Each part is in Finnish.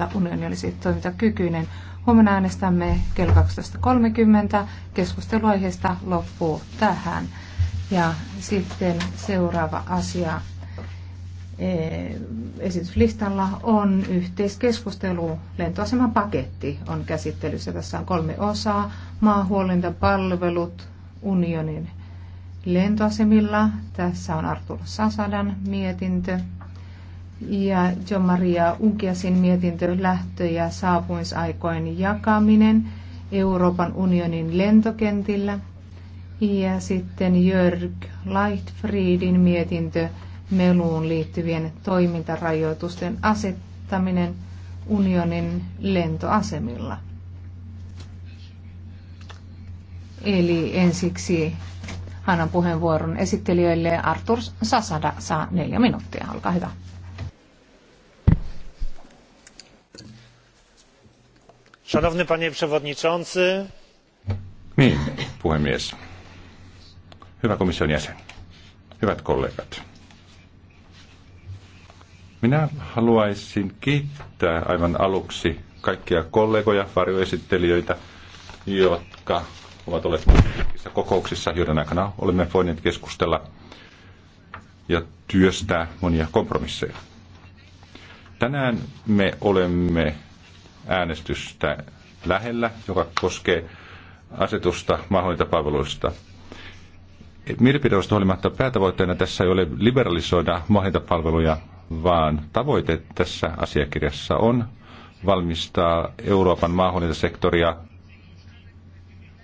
että unioni olisi toimintakykyinen. Huomenna äänestämme kello 12.30. Keskustelu aiheesta loppuu tähän. Ja sitten seuraava asia e, esityslistalla on yhteiskeskustelu. Lentoaseman paketti on käsittelyssä. Tässä on kolme osaa. Maahuolintapalvelut unionin lentoasemilla. Tässä on Artur Sasadan mietintö ja John Maria Unkiasin mietintö lähtö- ja saapumisaikojen jakaminen Euroopan unionin lentokentillä. Ja sitten Jörg Leichtfriedin mietintö meluun liittyvien toimintarajoitusten asettaminen unionin lentoasemilla. Eli ensiksi annan puheenvuoron esittelijöille. Artur Sasada saa neljä minuuttia. Olkaa hyvä. Szanowny panie przewodniczący. Niin, puhemies. Hyvä komission jäsen. Hyvät kollegat. Minä haluaisin kiittää aivan aluksi kaikkia kollegoja, varjoesittelijöitä, jotka ovat olleet kokouksissa, joiden aikana olemme voineet keskustella ja työstää monia kompromisseja. Tänään me olemme äänestystä lähellä, joka koskee asetusta palveluista. Mielipidosta huolimatta päätavoitteena tässä ei ole liberalisoida maahanmuuttopalveluja, vaan tavoite tässä asiakirjassa on valmistaa Euroopan maahanmuuttosektoria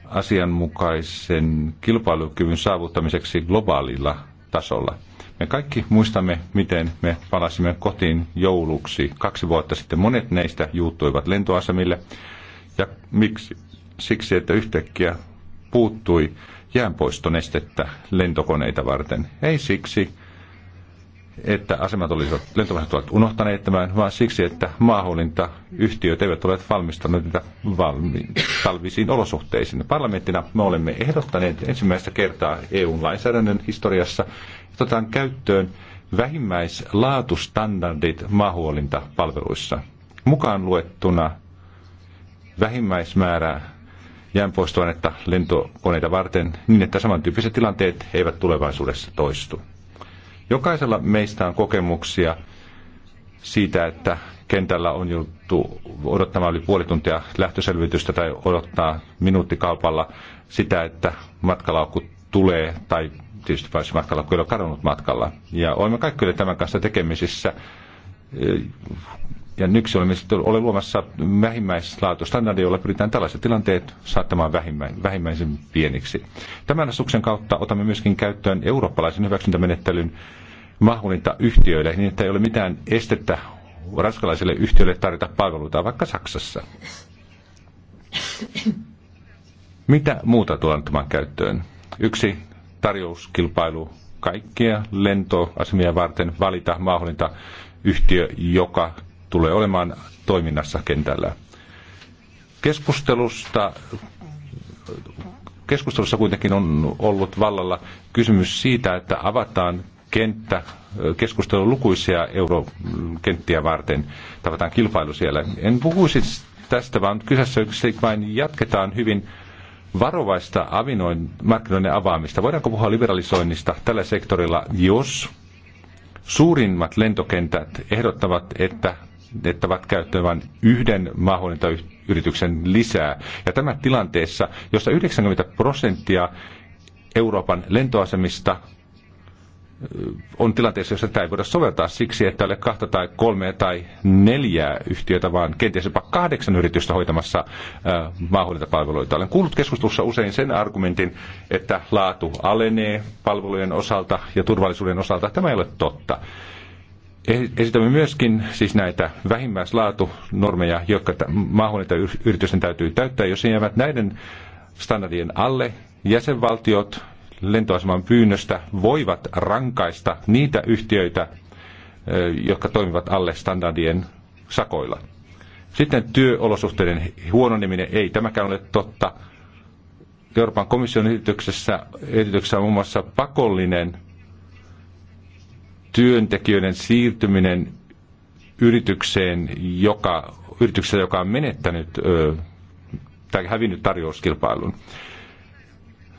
asianmukaisen kilpailukyvyn saavuttamiseksi globaalilla tasolla. Me kaikki muistamme, miten me palasimme kotiin jouluksi kaksi vuotta sitten. Monet neistä juuttuivat lentoasemille. Ja miksi? Siksi, että yhtäkkiä puuttui jäänpoistonestettä lentokoneita varten. Ei siksi, että asemat olisivat, lentomaiset ovat unohtaneet tämän, vaan siksi, että maahuolintayhtiöt eivät ole valmistaneet niitä valmi- talvisiin olosuhteisiin. Parlamenttina me olemme ehdottaneet ensimmäistä kertaa EU-lainsäädännön historiassa, että otetaan käyttöön vähimmäislaatustandardit maahuolintapalveluissa, mukaan luettuna vähimmäismäärä jäänpoistoainetta lentokoneita varten, niin että samantyyppiset tilanteet eivät tulevaisuudessa toistu. Jokaisella meistä on kokemuksia siitä, että kentällä on juttu odottamaan yli puoli tuntia lähtöselvitystä tai odottaa minuuttikaupalla sitä, että matkalaukku tulee tai tietysti varsin matkalla, kun ole kadonnut matkalla. Ja olemme kaikki tämän kanssa tekemisissä. Ja yksi olemme ole luomassa vähimmäislaatustandardia, jolla pyritään tällaiset tilanteet saattamaan vähimmäisen, vähimmäisen pieniksi. Tämän asuksen kautta otamme myöskin käyttöön eurooppalaisen hyväksyntämenettelyn mahdollinta yhtiöille, niin että ei ole mitään estettä ranskalaisille yhtiöille tarjota palveluita vaikka Saksassa. Mitä muuta tuon käyttöön? Yksi tarjouskilpailu kaikkia lentoasemia varten valita mahdollinta yhtiö, joka tulee olemaan toiminnassa kentällä. Keskustelusta keskustelussa kuitenkin on ollut vallalla kysymys siitä, että avataan kenttä, keskustelu lukuisia eurokenttiä varten, tavataan kilpailu siellä. En puhuisi tästä, vaan kyseessä vain jatketaan hyvin varovaista avinoin, markkinoiden avaamista. Voidaanko puhua liberalisoinnista tällä sektorilla, jos suurimmat lentokentät ehdottavat, että ottavat käyttöön vain yhden maahuolintayrityksen lisää. Ja tämä tilanteessa, jossa 90 prosenttia Euroopan lentoasemista on tilanteessa, jossa tätä ei voida soveltaa siksi, että ole kahta tai kolmea tai neljää yhtiötä, vaan kenties jopa kahdeksan yritystä hoitamassa maahuolintapalveluita. Olen kuullut keskustelussa usein sen argumentin, että laatu alenee palvelujen osalta ja turvallisuuden osalta. Tämä ei ole totta. Eh, esitämme myöskin siis näitä vähimmäislaatunormeja, jotka yritysten täytyy täyttää. Jos ne jäävät näiden standardien alle, jäsenvaltiot lentoaseman pyynnöstä voivat rankaista niitä yhtiöitä, eh, jotka toimivat alle standardien sakoilla. Sitten työolosuhteiden huononeminen, ei tämäkään ole totta. Euroopan komission esityksessä, esityksessä on muun muassa pakollinen työntekijöiden siirtyminen yritykseen, joka, yritykseen, joka on menettänyt ö, tai hävinnyt tarjouskilpailun.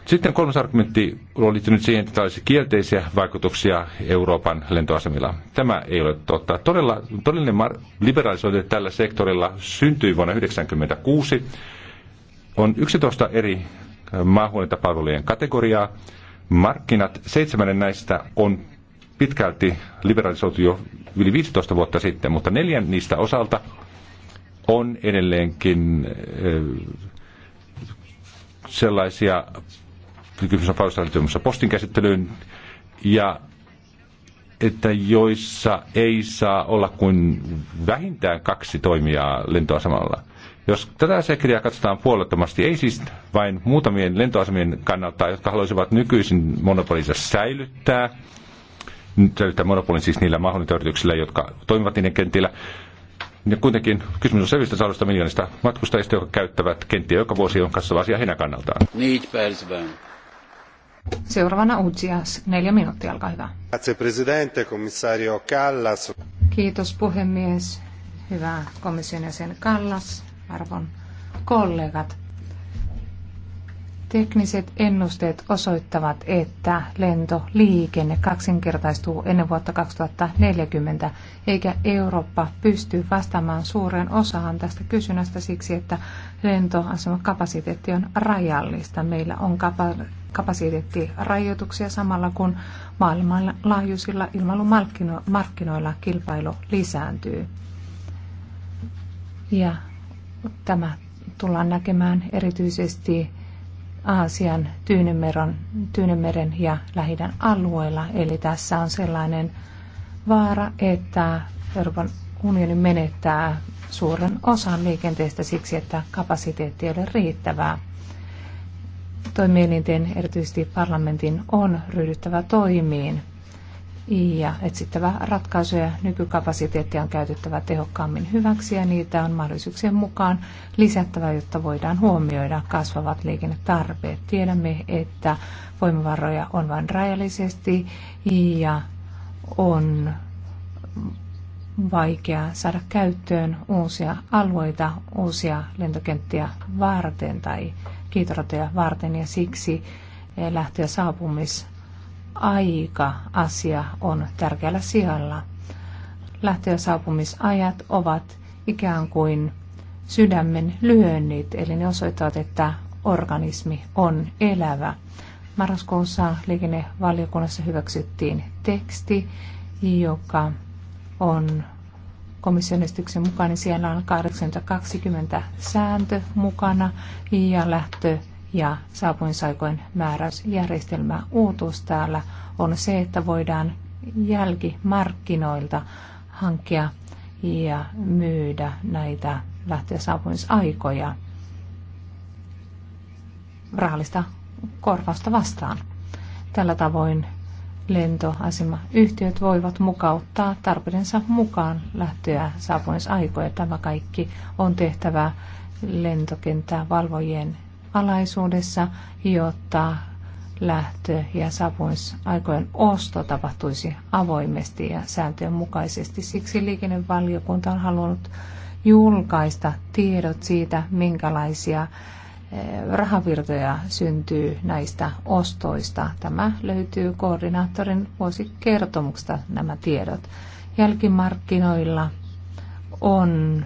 Sitten kolmas argumentti on liittynyt siihen, että olisi kielteisiä vaikutuksia Euroopan lentoasemilla. Tämä ei ole totta. Todella, todellinen mar- liberalisointi tällä sektorilla syntyi vuonna 1996. On 11 eri maahuolintapalvelujen kategoriaa. Markkinat, seitsemänen näistä on pitkälti liberalisoitu jo yli 15 vuotta sitten, mutta neljän niistä osalta on edelleenkin eh, sellaisia, kysymys on postin käsittelyyn, ja että joissa ei saa olla kuin vähintään kaksi toimijaa lentoasemalla. Jos tätä sekriä katsotaan puolettomasti, ei siis vain muutamien lentoasemien kannalta, jotka haluaisivat nykyisin monopolinsa säilyttää, säilyttää monopolin siis niillä mahdollisilla jotka toimivat niiden kentillä. Ja kuitenkin kysymys on selvistä saadusta miljoonista matkustajista, jotka käyttävät kenttiä joka vuosi, on kasvava asia heidän kannaltaan. Seuraavana Utsias, neljä minuuttia, alkaa hyvä. Kiitos puhemies, hyvä komission jäsen Kallas, arvon kollegat. Tekniset ennusteet osoittavat, että lentoliikenne kaksinkertaistuu ennen vuotta 2040, eikä Eurooppa pysty vastaamaan suureen osaan tästä kysynnästä siksi, että lentoasemakapasiteetti on rajallista. Meillä on kapa- kapasiteettirajoituksia samalla kun maailmanlaajuisilla ilmailumarkkinoilla kilpailu lisääntyy. Ja tämä tullaan näkemään erityisesti Aasian, Tyynemeren, Tyynemeren ja Lähidän alueella. Eli tässä on sellainen vaara, että Euroopan unioni menettää suuren osan liikenteestä siksi, että kapasiteetti ei ole riittävää. Toimielinten, erityisesti parlamentin, on ryhdyttävä toimiin ja etsittävä ratkaisuja. Nykykapasiteettia on käytettävä tehokkaammin hyväksi ja niitä on mahdollisuuksien mukaan lisättävä, jotta voidaan huomioida kasvavat liikennetarpeet. Tiedämme, että voimavaroja on vain rajallisesti ja on vaikea saada käyttöön uusia alueita, uusia lentokenttiä varten tai kiitorateja varten ja siksi lähtö- ja saapumis aika-asia on tärkeällä sijalla. Lähtö- ja saapumisajat ovat ikään kuin sydämen lyönnit, eli ne osoittavat, että organismi on elävä. Marraskuussa liikennevaliokunnassa hyväksyttiin teksti, joka on komission esityksen mukaan, niin siellä on 820 sääntö mukana ja lähtö- ja saapuinsaikojen määräysjärjestelmä uutuus täällä on se, että voidaan jälkimarkkinoilta hankkia ja myydä näitä lähtö- ja saapumisaikoja rahallista korvausta vastaan. Tällä tavoin lentoasemayhtiöt voivat mukauttaa tarpeidensa mukaan lähtöä saapumisaikoja. Tämä kaikki on tehtävä lentokenttää valvojien alaisuudessa, jotta lähtö- ja saapumisaikojen osto tapahtuisi avoimesti ja sääntöjen mukaisesti. Siksi liikennevaliokunta on halunnut julkaista tiedot siitä, minkälaisia eh, rahavirtoja syntyy näistä ostoista. Tämä löytyy koordinaattorin vuosikertomuksesta nämä tiedot. Jälkimarkkinoilla on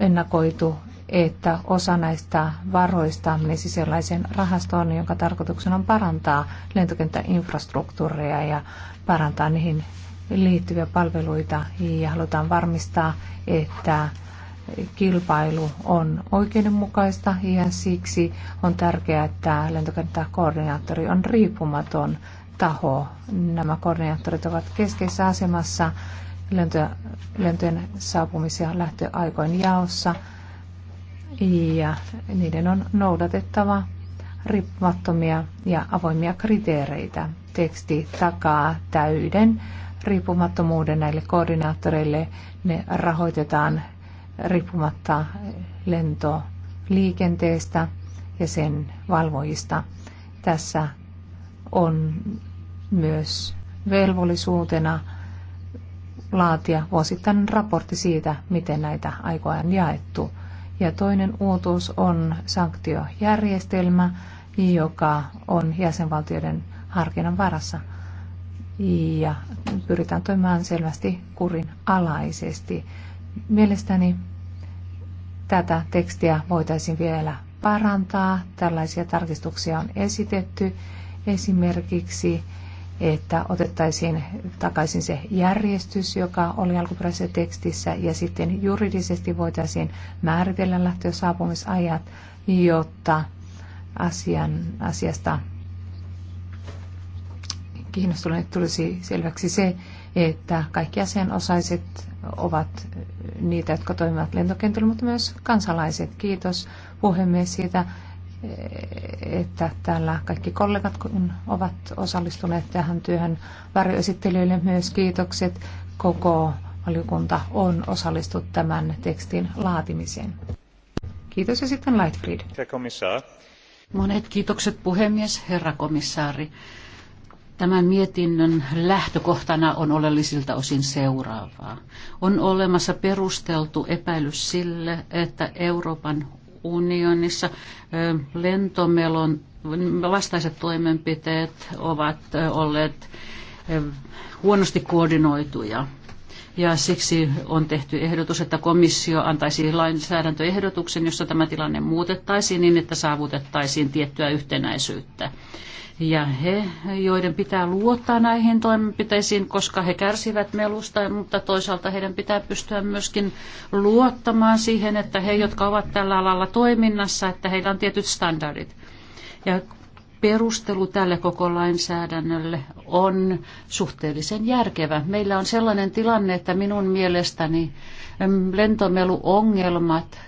ennakoitu että osa näistä varoista menisi sellaiseen rahastoon, jonka tarkoituksena on parantaa lentokenttäinfrastruktuuria ja parantaa niihin liittyviä palveluita ja halutaan varmistaa, että kilpailu on oikeudenmukaista ja siksi on tärkeää, että lentokenttäkoordinaattori on riippumaton taho. Nämä koordinaattorit ovat keskeisessä asemassa lentojen saapumisia lähtöaikojen jaossa ja niiden on noudatettava riippumattomia ja avoimia kriteereitä. Teksti takaa täyden riippumattomuuden näille koordinaattoreille. Ne rahoitetaan riippumatta lentoliikenteestä ja sen valvojista. Tässä on myös velvollisuutena laatia vuosittainen raportti siitä, miten näitä aikoja on jaettu. Ja toinen uutuus on sanktiojärjestelmä, joka on jäsenvaltioiden harkinnan varassa ja pyritään toimimaan selvästi kurin alaisesti. Mielestäni tätä tekstiä voitaisiin vielä parantaa. Tällaisia tarkistuksia on esitetty esimerkiksi että otettaisiin takaisin se järjestys, joka oli alkuperäisessä tekstissä, ja sitten juridisesti voitaisiin määritellä lähtö- saapumisajat, jotta asian, asiasta kiinnostuneet tulisi selväksi se, että kaikki asianosaiset ovat niitä, jotka toimivat lentokentällä, mutta myös kansalaiset. Kiitos puhemies siitä, että täällä kaikki kollegat kun ovat osallistuneet tähän työhön varjoesittelijöille myös kiitokset. Koko valiokunta on osallistunut tämän tekstin laatimiseen. Kiitos ja sitten Lightfried. Monet kiitokset puhemies, herra komissaari. Tämän mietinnön lähtökohtana on oleellisilta osin seuraavaa. On olemassa perusteltu epäilys sille, että Euroopan unionissa lentomelon vastaiset toimenpiteet ovat olleet huonosti koordinoituja. Ja siksi on tehty ehdotus, että komissio antaisi lainsäädäntöehdotuksen, jossa tämä tilanne muutettaisiin niin, että saavutettaisiin tiettyä yhtenäisyyttä ja he, joiden pitää luottaa näihin toimenpiteisiin, koska he kärsivät melusta, mutta toisaalta heidän pitää pystyä myöskin luottamaan siihen, että he, jotka ovat tällä alalla toiminnassa, että heillä on tietyt standardit. Ja perustelu tälle koko lainsäädännölle on suhteellisen järkevä. Meillä on sellainen tilanne, että minun mielestäni mm, lentomeluongelmat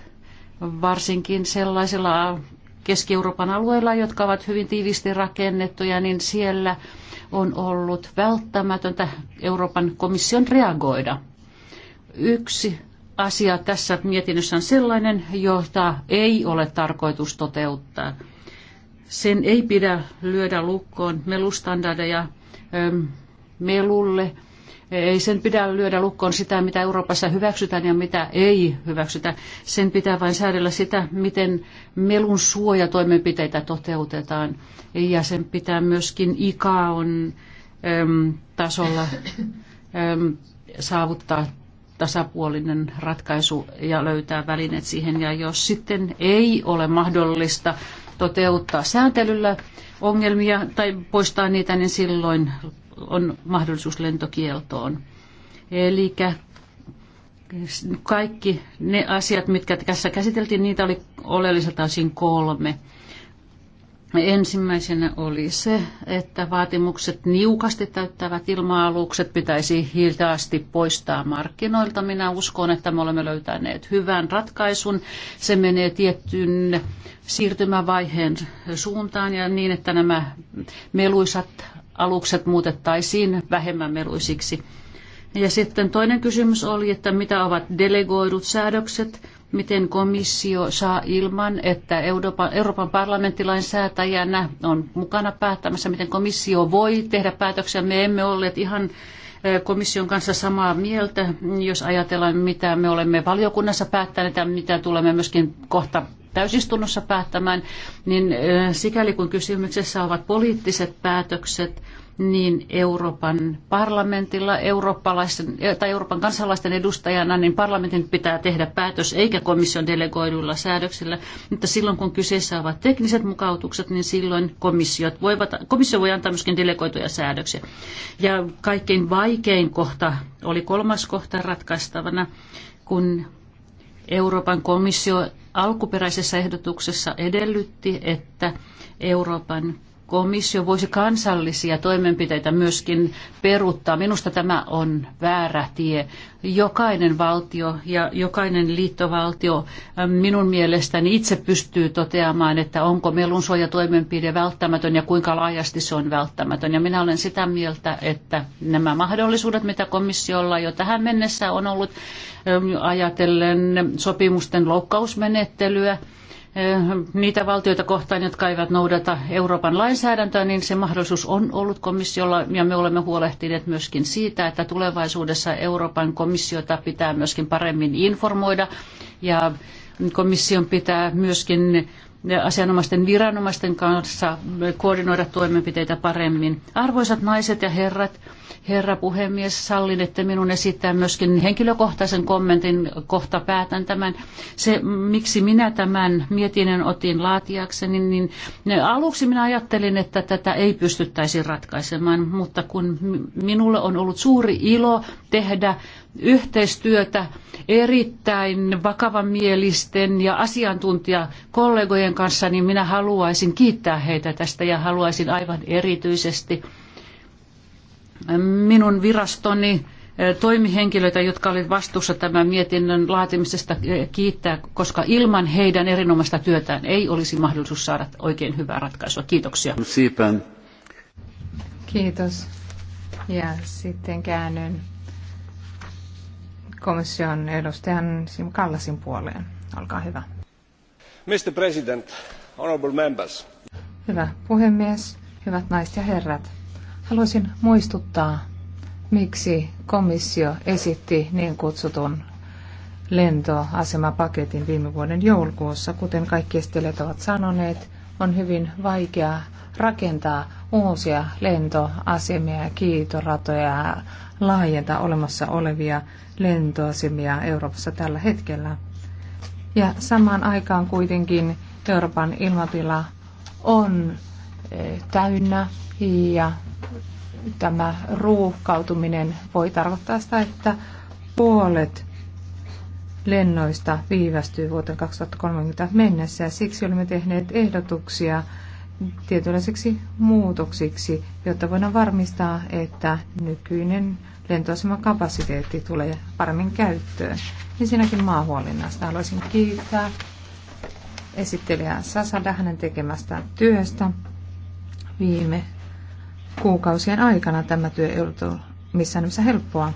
varsinkin sellaisilla Keski-Euroopan alueilla, jotka ovat hyvin tiivisti rakennettuja, niin siellä on ollut välttämätöntä Euroopan komission reagoida. Yksi asia tässä mietinnössä on sellainen, jota ei ole tarkoitus toteuttaa. Sen ei pidä lyödä lukkoon melustandardeja melulle – ei sen pidä lyödä lukkoon sitä, mitä Euroopassa hyväksytään ja mitä ei hyväksytä. Sen pitää vain säädellä sitä, miten melun suojatoimenpiteitä toteutetaan. Ja sen pitää myöskin ICAon äm, tasolla äm, saavuttaa tasapuolinen ratkaisu ja löytää välineet siihen. Ja jos sitten ei ole mahdollista toteuttaa sääntelyllä ongelmia tai poistaa niitä, niin silloin on mahdollisuus lentokieltoon. Eli kaikki ne asiat, mitkä tässä käsiteltiin, niitä oli oleelliselta osin kolme. Ensimmäisenä oli se, että vaatimukset niukasti täyttävät ilma-alukset pitäisi hiljaasti poistaa markkinoilta. Minä uskon, että me olemme löytäneet hyvän ratkaisun. Se menee tiettyyn siirtymävaiheen suuntaan ja niin, että nämä meluisat alukset muutettaisiin vähemmän meluisiksi. Ja sitten toinen kysymys oli, että mitä ovat delegoidut säädökset, miten komissio saa ilman, että Euroopan, Euroopan parlamenttilain säätäjänä on mukana päättämässä, miten komissio voi tehdä päätöksiä. Me emme olleet ihan komission kanssa samaa mieltä, jos ajatellaan, mitä me olemme valiokunnassa päättäneet ja mitä tulemme myöskin kohta täysistunnossa päättämään, niin sikäli kun kysymyksessä ovat poliittiset päätökset, niin Euroopan parlamentilla, eurooppalaisen, tai Euroopan kansalaisten edustajana, niin parlamentin pitää tehdä päätös eikä komission delegoiduilla säädöksillä. Mutta silloin kun kyseessä ovat tekniset mukautukset, niin silloin komissiot voivat, komissio voi antaa myöskin delegoituja säädöksiä. Ja kaikkein vaikein kohta oli kolmas kohta ratkaistavana, kun Euroopan komissio alkuperäisessä ehdotuksessa edellytti, että Euroopan komissio voisi kansallisia toimenpiteitä myöskin peruuttaa. Minusta tämä on väärä tie. Jokainen valtio ja jokainen liittovaltio minun mielestäni itse pystyy toteamaan, että onko melunsuojatoimenpide välttämätön ja kuinka laajasti se on välttämätön. Ja minä olen sitä mieltä, että nämä mahdollisuudet, mitä komissiolla jo tähän mennessä on ollut ajatellen sopimusten loukkausmenettelyä, Eh, niitä valtioita kohtaan, jotka eivät noudata Euroopan lainsäädäntöä, niin se mahdollisuus on ollut komissiolla ja me olemme huolehtineet myöskin siitä, että tulevaisuudessa Euroopan komissiota pitää myöskin paremmin informoida ja komission pitää myöskin asianomaisten viranomaisten kanssa koordinoida toimenpiteitä paremmin. Arvoisat naiset ja herrat, herra puhemies, sallin, että minun esittää myöskin henkilökohtaisen kommentin, kohta päätän tämän. Se, miksi minä tämän mietinnön otin laatiakseni, niin aluksi minä ajattelin, että tätä ei pystyttäisi ratkaisemaan, mutta kun minulle on ollut suuri ilo tehdä yhteistyötä erittäin vakavamielisten ja asiantuntijakollegojen kanssa, niin minä haluaisin kiittää heitä tästä ja haluaisin aivan erityisesti minun virastoni eh, toimihenkilöitä, jotka olivat vastuussa tämän mietinnön laatimisesta eh, kiittää, koska ilman heidän erinomaista työtään ei olisi mahdollisuus saada oikein hyvää ratkaisua. Kiitoksia. Siipän. Kiitos. Ja sitten käännyn komission edustajan Sim Kallasin puoleen. Olkaa hyvä. Mr. President, honorable members. Hyvä puhemies, hyvät naiset ja herrat. Haluaisin muistuttaa, miksi komissio esitti niin kutsutun lentoasemapaketin viime vuoden joulukuussa. Kuten kaikki estelijät ovat sanoneet, on hyvin vaikea rakentaa uusia lentoasemia, kiitoratoja, laajentaa olemassa olevia lentoasemia Euroopassa tällä hetkellä. Ja samaan aikaan kuitenkin Euroopan ilmatila on e, täynnä ja tämä ruuhkautuminen voi tarkoittaa sitä, että puolet lennoista viivästyy vuoteen 2030 mennessä ja siksi olemme tehneet ehdotuksia tietynlaiseksi muutoksiksi, jotta voidaan varmistaa, että nykyinen lentoasemakapasiteetti tulee paremmin käyttöön. Ensinnäkin maahuolinnasta haluaisin kiittää esittelijää Sasada hänen tekemästään työstä viime kuukausien aikana. Tämä työ ei ollut missään nimessä helppoa.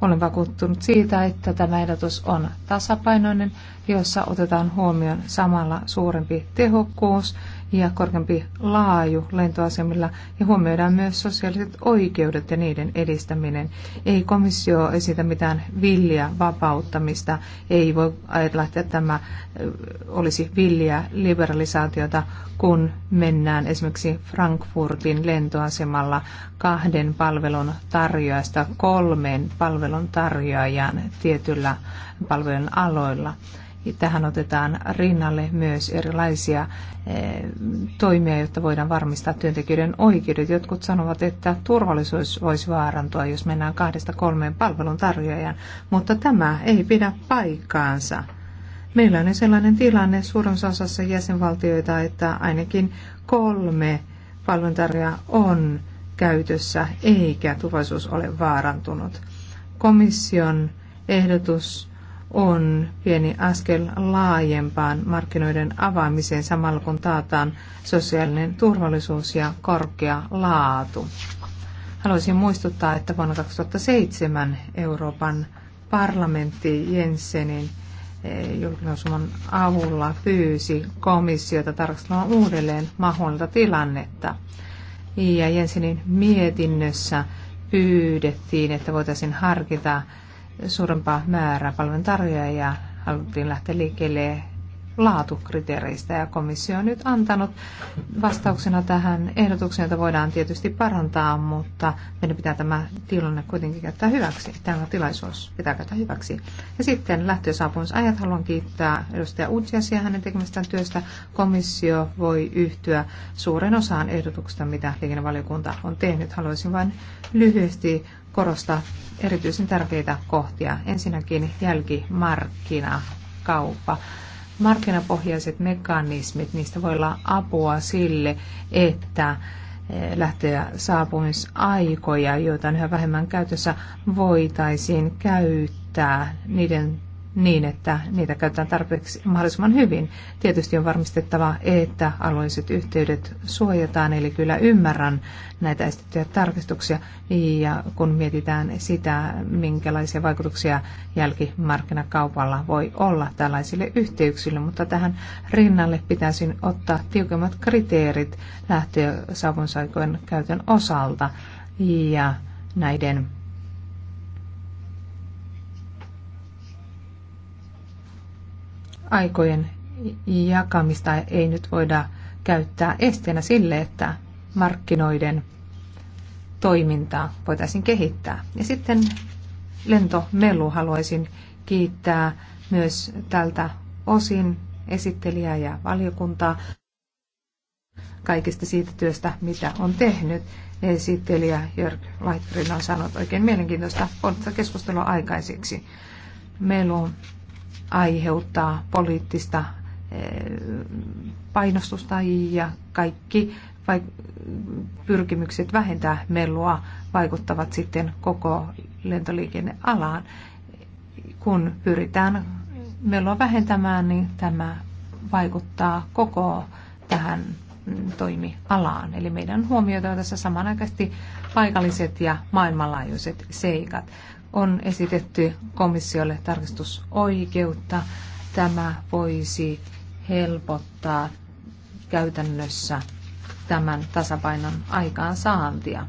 Olen vakuuttunut siitä, että tämä ehdotus on tasapainoinen, jossa otetaan huomioon samalla suurempi tehokkuus ja korkeampi laaju lentoasemilla ja huomioidaan myös sosiaaliset oikeudet ja niiden edistäminen. Ei komissio esitä mitään villiä vapauttamista, ei voi ajatella, että tämä olisi villiä liberalisaatiota, kun mennään esimerkiksi Frankfurtin lentoasemalla kahden palvelun tarjoajasta kolmeen palvelun tarjoajan tietyllä palvelun aloilla. Tähän otetaan rinnalle myös erilaisia eh, toimia, jotta voidaan varmistaa työntekijöiden oikeudet. Jotkut sanovat, että turvallisuus voisi vaarantua, jos mennään kahdesta kolmeen palvelun tarjoajan, mutta tämä ei pidä paikkaansa. Meillä on sellainen tilanne suurimmassa osassa jäsenvaltioita, että ainakin kolme palveluntarjoajaa on käytössä eikä turvallisuus ole vaarantunut. Komission ehdotus on pieni askel laajempaan markkinoiden avaamiseen samalla kun taataan sosiaalinen turvallisuus ja korkea laatu. Haluaisin muistuttaa, että vuonna 2007 Euroopan parlamentti Jensenin eh, julkilausuman avulla pyysi komissiota tarkastelemaan uudelleen mahdollista tilannetta. Ja Jensenin mietinnössä pyydettiin, että voitaisiin harkita suurempaa määrää palveluntarjoajia ja haluttiin lähteä liikkeelle laatukriteereistä ja komissio on nyt antanut vastauksena tähän ehdotukseen, jota voidaan tietysti parantaa, mutta meidän pitää tämä tilanne kuitenkin käyttää hyväksi. Tämä tilaisuus pitää käyttää hyväksi. Ja sitten lähtö- haluan kiittää edustaja Utsiasia hänen tekemästään työstä. Komissio voi yhtyä suuren osaan ehdotuksista, mitä liikennevaliokunta on tehnyt. Haluaisin vain lyhyesti korostaa erityisen tärkeitä kohtia. Ensinnäkin jälkimarkkinakauppa. Markkinapohjaiset mekanismit, niistä voi olla apua sille, että eh, lähteä saapumisaikoja, joita on yhä vähemmän käytössä, voitaisiin käyttää niiden niin, että niitä käytetään tarpeeksi mahdollisimman hyvin. Tietysti on varmistettava, että alueelliset yhteydet suojataan, eli kyllä ymmärrän näitä esitettyjä tarkistuksia. Ja kun mietitään sitä, minkälaisia vaikutuksia jälkimarkkinakaupalla voi olla tällaisille yhteyksille, mutta tähän rinnalle pitäisi ottaa tiukemmat kriteerit lähtö- ja käytön osalta ja näiden aikojen jakamista ei nyt voida käyttää esteenä sille, että markkinoiden toimintaa voitaisiin kehittää. Ja sitten lentomelu haluaisin kiittää myös tältä osin esittelijää ja valiokuntaa kaikista siitä työstä, mitä on tehnyt. Esittelijä Jörg Laitfrid on saanut oikein mielenkiintoista keskustelua aikaiseksi. Melu aiheuttaa poliittista eh, painostusta ja kaikki pyrkimykset vähentää melua vaikuttavat sitten koko lentoliikennealaan. Kun pyritään melua vähentämään, niin tämä vaikuttaa koko tähän toimialaan. Eli meidän on huomioitava tässä samanaikaisesti paikalliset ja maailmanlaajuiset seikat. On esitetty komissiolle tarkistusoikeutta. Tämä voisi helpottaa käytännössä tämän tasapainon aikaansaantia.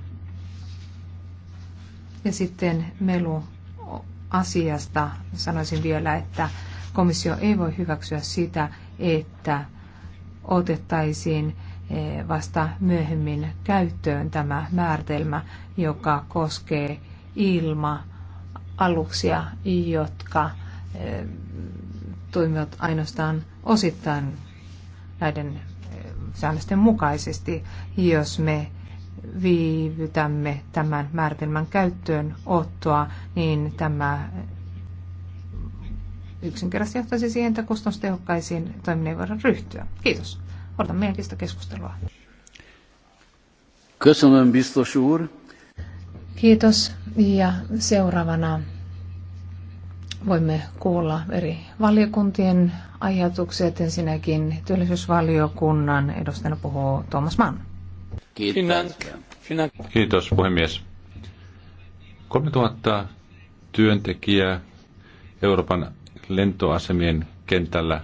Ja sitten melu asiasta sanoisin vielä, että komissio ei voi hyväksyä sitä, että otettaisiin E, vasta myöhemmin käyttöön tämä määritelmä, joka koskee ilma-aluksia, jotka e, toimivat ainoastaan osittain näiden e, säännösten mukaisesti, jos me viivytämme tämän määritelmän käyttöön ottoa, niin tämä yksinkertaisesti johtaisi siihen, että kustannustehokkaisiin toimiin ei voida ryhtyä. Kiitos. Odotan mielenkiintoista keskustelua. Kiitos. Ja seuraavana voimme kuulla eri valiokuntien ajatukset. Ensinnäkin työllisyysvaliokunnan edustajana puhuu Thomas Mann. Kiitos. Kiitos puhemies. 3000 työntekijää Euroopan lentoasemien kentällä.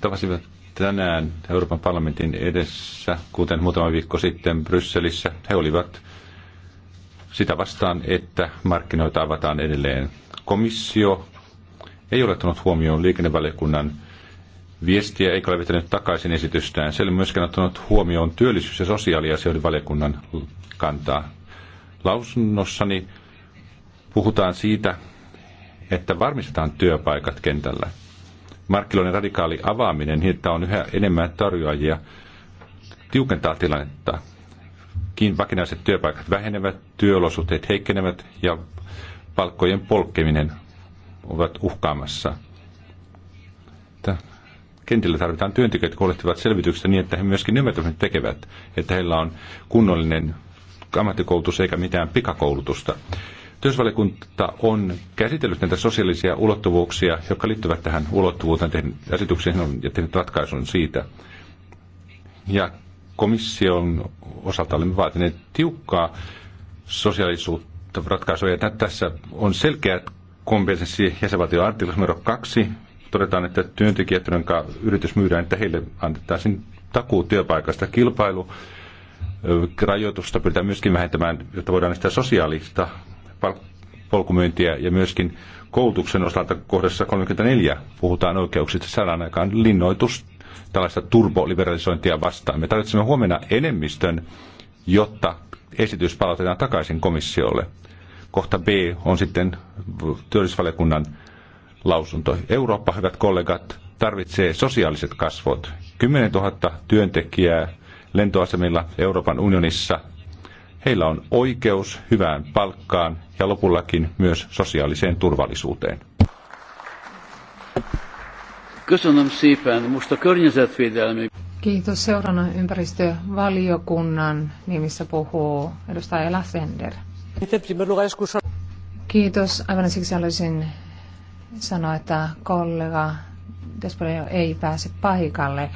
tavasivat tänään Euroopan parlamentin edessä, kuten muutama viikko sitten Brysselissä. He olivat sitä vastaan, että markkinoita avataan edelleen. Komissio ei ole ottanut huomioon liikennevaliokunnan viestiä eikä ole vetänyt takaisin esitystään. Se ei myöskään ottanut huomioon työllisyys- ja sosiaaliasioiden valiokunnan kantaa. Lausunnossani puhutaan siitä, että varmistetaan työpaikat kentällä markkinoiden radikaali avaaminen niin, että on yhä enemmän tarjoajia, tiukentaa tilannetta. vakinaiset työpaikat vähenevät, työolosuhteet heikkenevät ja palkkojen polkkeminen ovat uhkaamassa. Kentillä tarvitaan työntekijät, jotka huolehtivat selvityksestä niin, että he myöskin ymmärtävät, tekevät, että heillä on kunnollinen ammattikoulutus eikä mitään pikakoulutusta. Työsvaliokunta on käsitellyt näitä sosiaalisia ulottuvuuksia, jotka liittyvät tähän ulottuvuuteen, tehnyt esitykseen ja tehnyt ratkaisun siitä. Ja komission osalta olemme vaatineet tiukkaa sosiaalisuutta ratkaisuja. Tässä on selkeä kompensenssi jäsenvaltion artiklas numero kaksi. Todetaan, että työntekijät, joiden yritys myydään, että heille annettaisiin takuu työpaikasta kilpailu rajoitusta pyritään myöskin vähentämään, jotta voidaan sitä sosiaalista polkumyyntiä ja myöskin koulutuksen osalta kohdassa 34 puhutaan oikeuksista saadaan aikaan linnoitus tällaista turboliberalisointia vastaan. Me tarvitsemme huomenna enemmistön, jotta esitys palautetaan takaisin komissiolle. Kohta B on sitten työllisyysvaliokunnan lausunto. Eurooppa, hyvät kollegat, tarvitsee sosiaaliset kasvot. 10 000 työntekijää lentoasemilla Euroopan unionissa Heillä on oikeus hyvään palkkaan ja lopullakin myös sosiaaliseen turvallisuuteen. Kiitos. Seurana ympäristövaliokunnan nimissä puhuu edustaja Ela Sender. Kiitos. Aivan siksi haluaisin sanoa, että kollega Despoja ei pääse paikalle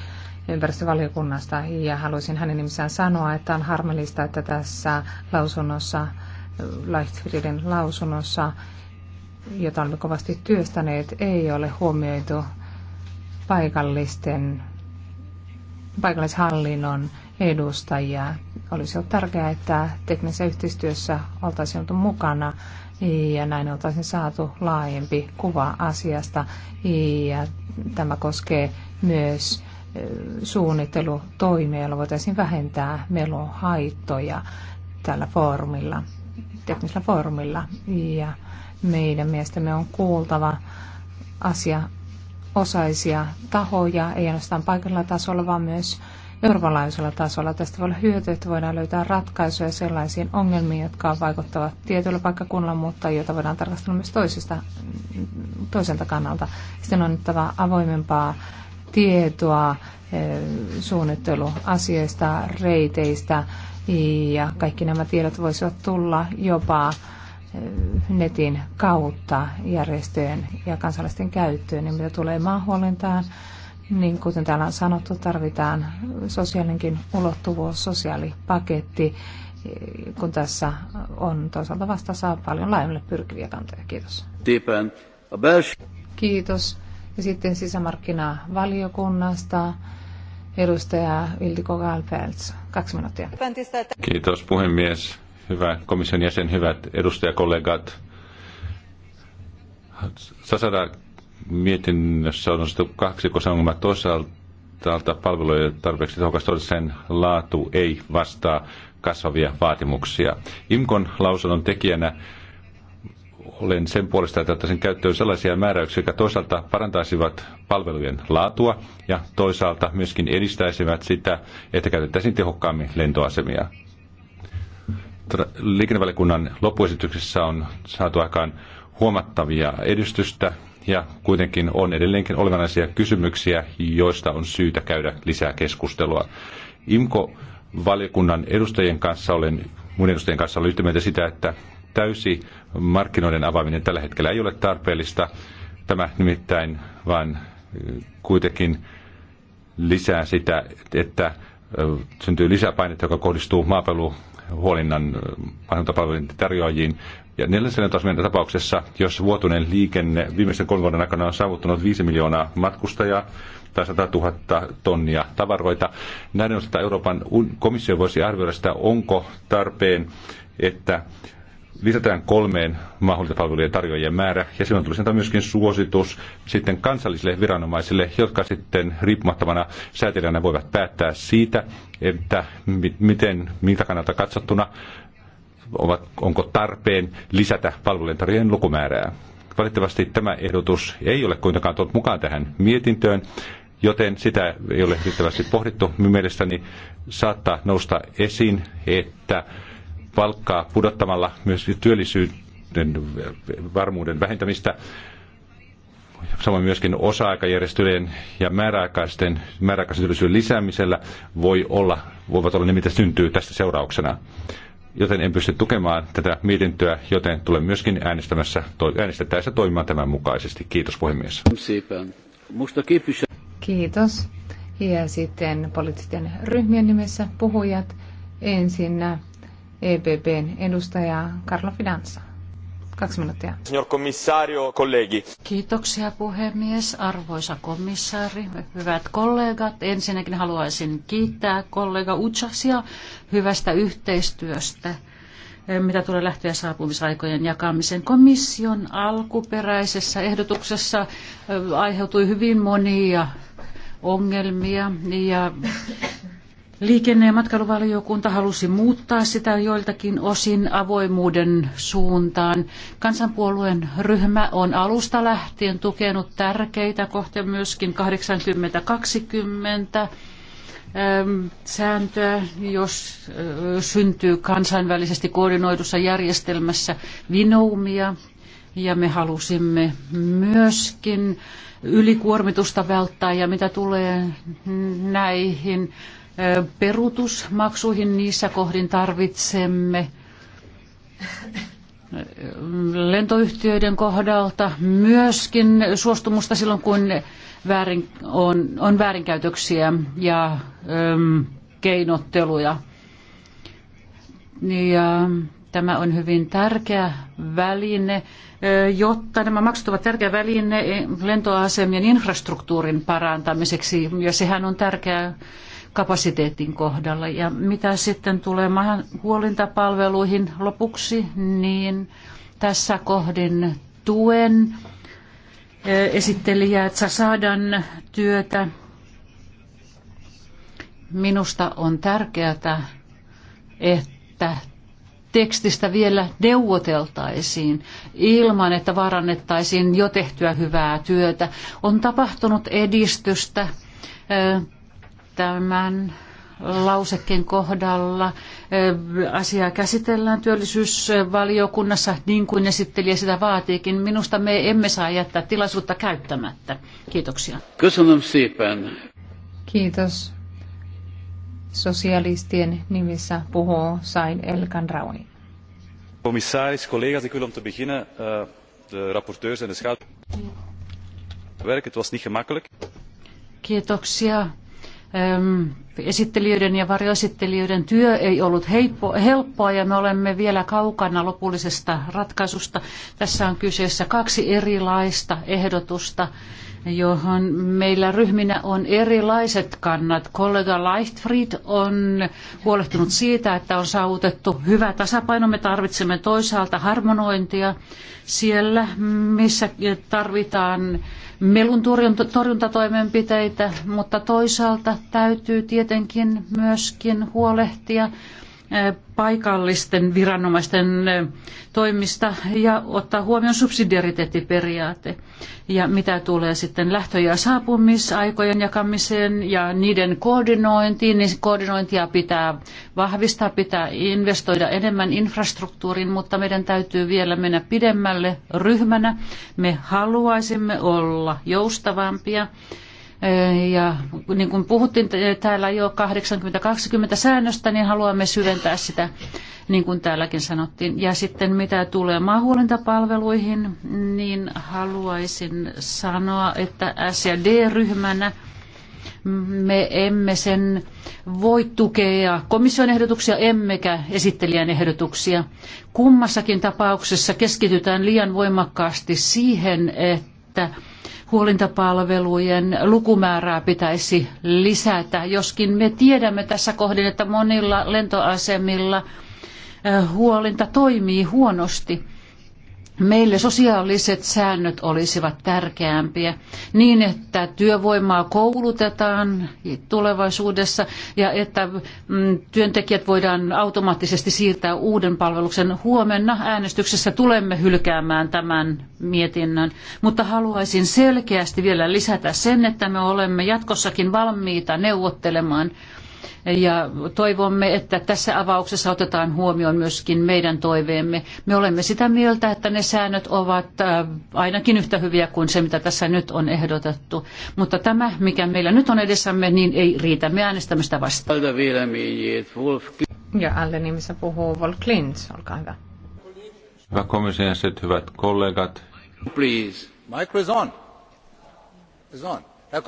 ympäristövaliokunnasta ja haluaisin hänen nimissään sanoa, että on harmillista, että tässä lausunnossa, Leichtfriedin lausunnossa, jota olemme kovasti työstäneet, ei ole huomioitu paikallisten, paikallishallinnon edustajia. Olisi ollut tärkeää, että teknisessä yhteistyössä oltaisiin oltu mukana ja näin oltaisiin saatu laajempi kuva asiasta. Ja tämä koskee myös suunnittelutoimia, joilla voitaisiin vähentää haittoja tällä foorumilla, teknisellä foorumilla. Ja meidän mielestämme on kuultava asia osaisia tahoja, ei ainoastaan paikallisella tasolla, vaan myös eurooppalaisella tasolla. Tästä voi olla hyötyä, että voidaan löytää ratkaisuja sellaisiin ongelmiin, jotka vaikuttavat tietyllä paikkakunnalla, mutta joita voidaan tarkastella myös toisesta, toiselta kannalta. Sitten on annettava avoimempaa tietoa eh, suunnitteluasioista, reiteistä ja kaikki nämä tiedot voisivat tulla jopa eh, netin kautta järjestöjen ja kansalaisten käyttöön, niin mitä tulee maahuolentaan, niin kuten täällä on sanottu, tarvitaan sosiaalinenkin ulottuvuus, sosiaalipaketti, eh, kun tässä on toisaalta vastassa paljon laajemmille pyrkiviä kantoja. Kiitos. Kiitos. Ja sitten sisämarkkinavaliokunnasta edustaja Ildiko Galfelds. Kaksi minuuttia. Kiitos puhemies. Hyvä komission jäsen, hyvät edustajakollegat. Sasada mietinnössä on nostettu kaksi ongelmaa. Toisaalta palvelujen tarpeeksi tehokas sen laatu ei vastaa kasvavia vaatimuksia. IMKON lausunnon tekijänä olen sen puolesta, että ottaisin käyttöön sellaisia määräyksiä, jotka toisaalta parantaisivat palvelujen laatua ja toisaalta myöskin edistäisivät sitä, että käytettäisiin tehokkaammin lentoasemia. Liikennevaliokunnan loppuesityksessä on saatu aikaan huomattavia edistystä ja kuitenkin on edelleenkin olevanaisia kysymyksiä, joista on syytä käydä lisää keskustelua. IMKO-valiokunnan edustajien kanssa olen muiden edustajien kanssa oli yhtä mieltä sitä, että täysi markkinoiden avaaminen tällä hetkellä ei ole tarpeellista. Tämä nimittäin vaan kuitenkin lisää sitä, että syntyy lisäpainetta, joka kohdistuu maapalveluhuolinnan vanhentapalvelujen tarjoajiin. Ja meidän tapauksessa, jos vuotuinen liikenne viimeisen kolmen vuoden aikana on saavuttanut 5 miljoonaa matkustajaa tai 100 000 tonnia tavaroita, näiden osalta Euroopan komissio voisi arvioida sitä, onko tarpeen, että lisätään kolmeen mahdollisten palvelujen tarjoajien määrä, ja silloin tulisi antaa myöskin suositus sitten kansallisille viranomaisille, jotka sitten riippumattomana säätelijänä voivat päättää siitä, että miten, miltä kannalta katsottuna ovat, onko tarpeen lisätä palvelujen tarjoajien lukumäärää. Valitettavasti tämä ehdotus ei ole kuitenkaan tullut mukaan tähän mietintöön, joten sitä ei ole riittävästi pohdittu. Mielestäni saattaa nousta esiin, että palkkaa pudottamalla myös työllisyyden varmuuden vähentämistä, samoin myöskin osa-aikajärjestelyjen ja määräaikaisten, määräaikaisen työllisyyden lisäämisellä voi olla, voivat olla ne, mitä syntyy tästä seurauksena. Joten en pysty tukemaan tätä mietintöä, joten tulen myöskin äänestämässä, äänestettäessä toimimaan tämän mukaisesti. Kiitos puhemies. Kiitos. Ja sitten poliittisten ryhmien nimessä puhujat. Ensinnä EPPn edustaja Carlo Fidanza. Kaksi minuuttia. Signor commissario, kollegi. Kiitoksia puhemies, arvoisa komissaari, hyvät kollegat. Ensinnäkin haluaisin kiittää kollega Utsasia hyvästä yhteistyöstä eh, mitä tulee lähtö- ja saapumisaikojen jakamisen komission alkuperäisessä ehdotuksessa eh, aiheutui hyvin monia ongelmia ja Liikenne- ja matkailuvaliokunta halusi muuttaa sitä joiltakin osin avoimuuden suuntaan. Kansanpuolueen ryhmä on alusta lähtien tukenut tärkeitä kohtia myöskin 80-20 ähm, sääntöä, jos äh, syntyy kansainvälisesti koordinoidussa järjestelmässä vinoumia. Ja me halusimme myöskin ylikuormitusta välttää ja mitä tulee näihin perutusmaksuihin niissä kohdin tarvitsemme lentoyhtiöiden kohdalta myöskin suostumusta silloin, kun väärin, on, on väärinkäytöksiä ja äm, keinotteluja. Ja tämä on hyvin tärkeä väline, jotta nämä maksut ovat tärkeä väline lentoasemien infrastruktuurin parantamiseksi, ja sehän on tärkeää kapasiteetin kohdalla. Ja mitä sitten tulee huolintapalveluihin lopuksi, niin tässä kohdin tuen e, esittelijä saadaan työtä. Minusta on tärkeää, että tekstistä vielä neuvoteltaisiin ilman, että varannettaisiin jo tehtyä hyvää työtä. On tapahtunut edistystä e, tämän lausekkeen kohdalla. Asiaa käsitellään työllisyysvaliokunnassa niin kuin esittelijä sitä vaatiikin. Minusta me emme saa jättää tilaisuutta käyttämättä. Kiitoksia. Kiitos. Sosialistien nimissä puhuu Sain Elkan Rauni. Commissaris, collega's, ik wil om te beginnen eh, de rapporteurs en de schaduw. het was niet gemakkelijk. Kiitoksia Ehm, esittelijöiden ja varjoesittelijöiden työ ei ollut helppoa ja me olemme vielä kaukana lopullisesta ratkaisusta. Tässä on kyseessä kaksi erilaista ehdotusta, johon meillä ryhminä on erilaiset kannat. Kollega Leichtfried on huolehtinut siitä, että on saavutettu hyvä tasapaino. Me tarvitsemme toisaalta harmonointia siellä, missä tarvitaan melun torjuntatoimenpiteitä, mutta toisaalta täytyy tietenkin myöskin huolehtia paikallisten viranomaisten toimista ja ottaa huomioon subsidiariteettiperiaate. Ja mitä tulee sitten lähtö- ja saapumisaikojen jakamiseen ja niiden koordinointiin, niin koordinointia pitää vahvistaa, pitää investoida enemmän infrastruktuuriin, mutta meidän täytyy vielä mennä pidemmälle ryhmänä. Me haluaisimme olla joustavampia ja niin kuin puhuttiin täällä jo 80-20 säännöstä, niin haluamme syventää sitä, niin kuin täälläkin sanottiin. Ja sitten mitä tulee maahuolintapalveluihin, niin haluaisin sanoa, että S- ja D-ryhmänä me emme sen voi tukea komission ehdotuksia emmekä esittelijän ehdotuksia. Kummassakin tapauksessa keskitytään liian voimakkaasti siihen, että kuolintapalvelujen lukumäärää pitäisi lisätä, joskin me tiedämme tässä kohdin, että monilla lentoasemilla eh, huolinta toimii huonosti. Meille sosiaaliset säännöt olisivat tärkeämpiä niin, että työvoimaa koulutetaan tulevaisuudessa ja että mm, työntekijät voidaan automaattisesti siirtää uuden palveluksen. Huomenna äänestyksessä tulemme hylkäämään tämän mietinnön, mutta haluaisin selkeästi vielä lisätä sen, että me olemme jatkossakin valmiita neuvottelemaan – ja toivomme, että tässä avauksessa otetaan huomioon myöskin meidän toiveemme. Me olemme sitä mieltä, että ne säännöt ovat äh, ainakin yhtä hyviä kuin se, mitä tässä nyt on ehdotettu. Mutta tämä, mikä meillä nyt on edessämme, niin ei riitä. Me äänestämme sitä vastaan. Ja alle nimissä puhuu Wolf Klintz, olkaa hyvä. Hyvä hyvät kollegat. Please, mic is on. Is on. Herr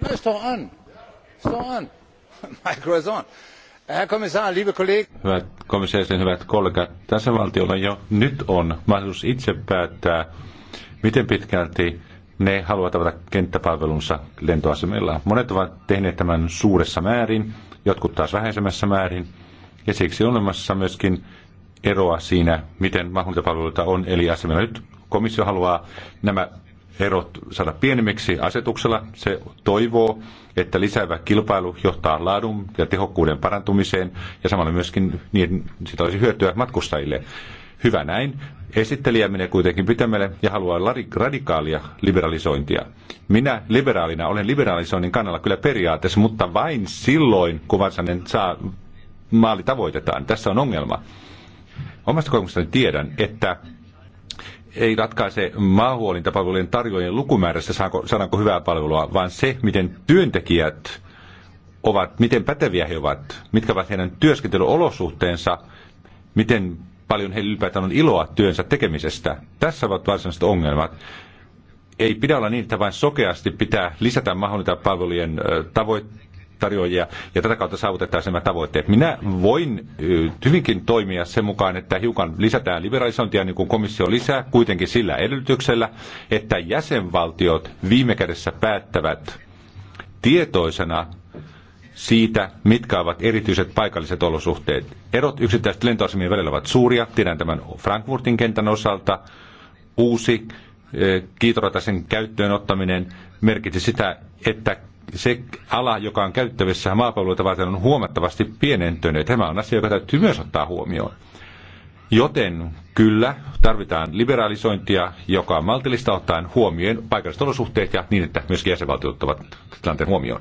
No, it's still on. Still on. Micro is on. Hyvät komissaariset, hyvät kollegat, tässä valtiolla jo nyt on mahdollisuus itse päättää, miten pitkälti ne haluavat avata kenttäpalvelunsa lentoasemilla. Monet ovat tehneet tämän suuressa määrin, jotkut taas vähäisemmässä määrin, ja siksi on olemassa myöskin eroa siinä, miten maakuntapalveluita on eli asemilla. Nyt komissio haluaa nämä erot saada pienemmiksi asetuksella. Se toivoo, että lisäävä kilpailu johtaa laadun ja tehokkuuden parantumiseen ja samalla myöskin niin, sitä olisi hyötyä matkustajille. Hyvä näin. Esittelijä menee kuitenkin pitämälle ja haluaa radikaalia liberalisointia. Minä liberaalina olen liberalisoinnin kannalla kyllä periaatteessa, mutta vain silloin, kun varsinainen saa maali tavoitetaan. Tässä on ongelma. Omasta kokemuksestani tiedän, että ei ratkaise maahuolintapalvelujen tarjoajien lukumäärässä, saanko, saadaanko hyvää palvelua, vaan se, miten työntekijät ovat, miten päteviä he ovat, mitkä ovat heidän työskentelyolosuhteensa, miten paljon heillä ylipäätään on iloa työnsä tekemisestä. Tässä ovat varsinaiset ongelmat. Ei pidä olla niin, että vain sokeasti pitää lisätä mahdollista tavoitteita tarjoajia ja tätä kautta saavutetaan nämä tavoitteet. Minä voin hyvinkin toimia sen mukaan, että hiukan lisätään liberalisointia niin kuin komissio lisää, kuitenkin sillä edellytyksellä, että jäsenvaltiot viime kädessä päättävät tietoisena siitä, mitkä ovat erityiset paikalliset olosuhteet. Erot yksittäisten lentoasemien välillä ovat suuria. Tiedän tämän Frankfurtin kentän osalta. Uusi kiitoratasen käyttöön ottaminen merkitsi sitä, että se ala, joka on käyttävissä maapalveluita varten, on huomattavasti pienentynyt. Tämä on asia, joka täytyy myös ottaa huomioon. Joten kyllä, tarvitaan liberalisointia, joka on maltillista ottaen huomioon paikalliset olosuhteet ja niin, että myös jäsenvaltiot ottavat tilanteen huomioon.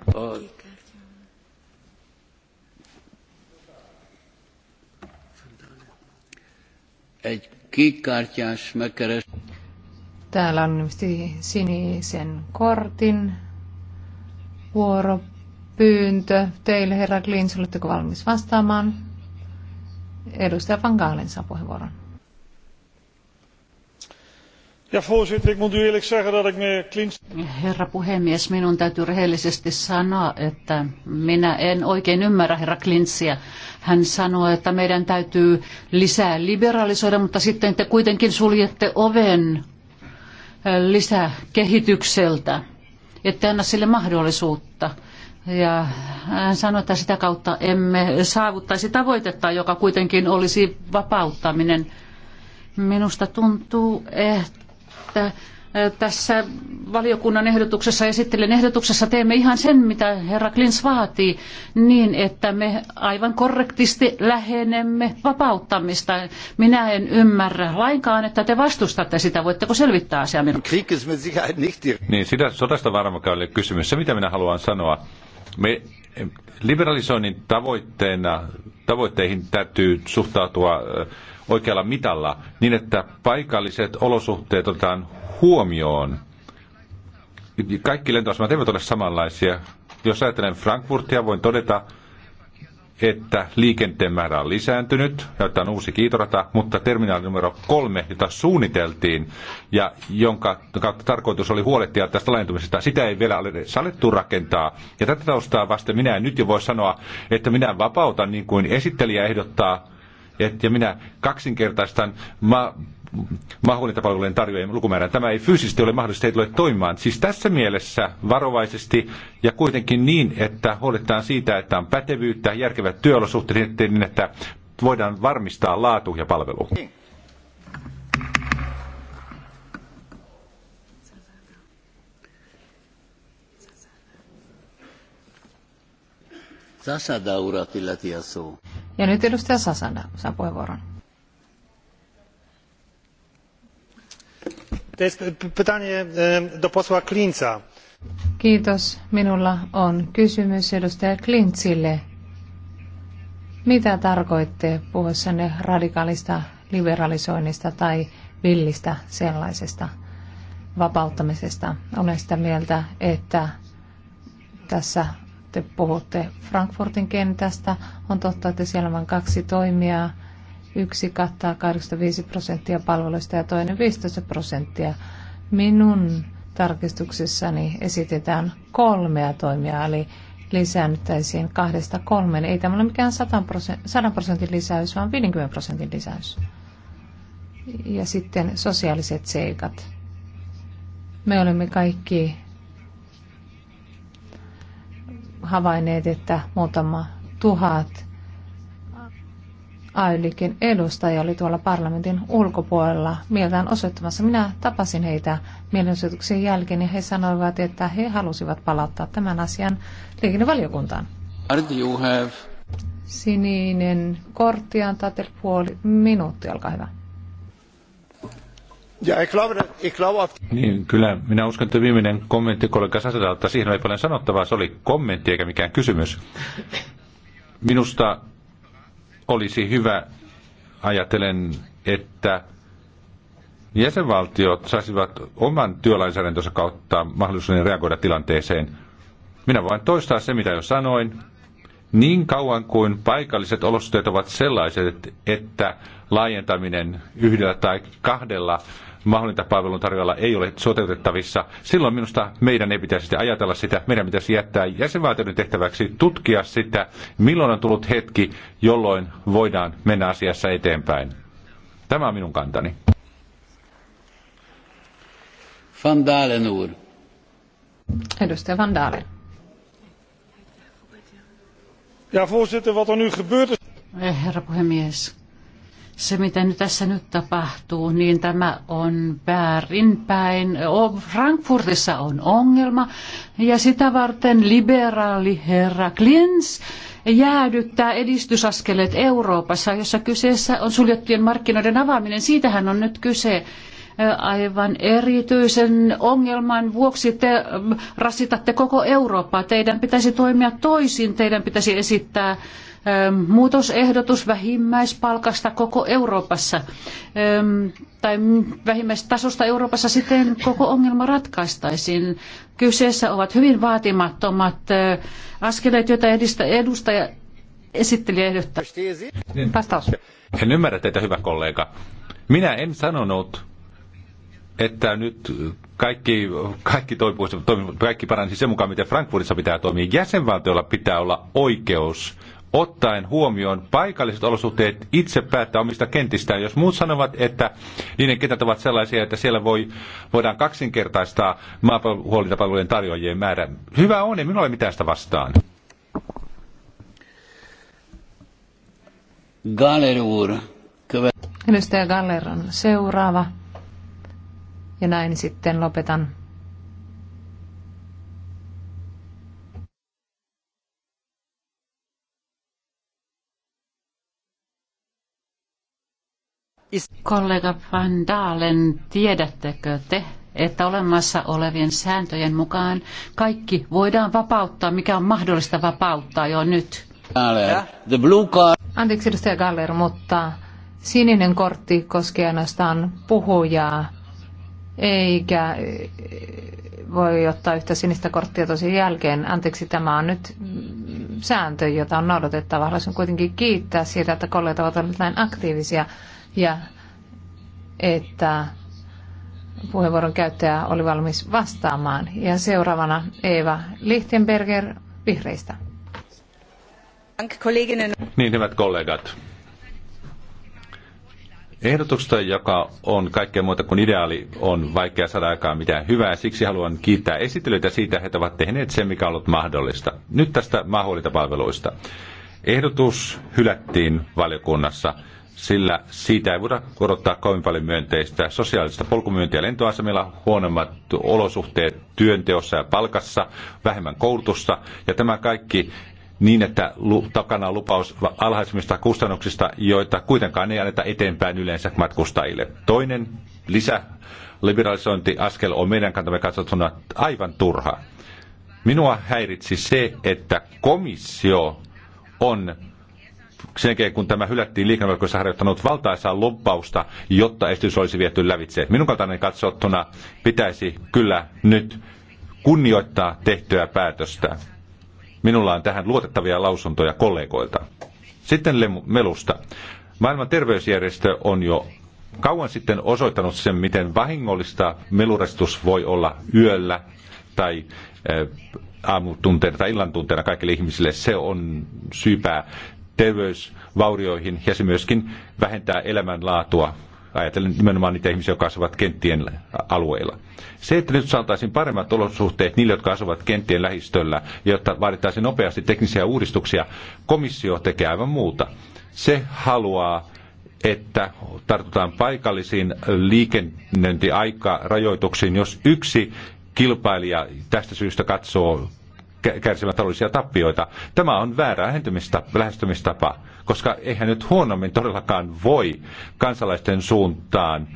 Täällä on sinisen kortin puheenvuoropyyntö teille, herra Klins, oletteko valmis vastaamaan? Edustaja Van Gaalen saa puheenvuoron. Ja, voorzitter, ik moet u eerlijk zeggen dat ik meneer eh, Klins... Herra puhemies, minun täytyy rehellisesti sanoa, että minä en oikein ymmärrä herra Klintsiä. Hän sanoi, että meidän täytyy lisää liberalisoida, mutta sitten te kuitenkin suljette oven eh, lisäkehitykseltä ette anna sille mahdollisuutta. Ja hän sanoi, että sitä kautta emme saavuttaisi tavoitetta, joka kuitenkin olisi vapauttaminen. Minusta tuntuu, että tässä valiokunnan ehdotuksessa, esittelen ehdotuksessa, teemme ihan sen, mitä herra Klins vaatii, niin että me aivan korrektisti lähenemme vapauttamista. Minä en ymmärrä lainkaan, että te vastustatte sitä. Voitteko selvittää asiaa minulle? Niin, sitä sodasta varmakaan oli kysymys. Se, mitä minä haluan sanoa, me liberalisoinnin tavoitteena, tavoitteihin täytyy suhtautua oikealla mitalla niin, että paikalliset olosuhteet otetaan huomioon. Kaikki lentoasemat eivät ole samanlaisia. Jos ajattelen Frankfurtia, voin todeta, että liikenteen määrä on lisääntynyt, tämä on uusi kiitorata, mutta terminaali numero kolme, jota suunniteltiin ja jonka kautta tarkoitus oli huolehtia tästä laajentumisesta, sitä ei vielä ole salettu rakentaa. Ja tätä taustaa vasten minä en nyt jo voi sanoa, että minä vapautan niin kuin esittelijä ehdottaa, että minä kaksinkertaistan ma- mahdollinen tarjoajien lukumäärään. Tämä ei fyysisesti ole mahdollista, ei tule toimimaan. Siis tässä mielessä varovaisesti ja kuitenkin niin, että huolehditaan siitä, että on pätevyyttä, järkevät työolosuhteet, niin, niin että voidaan varmistaa laatu ja palvelu. Ja nyt edustaja Sasana saa puheenvuoron. pytanie do posła Klinca. Kiitos. Minulla on kysymys edustaja Klintsille. Mitä tarkoitte puhuessanne radikaalista liberalisoinnista tai villistä sellaisesta vapauttamisesta? Olen sitä mieltä, että tässä te puhutte Frankfurtin kentästä. On totta, että siellä on vain kaksi toimijaa, Yksi kattaa 85 prosenttia palveluista ja toinen 15 prosenttia. Minun tarkistuksessani esitetään kolmea toimia, eli lisäännyttäisiin kahdesta kolmeen. Ei tämä ole mikään 100 prosentin lisäys, vaan 50 prosentin lisäys. Ja sitten sosiaaliset seikat. Me olemme kaikki havainneet, että muutama tuhat ay edustaja oli tuolla parlamentin ulkopuolella mieltään osoittamassa. Minä tapasin heitä mielenosoituksen jälkeen ja he sanoivat, että he halusivat palauttaa tämän asian liikennevaliokuntaan. Have... Sininen kortti antaa teille puoli minuuttia, olkaa hyvä. Ja, ik glaube, ik glaube... Niin, kyllä, minä uskon, että viimeinen kommentti kollega Sasadalta, siihen oli paljon sanottavaa, se oli kommentti eikä mikään kysymys. Minusta olisi hyvä, ajatellen, että jäsenvaltiot saisivat oman työlainsäädäntönsä kautta mahdollisuuden reagoida tilanteeseen. Minä voin toistaa se, mitä jo sanoin. Niin kauan kuin paikalliset olosuhteet ovat sellaiset, että laajentaminen yhdellä tai kahdella mahdollinen palvelun tarjolla ei ole soteutettavissa. silloin minusta meidän ei pitäisi sitä ajatella sitä. Meidän pitäisi jättää jäsenvaltioiden tehtäväksi tutkia sitä, milloin on tullut hetki, jolloin voidaan mennä asiassa eteenpäin. Tämä on minun kantani. Van Dalen uur. Edustaja Van Dalen. Ja voorzitter, wat er nu gebeurt is... Herra puhemies, se, mitä nyt tässä nyt tapahtuu, niin tämä on väärinpäin. Frankfurtissa on ongelma ja sitä varten liberaali herra Klins jäädyttää edistysaskeleet Euroopassa, jossa kyseessä on suljettujen markkinoiden avaaminen. Siitähän on nyt kyse aivan erityisen ongelman vuoksi te rasitatte koko Eurooppaa. Teidän pitäisi toimia toisin, teidän pitäisi esittää muutosehdotus vähimmäispalkasta koko Euroopassa tai vähimmäistasosta Euroopassa siten koko ongelma ratkaistaisiin. Kyseessä ovat hyvin vaatimattomat askeleet, joita edistä edustaja esitteli ehdottaa. Niin. Vastaus. En ymmärrä teitä, hyvä kollega. Minä en sanonut, että nyt kaikki, kaikki, toipuisi, kaikki paransi sen mukaan, miten Frankfurtissa pitää toimia. Jäsenvaltiolla pitää olla oikeus ottaen huomioon paikalliset olosuhteet itse päättää omista kentistään. Jos muut sanovat, että niiden kentät ovat sellaisia, että siellä voi, voidaan kaksinkertaistaa maahuolintapalvelujen tarjoajien määrä. Hyvä on, ei minulla ole mitään sitä vastaan. Galerur. Edustaja Galler on seuraava. Ja näin sitten lopetan Kollega Van Dalen, tiedättekö te, että olemassa olevien sääntöjen mukaan kaikki voidaan vapauttaa, mikä on mahdollista vapauttaa jo nyt? The blue card. Anteeksi edustaja Galler, mutta sininen kortti koskee ainoastaan puhujaa, eikä eh, voi ottaa yhtä sinistä korttia tosi jälkeen. Anteeksi, tämä on nyt sääntö, jota on noudatettava. Haluaisin kuitenkin kiittää siitä, että kollegat ovat olleet näin aktiivisia ja että puheenvuoron käyttäjä oli valmis vastaamaan. Ja seuraavana Eeva Lichtenberger Vihreistä. Niin, hyvät kollegat. Ehdotuksesta, joka on kaikkea muuta kuin ideaali, on vaikea saada aikaan mitään hyvää. Siksi haluan kiittää esittelyitä siitä, että he ovat tehneet sen, mikä on ollut mahdollista. Nyt tästä maahuolintapalveluista. Ehdotus hylättiin valiokunnassa sillä siitä ei voida korottaa kovin paljon myönteistä. Sosiaalista polkumyyntiä lentoasemilla huonommat olosuhteet työnteossa ja palkassa, vähemmän koulutusta ja tämä kaikki niin, että takana on lupaus alhaisemmista kustannuksista, joita kuitenkaan ei anneta eteenpäin yleensä matkustajille. Toinen lisä liberalisointiaskel on meidän kantamme katsottuna aivan turha. Minua häiritsi se, että komissio on sen jälkeen, kun tämä hylättiin liikennevalkoissa harjoittanut valtaisaa lobbausta, jotta esitys olisi viety lävitse. Minun kaltainen katsottuna pitäisi kyllä nyt kunnioittaa tehtyä päätöstä. Minulla on tähän luotettavia lausuntoja kollegoilta. Sitten melusta. Maailman terveysjärjestö on jo kauan sitten osoittanut sen, miten vahingollista melurestus voi olla yöllä tai eh, aamutunteena tai illantunteena kaikille ihmisille. Se on syypää terveysvaurioihin ja se myöskin vähentää elämänlaatua. Ajatellen nimenomaan niitä ihmisiä, jotka asuvat kenttien alueilla. Se, että nyt saataisiin paremmat olosuhteet niille, jotka asuvat kenttien lähistöllä, jotta vaadittaisiin nopeasti teknisiä uudistuksia, komissio tekee aivan muuta. Se haluaa että tartutaan paikallisiin liikennöintiaikarajoituksiin, jos yksi kilpailija tästä syystä katsoo kärsivät taloudellisia tappioita. Tämä on väärä lähestymistapa, koska eihän nyt huonommin todellakaan voi kansalaisten suuntaan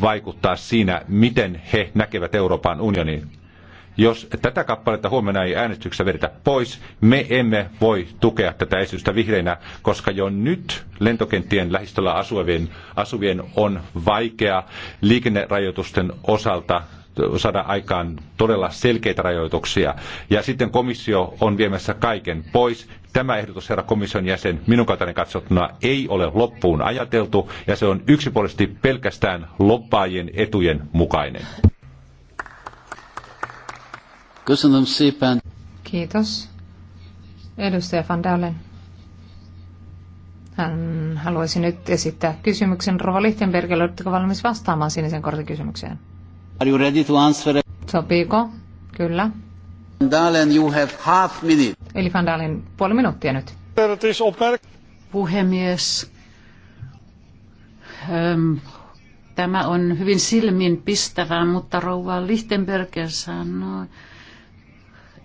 vaikuttaa siinä, miten he näkevät Euroopan unionin. Jos tätä kappaletta huomenna ei äänestyksessä vedetä pois, me emme voi tukea tätä esitystä vihreinä, koska jo nyt lentokenttien lähistöllä asuvien, asuvien on vaikea liikennerajoitusten osalta saada aikaan todella selkeitä rajoituksia. Ja sitten komissio on viemässä kaiken pois. Tämä ehdotus, herra komission jäsen, minun kaltainen katsottuna ei ole loppuun ajateltu, ja se on yksipuolisesti pelkästään lobbaajien etujen mukainen. Kiitos. Edustaja Van Dalen. Hän haluaisi nyt esittää kysymyksen. Rova Lichtenbergille, oletteko valmis vastaamaan sinisen kortin kysymykseen? Are you ready to answer? Sopiiko? Kyllä. Dalen, you have half minute. Eli Van Dalen, puoli minuuttia nyt. Puhemies, ehm, tämä on hyvin silmin pistävää, mutta rouva Lichtenberg sanoi,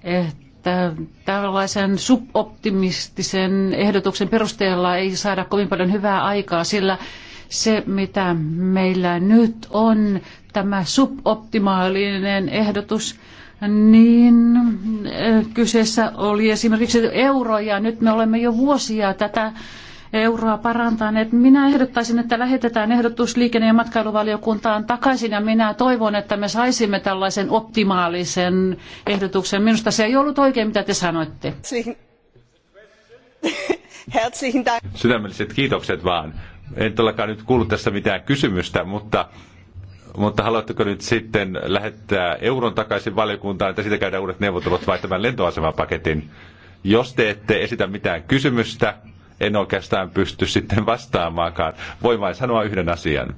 että tällaisen suboptimistisen ehdotuksen perusteella ei saada kovin paljon hyvää aikaa, sillä se, mitä meillä nyt on, tämä suboptimaalinen ehdotus, niin eh, kyseessä oli esimerkiksi euro ja nyt me olemme jo vuosia tätä euroa parantaneet. Minä ehdottaisin, että lähetetään ehdotus liikenne- ja matkailuvaliokuntaan takaisin ja minä toivon, että me saisimme tällaisen optimaalisen ehdotuksen. Minusta se ei ollut oikein, mitä te sanoitte. Sydämelliset kiitokset vaan. En todellakaan nyt kuullut tässä mitään kysymystä, mutta mutta haluatteko nyt sitten lähettää euron takaisin valiokuntaan, että siitä käydään uudet neuvottelut vai tämän lentoasemapaketin? Jos te ette esitä mitään kysymystä, en oikeastaan pysty sitten vastaamaankaan. Voin vain sanoa yhden asian.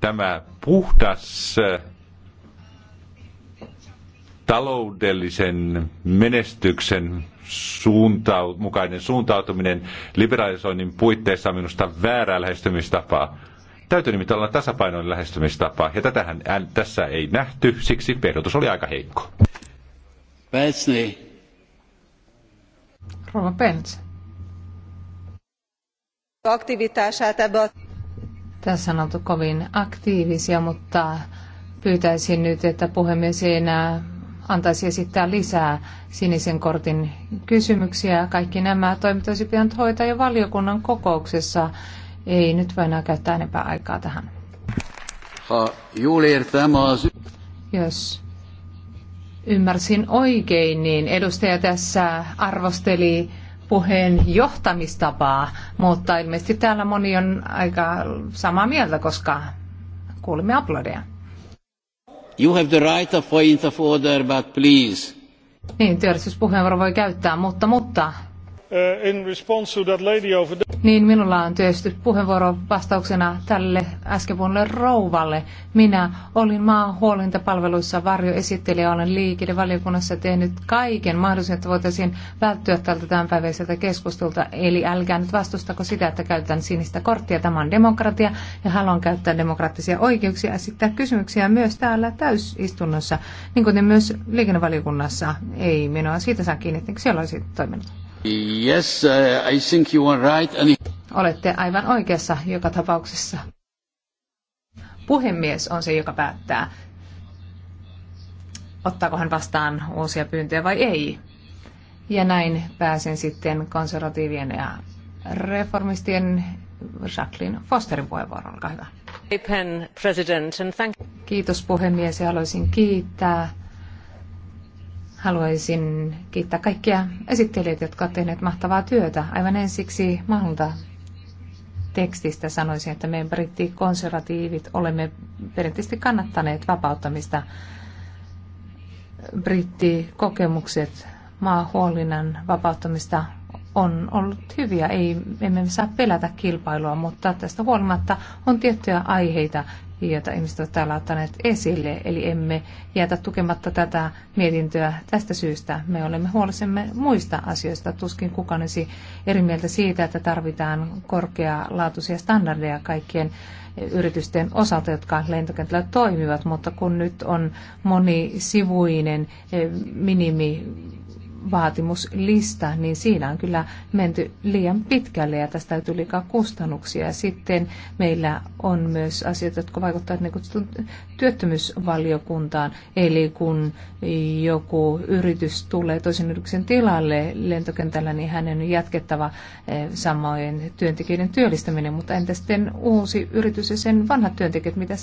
Tämä puhdas taloudellisen menestyksen suuntau- mukainen suuntautuminen liberalisoinnin puitteissa on minusta väärää lähestymistapaa. Täytyy nimittäin olla tasapainoinen lähestymistapa, ja tätähän tässä ei nähty, siksi ehdotus oli aika heikko. Pääsni. Rova Tässä on oltu kovin aktiivisia, mutta pyytäisin nyt, että puhemies ei enää antaisi esittää lisää sinisen kortin kysymyksiä. Kaikki nämä toimintoisi pitänyt hoitaa jo valiokunnan kokouksessa. Ei nyt voi enää käyttää enempää aikaa tähän. Ha, tämä Jos ymmärsin oikein, niin edustaja tässä arvosteli puheen johtamistapaa, mutta ilmeisesti täällä moni on aika samaa mieltä, koska kuulimme aplodeja. You have the right of point of order, but please. Niin, työllisyyspuheenvuoro voi käyttää, mutta, mutta Eh, in response to that lady over there. Niin, minulla on tietysti puheenvuoro vastauksena tälle äsken rouvalle. Minä olin huolintapalveluissa varjoesittelijä, olen liikennevaliokunnassa tehnyt kaiken mahdollisen, että voitaisiin välttyä tältä tämänpäiväiseltä keskustelulta. Eli älkää nyt vastustako sitä, että käytän sinistä korttia. Tämä on demokratia ja haluan käyttää demokraattisia oikeuksia ja esittää kysymyksiä myös täällä täysistunnossa, niin kuten myös liikennevaliokunnassa. Ei minua siitä saa kiinni, että siellä olisi toiminut. Yes, uh, I think you are right. And... Olette aivan oikeassa joka tapauksessa. Puhemies on se, joka päättää, ottaako hän vastaan uusia pyyntöjä vai ei. Ja näin pääsen sitten konservatiivien ja reformistien Jacqueline Fosterin puheenvuoro. Olkaa hyvä. Kiitos puhemies ja haluaisin kiittää Haluaisin kiittää kaikkia esittelijöitä, jotka ovat tehneet mahtavaa työtä. Aivan ensiksi mahdollista tekstistä sanoisin, että me brittikonservatiivit olemme perinteisesti kannattaneet vapauttamista. Brittikokemukset maahuolinnan vapauttamista on ollut hyviä. Ei, emme saa pelätä kilpailua, mutta tästä huolimatta on tiettyjä aiheita, joita ihmiset ovat täällä ottaneet esille. Eli emme jätä tukematta tätä mietintöä tästä syystä. Me olemme huolisemme muista asioista. Tuskin kukaan olisi eri mieltä siitä, että tarvitaan korkealaatuisia standardeja kaikkien yritysten osalta, jotka lentokentällä toimivat, mutta kun nyt on monisivuinen eh, minimi vaatimuslista, niin siinä on kyllä menty liian pitkälle ja tästä tuli liikaa kustannuksia. Ja sitten meillä on myös asioita, jotka vaikuttavat niin kuin työttömyysvaliokuntaan, eli kun joku yritys tulee toisen yrityksen tilalle lentokentällä, niin hänen on jatkettava eh, samojen työntekijöiden työllistäminen, mutta entä sitten uusi yritys ja sen vanhat työntekijät, mitä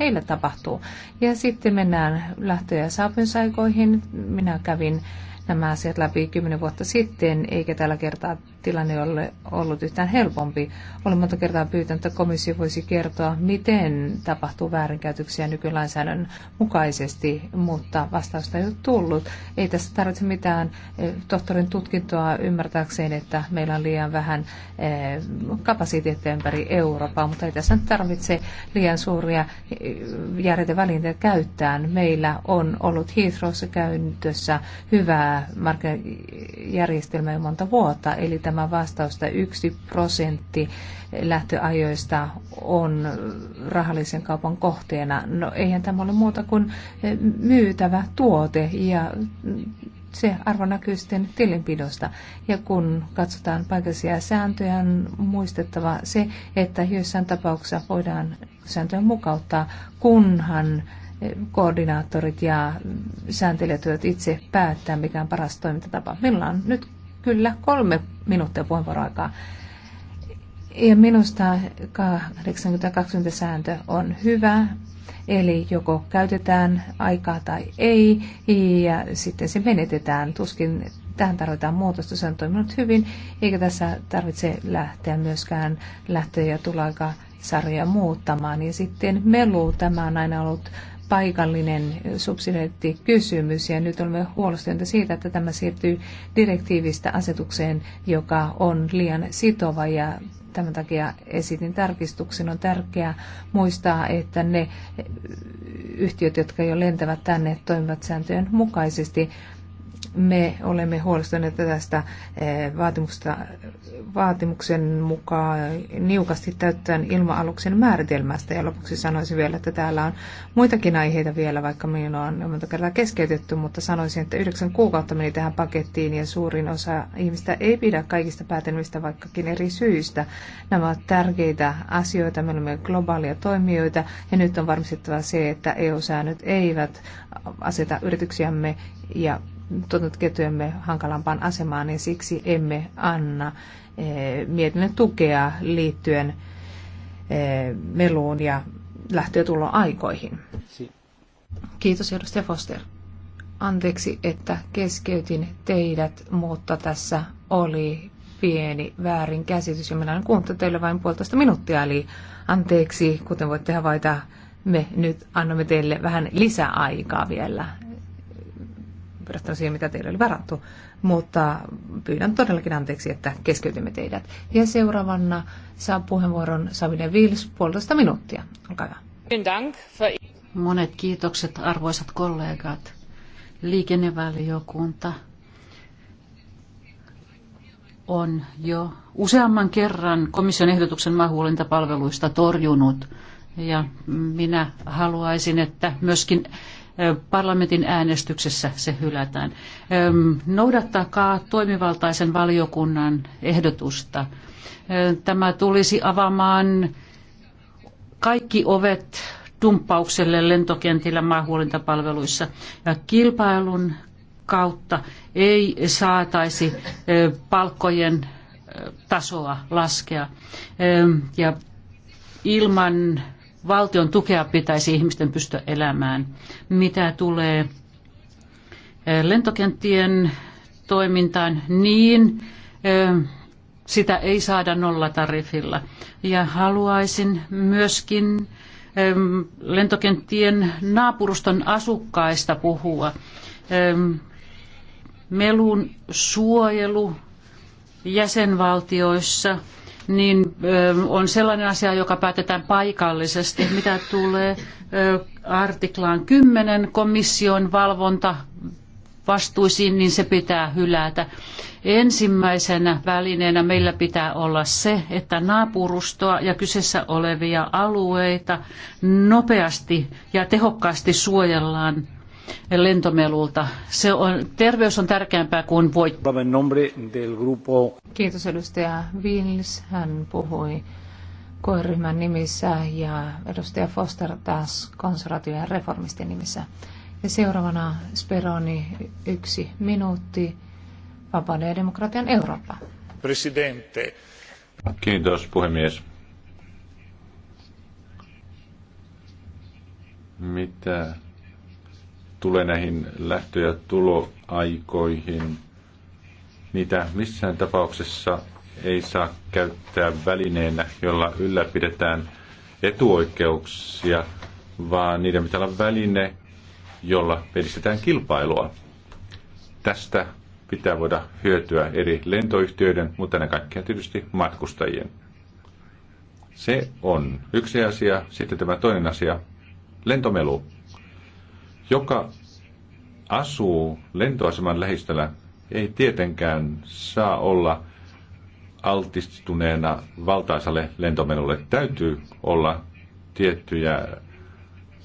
heillä tapahtuu. Ja sitten mennään lähtö- ja saapunsaikoihin. Minä kävin nämä asiat läpi kymmenen vuotta sitten, eikä tällä kertaa tilanne ole ollut yhtään helpompi. Olen monta kertaa pyytänyt, että komissio voisi kertoa, miten tapahtuu väärinkäytöksiä nykylainsäädännön mukaisesti, mutta vastausta ei ole tullut. Ei tässä tarvitse mitään eh, tohtorin tutkintoa ymmärtääkseen, että meillä on liian vähän eh, kapasiteettia ympäri Eurooppaa, mutta ei tässä nyt tarvitse liian suuria eh, järjetä välineitä käyttää. Meillä on ollut Heathrowssa käytössä hyvää markkinajärjestelmää jo monta vuotta, eli tämä vastaus, vastausta. Yksi prosentti lähtöajoista on rahallisen kaupan kohteena. No eihän tämä ole muuta kuin eh, myytävä tuote ja se arvo näkyy sitten tilinpidosta. Ja kun katsotaan paikallisia sääntöjä, on muistettava se, että joissain tapauksissa voidaan sääntöjä mukauttaa, kunhan eh, koordinaattorit ja sääntelijät itse päättää, mikä on paras toimintatapa. Meillä on nyt Kyllä, kolme minuuttia puheenvuoroaikaa. Ja minusta 80 sääntö on hyvä, eli joko käytetään aikaa tai ei, ja sitten se menetetään. Tuskin tähän tarvitaan muutosta, se on toiminut hyvin, eikä tässä tarvitse lähteä myöskään lähtöjä ja tulaika sarja muuttamaan. Ja sitten melu, tämä on aina ollut paikallinen subsidiariteettikysymys ja nyt olemme huolestuneita siitä, että tämä siirtyy direktiivistä asetukseen, joka on liian sitova ja tämän takia esitin tarkistuksen. On tärkeää muistaa, että ne yhtiöt, jotka jo lentävät tänne, toimivat sääntöjen mukaisesti me olemme huolestuneita tästä eh, vaatimuksesta, vaatimuksen mukaan niukasti täyttäen ilma-aluksen määritelmästä. Ja lopuksi sanoisin vielä, että täällä on muitakin aiheita vielä, vaikka minua on monta kertaa keskeytetty, mutta sanoisin, että yhdeksän kuukautta meni tähän pakettiin ja suurin osa ihmistä ei pidä kaikista päätelmistä vaikkakin eri syistä. Nämä ovat tärkeitä asioita, me olemme globaalia toimijoita ja nyt on varmistettava se, että EU-säännöt eivät aseta yrityksiämme ja tuotantoketjujemme hankalampaan asemaan ja niin siksi emme anna eh, mietinnön tukea liittyen eh, meluun ja lähtötulon aikoihin. Kiitos edustaja Foster. Anteeksi, että keskeytin teidät, mutta tässä oli pieni väärinkäsitys ja minä olen kuunnellut teille vain puolitoista minuuttia, eli anteeksi, kuten voitte havaita, me nyt annamme teille vähän lisäaikaa vielä, verrattuna siihen, mitä teille oli varattu. Mutta pyydän todellakin anteeksi, että keskeytimme teidät. Ja seuraavana saa puheenvuoron Savinen Vils, puolitoista minuuttia. Olkaa hyvä. Monet kiitokset, arvoisat kollegat. Liikennevaliokunta on jo useamman kerran komission ehdotuksen maahuolintapalveluista torjunut. Ja minä haluaisin, että myöskin parlamentin äänestyksessä se hylätään. Noudattakaa toimivaltaisen valiokunnan ehdotusta. Tämä tulisi avaamaan kaikki ovet dumppaukselle lentokentillä maahuolintapalveluissa ja kilpailun kautta ei saataisi palkkojen tasoa laskea. Ja ilman valtion tukea pitäisi ihmisten pystyä elämään. Mitä tulee eh, lentokenttien toimintaan, niin eh, sitä ei saada nollatariffilla. Ja haluaisin myöskin eh, lentokenttien naapuruston asukkaista puhua. Melun suojelu jäsenvaltioissa – niin on sellainen asia, joka päätetään paikallisesti. Mitä tulee artiklaan 10 komission valvonta vastuisiin, niin se pitää hylätä. Ensimmäisenä välineenä meillä pitää olla se, että naapurustoa ja kyseessä olevia alueita nopeasti ja tehokkaasti suojellaan lentomelulta. Se on, terveys on tärkeämpää kuin voit. Kiitos edustaja Vils. Hän puhui koeryhmän nimissä ja edustaja Foster taas konservatiivien reformisten nimissä. Ja seuraavana Speroni yksi minuutti. Vapauden ja demokratian Eurooppa. Presidente. Kiitos puhemies. Mitä tulee näihin lähtö- ja tuloaikoihin, niitä missään tapauksessa ei saa käyttää välineenä, jolla ylläpidetään etuoikeuksia, vaan niiden pitää olla väline, jolla edistetään kilpailua. Tästä pitää voida hyötyä eri lentoyhtiöiden, mutta ennen kaikkea tietysti matkustajien. Se on yksi asia. Sitten tämä toinen asia, lentomelu joka asuu lentoaseman lähistöllä, ei tietenkään saa olla altistuneena valtaisalle lentomenulle. Täytyy olla tiettyjä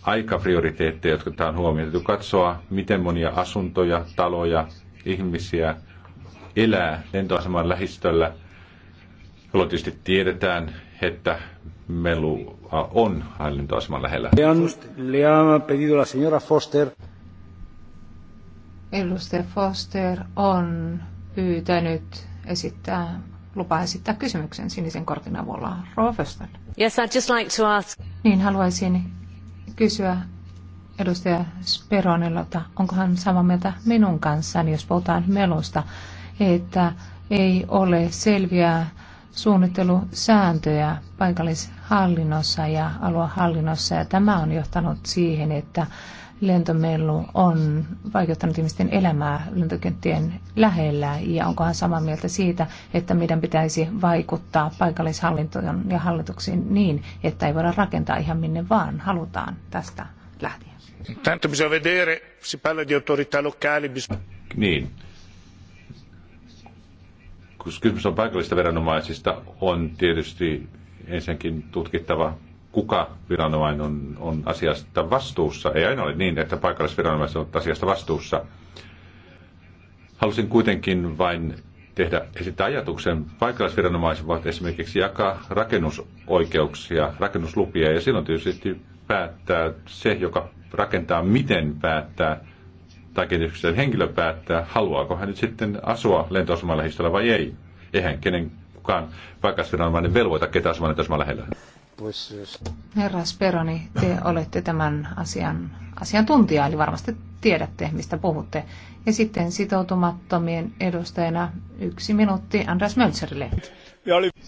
aikaprioriteetteja, jotka tämä on huomioon. Täytyy katsoa, miten monia asuntoja, taloja, ihmisiä elää lentoaseman lähistöllä, jolloin tietysti tiedetään, että melu on hallintoaseman lähellä. Le han pedido la señora Foster. Edustaja Foster on pyytänyt esittää lupa esittää kysymyksen sinisen kortin avulla. Foster. Yes, I'd just like to ask. Niin haluaisin kysyä edustaja Speronilta, onko hän samaa mieltä minun kanssani, jos puhutaan melusta, että ei ole selviä suunnittelusääntöjä paikallis hallinnossa ja aluehallinnossa ja tämä on johtanut siihen, että lentomelu on vaikuttanut ihmisten elämää lentokenttien lähellä ja onkohan samaa mieltä siitä, että meidän pitäisi vaikuttaa paikallishallintoon ja hallituksiin niin, että ei voida rakentaa ihan minne vaan halutaan tästä lähtien. Tanto bisogna vedere, si parla di autorità locali. Niin. kysymys on paikallista viranomaisista, on tietysti ensinnäkin tutkittava, kuka viranomainen on, on asiasta vastuussa. Ei aina ole niin, että paikallisviranomaiset ovat asiasta vastuussa. Halusin kuitenkin vain tehdä esittää ajatuksen. Paikallisviranomaiset voivat esimerkiksi jakaa rakennusoikeuksia, rakennuslupia, ja silloin tietysti päättää se, joka rakentaa, miten päättää, tai kenties henkilö päättää, haluaako hän nyt sitten asua lentoasemalähistöllä vai ei. Eihän kenen kukaan paikallisviranomainen niin velvoita ketään saman tässä lähellä. Herra Speroni, te olette tämän asian asiantuntija, eli varmasti tiedätte, mistä puhutte. Ja sitten sitoutumattomien edustajana yksi minuutti Andreas Möltserille.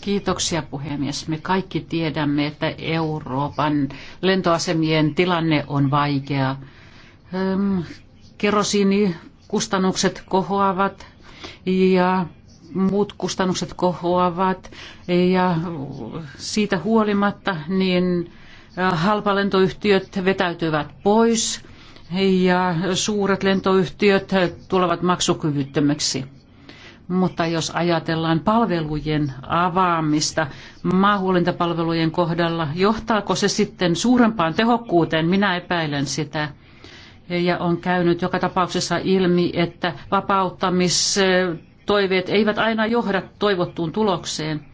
Kiitoksia puhemies. Me kaikki tiedämme, että Euroopan lentoasemien tilanne on vaikea. Kerosiinikustannukset kohoavat ja muut kustannukset kohoavat ja siitä huolimatta niin halpalentoyhtiöt vetäytyvät pois ja suuret lentoyhtiöt tulevat maksukyvyttömäksi. Mutta jos ajatellaan palvelujen avaamista maahuolintapalvelujen kohdalla, johtaako se sitten suurempaan tehokkuuteen? Minä epäilen sitä ja on käynyt joka tapauksessa ilmi, että vapauttamis toiveet eivät aina johda toivottuun tulokseen.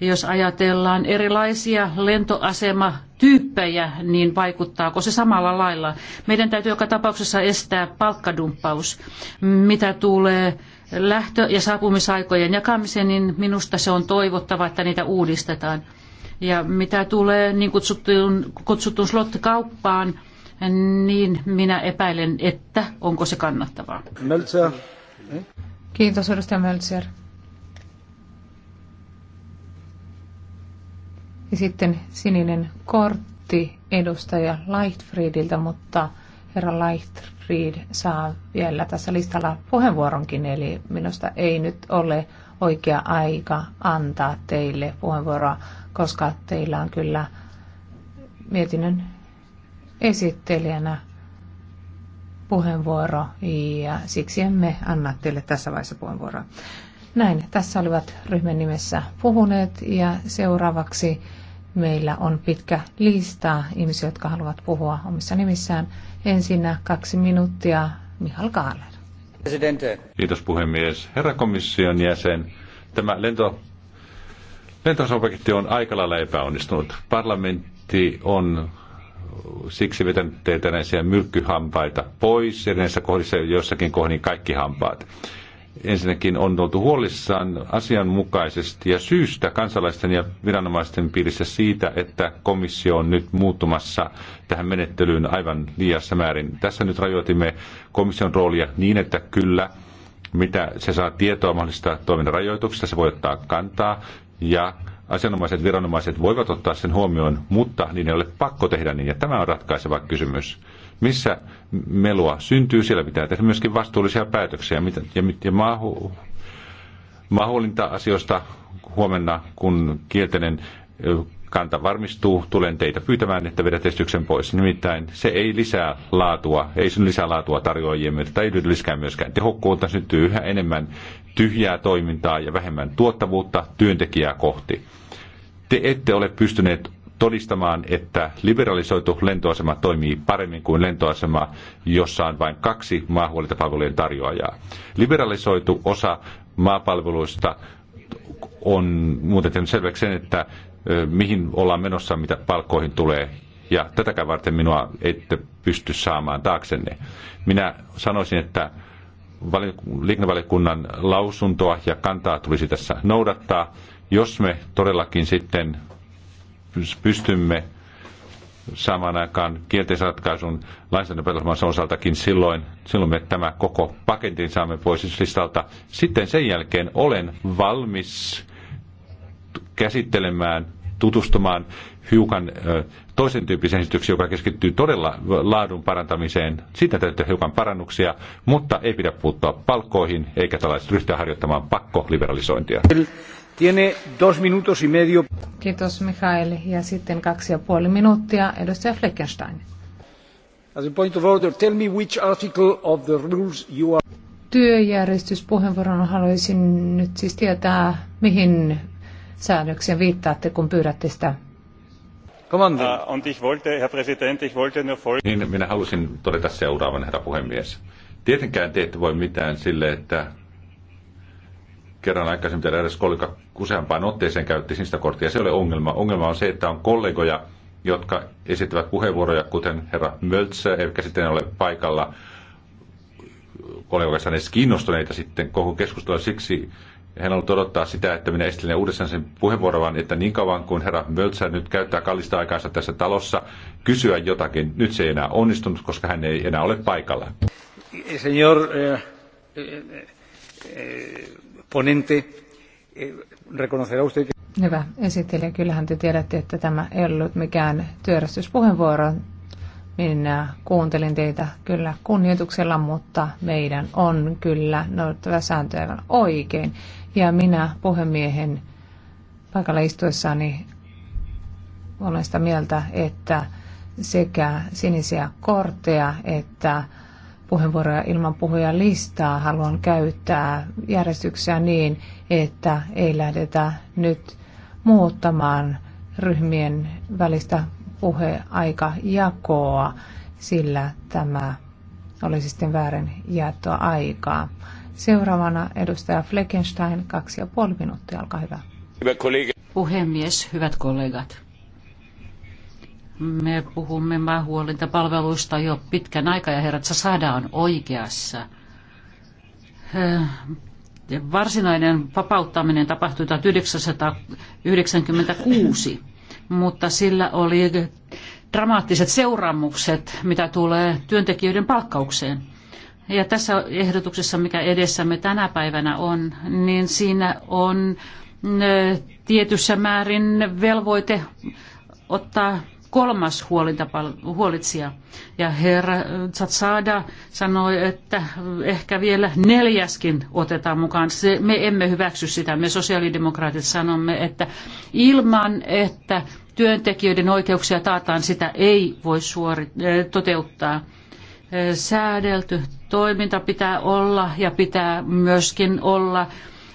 Jos ajatellaan erilaisia lentoasematyyppejä, niin vaikuttaako se samalla lailla? Meidän täytyy joka tapauksessa estää palkkadumppaus. Mitä tulee lähtö- ja saapumisaikojen jakamiseen, niin minusta se on toivottava, että niitä uudistetaan. Ja mitä tulee niin kutsuttuun, kutsuttuun slottikauppaan, niin minä epäilen, että onko se kannattavaa. Möltsä. Kiitos edustaja Möltser. Ja sitten sininen kortti edustaja Leichtfriediltä, mutta herra Leichtfried saa vielä tässä listalla puheenvuoronkin, eli minusta ei nyt ole oikea aika antaa teille puheenvuoroa, koska teillä on kyllä mietinnön esittelijänä puheenvuoro ja siksi emme anna teille tässä vaiheessa puheenvuoroa. Näin, tässä olivat ryhmän nimessä puhuneet ja seuraavaksi meillä on pitkä lista ihmisiä, jotka haluavat puhua omissa nimissään. Ensinnä kaksi minuuttia, Mihal Kaaler. Kiitos puhemies. Herra komission jäsen, tämä lento, lentosopaketti on aika lailla epäonnistunut. Parlamentti on siksi vetän teiltä näisiä myrkkyhampaita pois ja näissä kohdissa jossakin kohdin kaikki hampaat. Ensinnäkin on oltu huolissaan asianmukaisesti ja syystä kansalaisten ja viranomaisten piirissä siitä, että komissio on nyt muuttumassa tähän menettelyyn aivan liiassa määrin. Tässä nyt rajoitimme komission roolia niin, että kyllä, mitä se saa tietoa mahdollisista toiminnan rajoituksista, se voi ottaa kantaa ja asianomaiset viranomaiset voivat ottaa sen huomioon, mutta niin ei ole pakko tehdä niin. Ja tämä on ratkaiseva kysymys. Missä melua syntyy, siellä pitää tehdä myöskin vastuullisia päätöksiä. Ja, ja maahu, maahuolinta-asioista huomenna, kun kielteinen kanta varmistuu, tulen teitä pyytämään, että vedät esityksen pois. Nimittäin se ei lisää laatua, ei sen lisää laatua myötä, tai ei myöskään tehokkuutta, syntyy yhä enemmän tyhjää toimintaa ja vähemmän tuottavuutta työntekijää kohti. Te ette ole pystyneet todistamaan, että liberalisoitu lentoasema toimii paremmin kuin lentoasema, jossa on vain kaksi maahuolintapalvelujen tarjoajaa. Liberalisoitu osa maapalveluista on muuten tehnyt selväksi sen, että mihin ollaan menossa, mitä palkkoihin tulee. Ja tätäkään varten minua ette pysty saamaan taaksenne. Minä sanoisin, että liikennevaliokunnan lausuntoa ja kantaa tulisi tässä noudattaa. Jos me todellakin sitten pystymme saamaan aikaan kielteisen ratkaisun osaltakin silloin, silloin me tämä koko paketin saamme pois listalta. Sitten sen jälkeen olen valmis käsittelemään, tutustumaan hiukan toisen tyyppisen esityksen, joka keskittyy todella laadun parantamiseen. Siitä täytyy hiukan parannuksia, mutta ei pidä puuttua palkkoihin eikä tällaiset ryhtyä harjoittamaan pakkoliberalisointia. Tiene dos minutos y medio. Kiitos Mikael. Ja sitten kaksi ja puoli minuuttia. Edustaja Fleckenstein. As a point of order, tell me which article of the rules you are... Työjärjestyspuheenvuoron haluaisin nyt siis tietää, mihin säännöksiä viittaatte, kun pyydätte sitä Ah, niin, minä halusin todeta seuraavan, herra puhemies. Tietenkään te ette voi mitään sille, että kerran aikaisemmin teidän edes kollega useampaan otteeseen käytti sinistä korttia. Se ei ole ongelma. Ongelma on se, että on kollegoja, jotka esittävät puheenvuoroja, kuten herra Möltsö, eikä sitten ole paikalla kollegoista edes kiinnostuneita sitten koko keskustelua. Siksi hän on odottaa sitä, että minä esittelen uudestaan sen puheenvuoron, vaan että niin kauan kuin herra Möltsä nyt käyttää kallista aikaansa tässä talossa kysyä jotakin, nyt se ei enää onnistunut, koska hän ei enää ole paikalla. Señor eh, eh, eh ponente, eh, reconocerá usted que... Hyvä esittelijä. Kyllähän te tiedätte, että tämä ei ollut mikään työrästyspuheenvuoro, minä kuuntelin teitä kyllä kunnioituksella, mutta meidän on kyllä noudattava sääntöjä oikein. Ja minä puhemiehen paikalla istuessani olen sitä mieltä, että sekä sinisiä kortteja että puheenvuoroja ilman puhuja listaa haluan käyttää järjestyksiä niin, että ei lähdetä nyt muuttamaan ryhmien välistä puheaikajakoa, sillä tämä olisi sitten väärin jaettua aikaa. Seuraavana edustaja Fleckenstein, kaksi ja puoli minuuttia, olkaa hyvä. Hyvä kollega. Puhemies, hyvät kollegat. Me puhumme maahuolintapalveluista jo pitkän aikaa ja herrat saadaan on oikeassa. Varsinainen vapauttaminen tapahtui 1996 mutta sillä oli dramaattiset seuraamukset, mitä tulee työntekijöiden palkkaukseen. Ja tässä ehdotuksessa, mikä edessämme tänä päivänä on, niin siinä on tietyssä määrin velvoite ottaa kolmas huolitsija. Ja herra Tsatsada sanoi, että ehkä vielä neljäskin otetaan mukaan. Se, me emme hyväksy sitä. Me sosiaalidemokraatit sanomme, että ilman, että työntekijöiden oikeuksia taataan, sitä ei voi suori, eh, toteuttaa. Eh, säädelty toiminta pitää olla ja pitää myöskin olla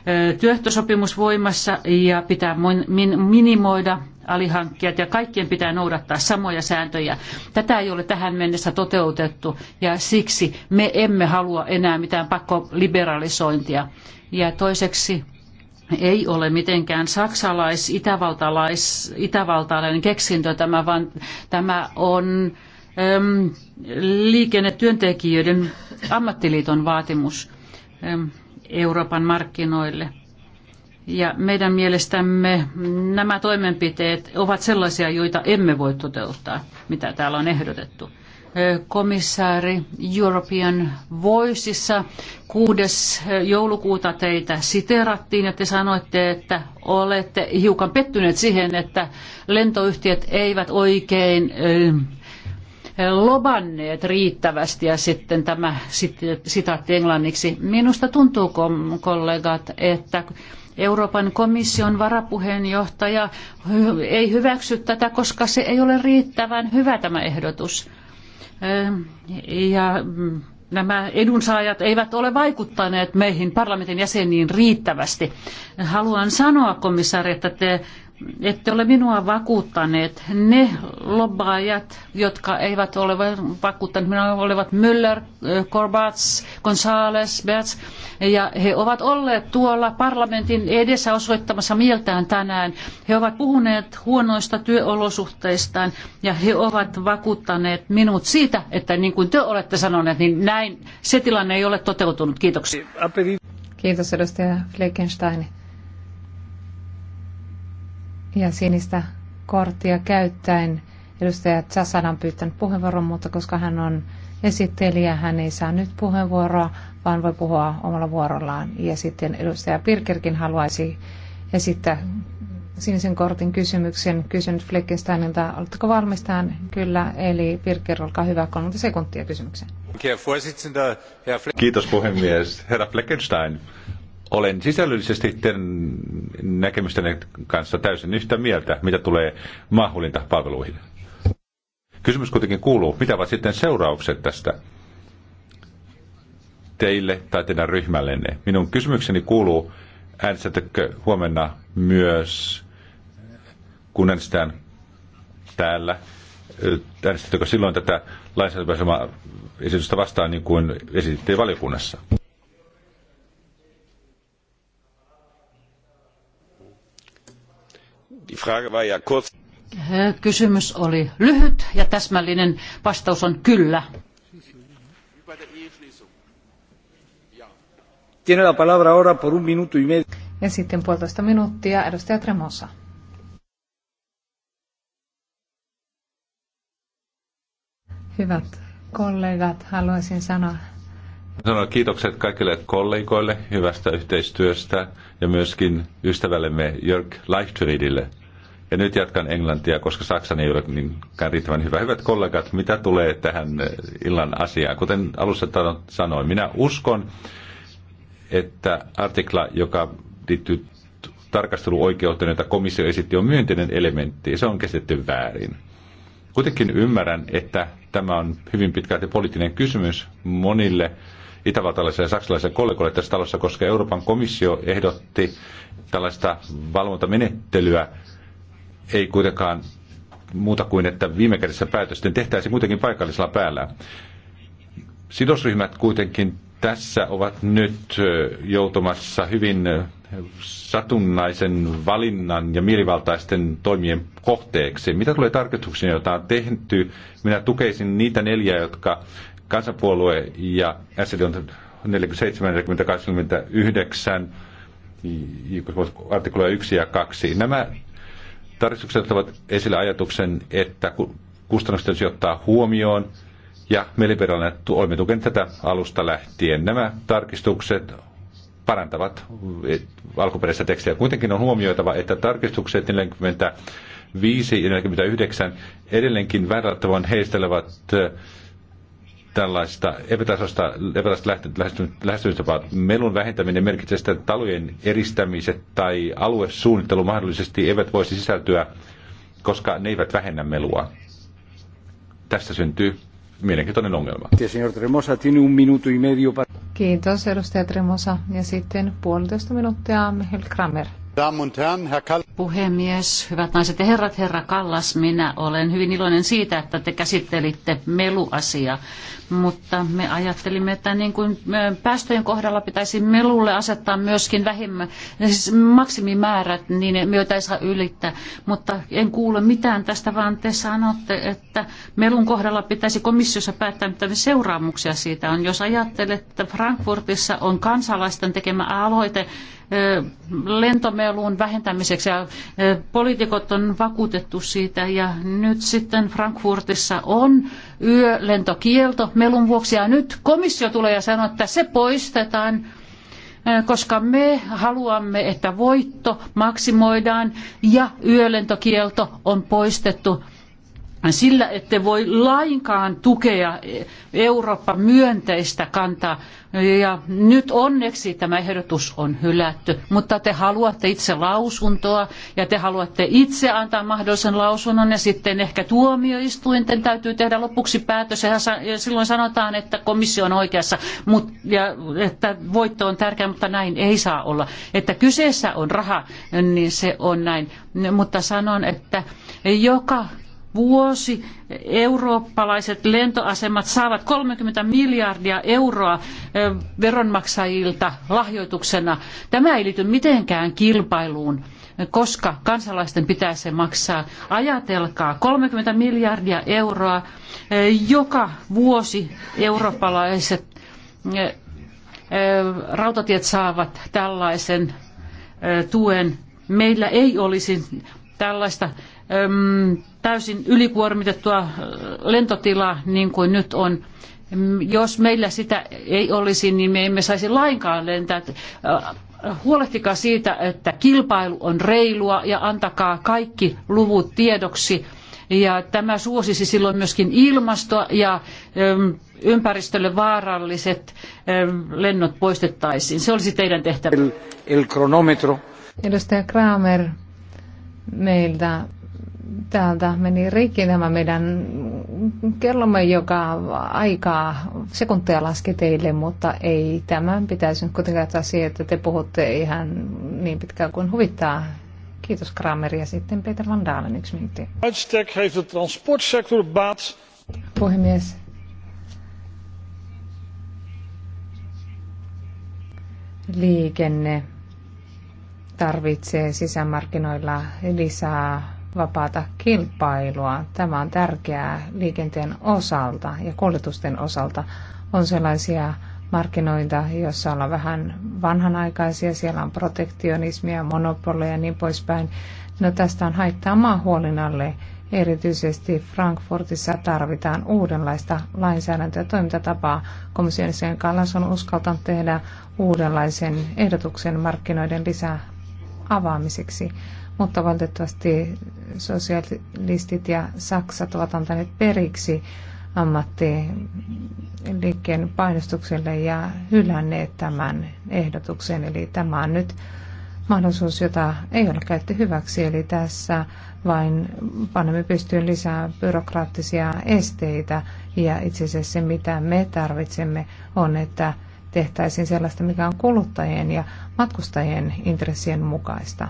eh, työehtosopimus voimassa ja pitää minimoida alihankkijat ja kaikkien pitää noudattaa samoja sääntöjä. Tätä ei ole tähän mennessä toteutettu ja siksi me emme halua enää mitään pakkoliberalisointia. Ja toiseksi ei ole mitenkään saksalais-itävaltalais, itävaltalainen keksintö tämä, vaan tämä on äm, liikennetyöntekijöiden ammattiliiton vaatimus äm, Euroopan markkinoille – ja meidän mielestämme nämä toimenpiteet ovat sellaisia, joita emme voi toteuttaa, mitä täällä on ehdotettu. Komissaari European Voiceissa 6. joulukuuta teitä siteerattiin ja te sanoitte, että olette hiukan pettyneet siihen, että lentoyhtiöt eivät oikein lobanneet riittävästi ja sitten tämä sitaatti englanniksi. Minusta tuntuu kollegat, että Euroopan komission varapuheenjohtaja ei hyväksy tätä, koska se ei ole riittävän hyvä tämä ehdotus. Ja mm, nämä edunsaajat eivät ole vaikuttaneet meihin parlamentin jäseniin riittävästi. Haluan sanoa, komissaari, että te ette ole minua vakuuttaneet. Ne lobbaajat, jotka eivät ole vakuuttaneet, minä olivat Müller, Korbats, eh, Gonzales, Berts, ja he ovat olleet tuolla parlamentin edessä osoittamassa mieltään tänään. He ovat puhuneet huonoista työolosuhteistaan, ja he ovat vakuuttaneet minut siitä, että niin kuin te olette sanoneet, niin näin se tilanne ei ole toteutunut. Kiitoksia. Kiitos edustaja Fleckenstein ja sinistä korttia käyttäen edustaja Chasan on pyytänyt puheenvuoron, mutta koska hän on esittelijä, hän ei saa nyt puheenvuoroa, vaan voi puhua omalla vuorollaan. Ja sitten edustaja Pirkerkin haluaisi esittää sinisen kortin kysymyksen. Kysynyt Fleckensteinilta, oletteko valmistaan? Kyllä, eli Pirker, olkaa hyvä, 30 sekuntia kysymykseen. Kiitos puhemies. Herra Fleckenstein, olen sisällöllisesti näkemysten kanssa täysin yhtä mieltä, mitä tulee maahuolintapalveluihin. Kysymys kuitenkin kuuluu, mitä ovat sitten seuraukset tästä teille tai teidän ryhmällenne? Minun kysymykseni kuuluu, äänestätkö huomenna myös, kun äänestetään täällä, äänestätkö silloin tätä lainsäädäntöasemaa esitystä vastaan, niin kuin esitettiin valiokunnassa? Kysymys oli lyhyt ja täsmällinen. Vastaus on kyllä. Tiene la palabra ahora por un minuto y medio. Ja sitten puolitoista minuuttia edustaja Tremosa. Hyvät kollegat, haluaisin sanoa sanoa kiitokset kaikille kollegoille hyvästä yhteistyöstä ja myöskin ystävällemme Jörg Leichtfriedille ja nyt jatkan englantia, koska Saksan ei ole niin riittävän hyvä. Hyvät kollegat, mitä tulee tähän eh, illan asiaan? Kuten alussa sanoin, minä uskon, että artikla, joka liittyy tarkasteluoikeuteen, jota komissio esitti, on myönteinen elementti ja se on käsitetty väärin. Kuitenkin ymmärrän, että tämä on hyvin pitkälti poliittinen kysymys monille itävaltalaisille ja saksalaisille kollegoille tässä talossa, koska Euroopan komissio ehdotti tällaista valvontamenettelyä, ei kuitenkaan muuta kuin, että viime kädessä päätösten tehtäisiin kuitenkin paikallisella päällä. Sidosryhmät kuitenkin tässä ovat nyt joutumassa hyvin satunnaisen valinnan ja mielivaltaisten toimien kohteeksi. Mitä tulee tarkoituksiin, joita on tehty, minä tukeisin niitä neljä, jotka kansanpuolue ja SD on 47, 40, 29, artikloja 1 ja 2. Nämä Tarkistukset ovat esille ajatuksen, että kustannukset tulisi ottaa huomioon, ja me liberaalina olemme tukeneet tätä alusta lähtien. Nämä tarkistukset parantavat alkuperäistä tekstiä. Kuitenkin on huomioitava, että tarkistukset 45 ja 49 edelleenkin verrattavan heistelevät tällaista epätasosta, epätasasta lähestymistapaa. Melun vähentäminen merkitsee sitä, että talojen eristämiset tai aluesuunnittelu mahdollisesti eivät voisi sisältyä, koska ne eivät vähennä melua. Tästä syntyy mielenkiintoinen ongelma. Kiitos edustaja Tremosa. Ja sitten puolitoista minuuttia Michael Kramer. Puhemies, hyvät naiset ja herrat, herra Kallas, minä olen hyvin iloinen siitä, että te käsittelitte meluasiaa, mutta me ajattelimme, että niin kuin päästöjen kohdalla pitäisi melulle asettaa myöskin vähimmä, siis maksimimäärät, niin myötä ei saa ylittää, mutta en kuule mitään tästä, vaan te sanotte, että melun kohdalla pitäisi komissiossa päättää, mitä seuraamuksia siitä on. Jos ajattelet, että Frankfurtissa on kansalaisten tekemä aloite, lentomelun vähentämiseksi ja poliitikot on vakuutettu siitä ja nyt sitten Frankfurtissa on yölentokielto melun vuoksi ja nyt komissio tulee ja sanoo, että se poistetaan koska me haluamme, että voitto maksimoidaan ja yölentokielto on poistettu sillä ette voi lainkaan tukea Eurooppa myönteistä kantaa. Ja nyt onneksi tämä ehdotus on hylätty, mutta te haluatte itse lausuntoa ja te haluatte itse antaa mahdollisen lausunnon ja sitten ehkä tuomioistuinten täytyy tehdä lopuksi päätös ja silloin sanotaan, että komissio on oikeassa mut, ja että voitto on tärkeä, mutta näin ei saa olla. Että kyseessä on raha, niin se on näin. Mutta sanon, että joka vuosi eurooppalaiset lentoasemat saavat 30 miljardia euroa veronmaksajilta lahjoituksena. Tämä ei liity mitenkään kilpailuun koska kansalaisten pitää se maksaa. Ajatelkaa, 30 miljardia euroa joka vuosi eurooppalaiset rautatiet saavat tällaisen tuen. Meillä ei olisi tällaista täysin ylikuormitettua lentotilaa niin kuin nyt on. Jos meillä sitä ei olisi, niin me emme saisi lainkaan lentää. Huolehtikaa siitä, että kilpailu on reilua ja antakaa kaikki luvut tiedoksi. Ja tämä suosisi silloin myöskin ilmastoa ja ympäristölle vaaralliset lennot poistettaisiin. Se olisi teidän tehtävänne. Edustaja Kramer, meiltä täältä meni rikki tämä meidän kellomme, joka aikaa sekuntia laski teille, mutta ei tämän pitäisi nyt kuitenkaan siihen, että te puhutte ihan niin pitkään kuin huvittaa. Kiitos Kramer ja sitten Peter Van Dalen yksi minuutti. Uitstek heeft de baat. Puhemies. Liikenne tarvitsee sisämarkkinoilla lisää vapaata kilpailua. Tämä on tärkeää liikenteen osalta ja kuljetusten osalta. On sellaisia markkinoita, joissa ollaan vähän vanhanaikaisia, siellä on protektionismia, monopoleja ja niin poispäin. No tästä on haittaa maahuolinalle. Erityisesti Frankfurtissa tarvitaan uudenlaista lainsäädäntöä ja toimintatapaa. Komission Kallas on uskaltanut tehdä uudenlaisen ehdotuksen markkinoiden lisää avaamiseksi mutta valitettavasti sosialistit ja Saksat ovat antaneet periksi ammattiliikkeen painostukselle ja hylänneet tämän ehdotuksen. Eli tämä on nyt mahdollisuus, jota ei ole käytetty hyväksi, eli tässä vain panemme pystyyn lisää byrokraattisia esteitä, ja itse asiassa se, mitä me tarvitsemme, on, että tehtäisiin sellaista, mikä on kuluttajien ja matkustajien intressien mukaista.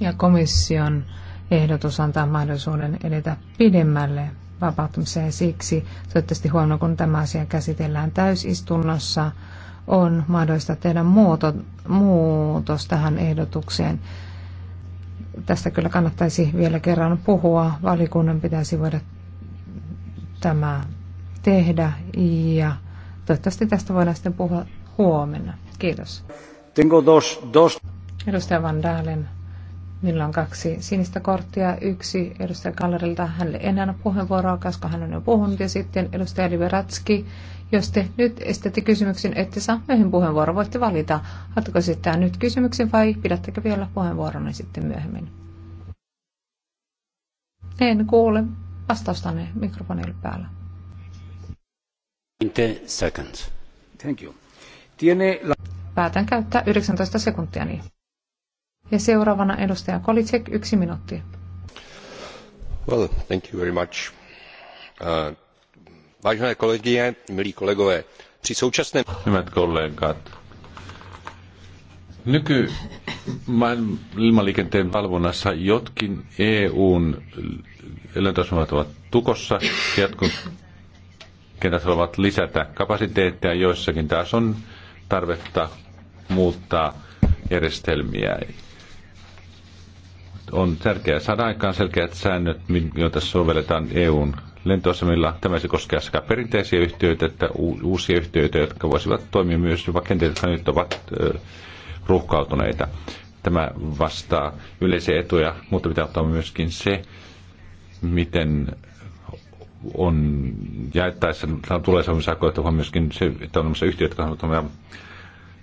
Ja komission ehdotus antaa mahdollisuuden edetä pidemmälle vapauttamiseen. Siksi toivottavasti huomenna, kun tämä asia käsitellään täysistunnossa, on mahdollista tehdä muoto, muutos tähän ehdotukseen. Tästä kyllä kannattaisi vielä kerran puhua. Valikunnan pitäisi voida tämä tehdä ja toivottavasti tästä voidaan sitten puhua huomenna. Kiitos. Tengo dos, dos. Edustaja Van Dahlen. Minulla on kaksi sinistä korttia. Yksi edustaja Kallerilta, hänelle enää ole puheenvuoroa, koska hän on jo puhunut. Ja sitten edustaja Liberatski, jos te nyt estätte kysymyksen, ette saa myöhemmin puheenvuoroa. Voitte valita, haluatteko sitten nyt kysymyksen vai pidättekö vielä puheenvuoron sitten myöhemmin. En kuule vastaustanne mikrofonille päällä. 20 seconds. Thank you. Tiene... Päätän käyttää 19 sekuntia niin. Ja seuraavana edustaja Kolicek, yksi minuutti. Well, thank you very much. Uh, vážené kolegyně, milí kolegové, při současném... Hyvät kollegat, Nyky ilmaliikenteen valvonnassa jotkin EUn elintasomat ovat tukossa, jotkut kentät haluavat lisätä kapasiteettia, joissakin taas on tarvetta muuttaa järjestelmiä on tärkeää saada aikaan selkeät säännöt, joita sovelletaan EUn lentoasemilla. Tämä se koskee sekä perinteisiä yhtiöitä että uusia yhtiöitä, jotka voisivat toimia myös rakenteet, jotka nyt ovat ruuhkautuneita. Tämä vastaa yleisiä etuja, mutta pitää ottaa myöskin se, miten on jaettaessa, tulee sellaisia että on myöskin se, että on yhtiöitä, jotka haluavat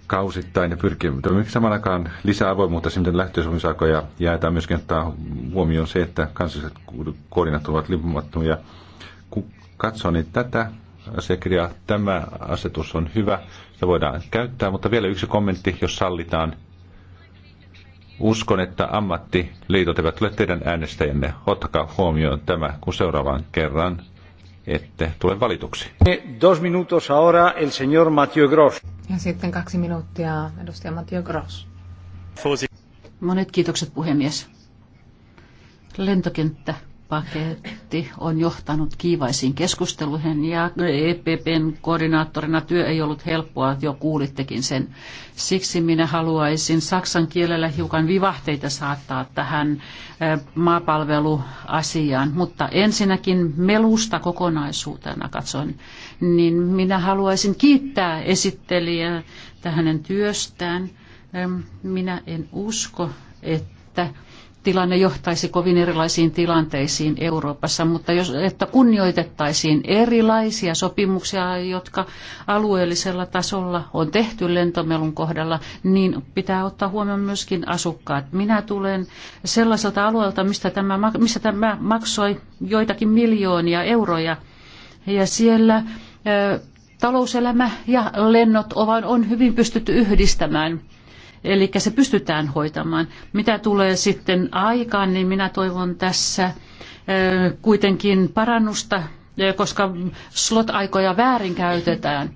kausittain ja pyrkimään samaan aikaan lisää avoimuutta sinne ja jäätään myöskin ottaa huomioon se, että kansalliset koordinat ovat lippumattomia. Kun katsoo niin tätä asiakirjaa, tämä asetus on hyvä, se voidaan käyttää, mutta vielä yksi kommentti, jos sallitaan. Uskon, että ammattiliitot eivät ole teidän äänestäjänne. Ottakaa huomioon tämä, kun seuraavaan kerran ette tule valituksi. Dos minutos ahora el señor Mathieu Ja sitten kaksi minuuttia edustaja Mathieu Gros. Monet kiitokset puhemies. Lentokenttä paketti on johtanut kiivaisiin keskusteluihin ja EPPn koordinaattorina työ ei ollut helppoa, jo kuulittekin sen. Siksi minä haluaisin saksan kielellä hiukan vivahteita saattaa tähän maapalveluasiaan, mutta ensinnäkin melusta kokonaisuutena katson, niin minä haluaisin kiittää esittelijää tähän työstään. Minä en usko, että tilanne johtaisi kovin erilaisiin tilanteisiin Euroopassa, mutta jos, että kunnioitettaisiin erilaisia sopimuksia, jotka alueellisella tasolla on tehty lentomelun kohdalla, niin pitää ottaa huomioon myöskin asukkaat. Minä tulen sellaiselta alueelta, mistä tämä, missä tämä maksoi joitakin miljoonia euroja, ja siellä talouselämä ja lennot on, on hyvin pystytty yhdistämään – Eli se pystytään hoitamaan. Mitä tulee sitten aikaan, niin minä toivon tässä kuitenkin parannusta, koska slot-aikoja väärinkäytetään.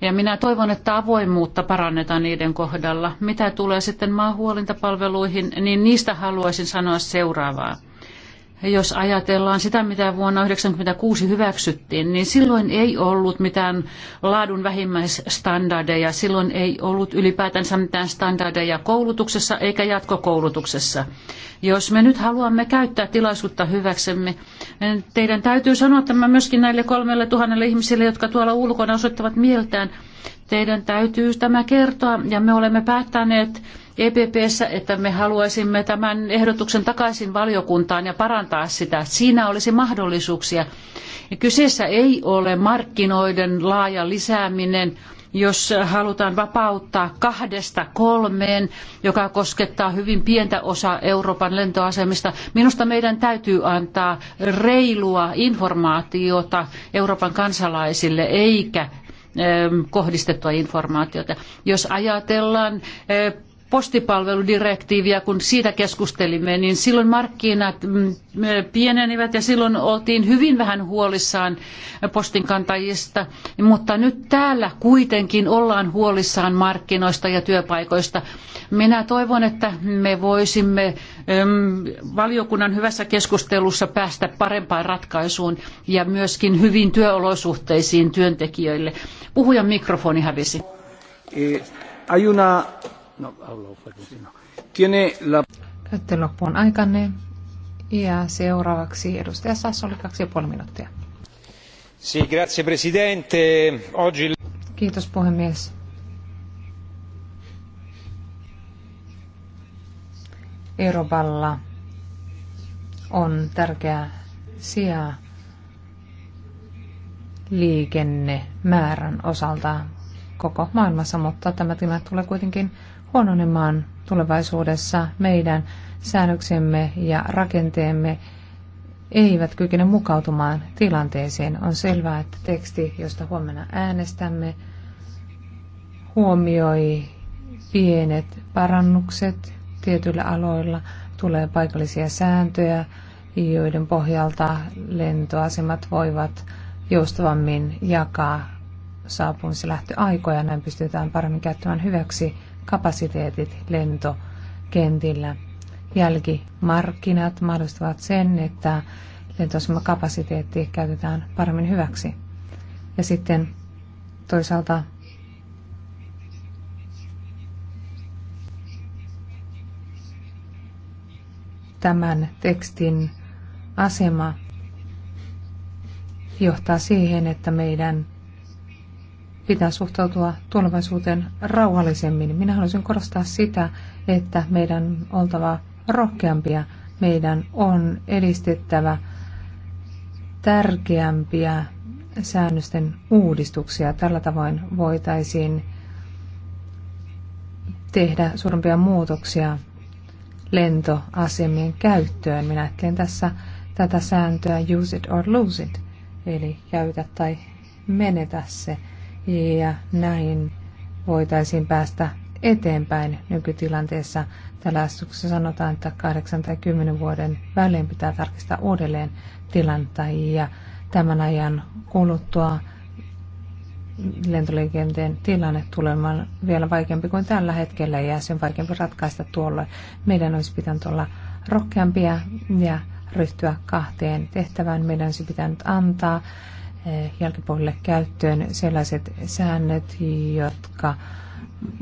Ja minä toivon, että avoimuutta parannetaan niiden kohdalla. Mitä tulee sitten maahuolintapalveluihin, niin niistä haluaisin sanoa seuraavaa jos ajatellaan sitä, mitä vuonna 1996 hyväksyttiin, niin silloin ei ollut mitään laadun vähimmäisstandardeja, silloin ei ollut ylipäätänsä mitään standardeja koulutuksessa eikä jatkokoulutuksessa. Jos me nyt haluamme käyttää tilaisuutta hyväksemme, teidän täytyy sanoa tämä myöskin näille kolmelle tuhannelle ihmiselle, jotka tuolla ulkona osoittavat mieltään. Teidän täytyy tämä kertoa ja me olemme päättäneet EPPssä, että me haluaisimme tämän ehdotuksen takaisin valiokuntaan ja parantaa sitä. Siinä olisi mahdollisuuksia. Ja kyseessä ei ole markkinoiden laaja lisääminen, jos halutaan vapauttaa kahdesta kolmeen, joka koskettaa hyvin pientä osaa Euroopan lentoasemista. Minusta meidän täytyy antaa reilua informaatiota Euroopan kansalaisille, eikä kohdistettua informaatiota. Jos ajatellaan postipalveludirektiiviä, kun siitä keskustelimme, niin silloin markkinat mm, pienenivät ja silloin oltiin hyvin vähän huolissaan postinkantajista, mutta nyt täällä kuitenkin ollaan huolissaan markkinoista ja työpaikoista. Minä toivon, että me voisimme mm, valiokunnan hyvässä keskustelussa päästä parempaan ratkaisuun ja myöskin hyvin työolosuhteisiin työntekijöille. Puhujan mikrofoni hävisi. Eh, hay una No, Tiene la... Käytte loppuun aikanne. Ja seuraavaksi edustaja Sassoli, kaksi ja puoli minuuttia. Si, grazie presidente. Oggi... Kiitos puhemies. Eurovalla on tärkeä sija liikennemäärän osalta koko maailmassa, mutta tämä tilanne tulee kuitenkin huononemaan tulevaisuudessa meidän säännöksemme ja rakenteemme eivät kykene mukautumaan tilanteeseen. On selvää, että teksti, josta huomenna äänestämme, huomioi pienet parannukset tietyillä aloilla, tulee paikallisia sääntöjä, joiden pohjalta lentoasemat voivat joustavammin jakaa saapumisen lähtöaikoja. Näin pystytään paremmin käyttämään hyväksi kapasiteetit lentokentillä. Jälkimarkkinat mahdollistavat sen, että lentoasemakapasiteetti käytetään paremmin hyväksi. Ja sitten toisaalta tämän tekstin asema johtaa siihen, että meidän pitää suhtautua tulevaisuuteen rauhallisemmin. Minä haluaisin korostaa sitä, että meidän oltava rohkeampia, meidän on edistettävä tärkeämpiä säännösten uudistuksia. Tällä tavoin voitaisiin tehdä suurempia muutoksia lentoasemien käyttöön. Minä ajattelen tässä tätä sääntöä use it or lose it, eli käytä tai menetä se ja näin voitaisiin päästä eteenpäin nykytilanteessa. Tällä astuksessa sanotaan, että 8 tai 10 vuoden välein pitää tarkistaa uudelleen tilannetta ja tämän ajan kuluttua lentoliikenteen tilanne tulemaan vielä vaikeampi kuin tällä hetkellä ja sen vaikeampi ratkaista tuolla. Meidän olisi pitänyt olla rohkeampia ja ryhtyä kahteen tehtävään. Meidän olisi pitänyt antaa Eh, jälkipuolelle käyttöön sellaiset säännöt, jotka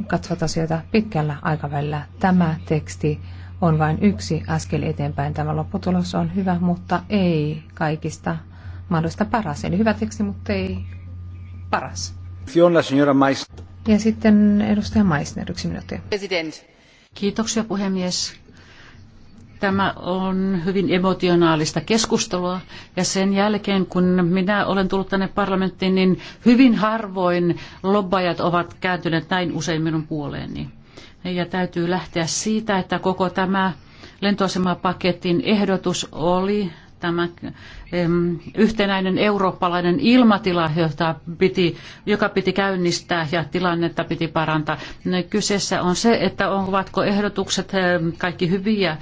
katsovat asioita pitkällä aikavälillä. Tämä teksti on vain yksi askel eteenpäin. Tämä lopputulos on hyvä, mutta ei kaikista mahdollista paras. Eli hyvä teksti, mutta ei paras. Ja sitten edustaja Meissner, yksi minuutti. President. Kiitoksia puhemies. Tämä on hyvin emotionaalista keskustelua ja sen jälkeen kun minä olen tullut tänne parlamenttiin, niin hyvin harvoin lobbajat ovat kääntyneet näin usein minun puoleeni. Ja täytyy lähteä siitä, että koko tämä lentoasemapaketin ehdotus oli tämä yhtenäinen eurooppalainen ilmatila, jota piti, joka piti käynnistää ja tilannetta piti parantaa. No, kyseessä on se, että ovatko ehdotukset kaikki hyviä.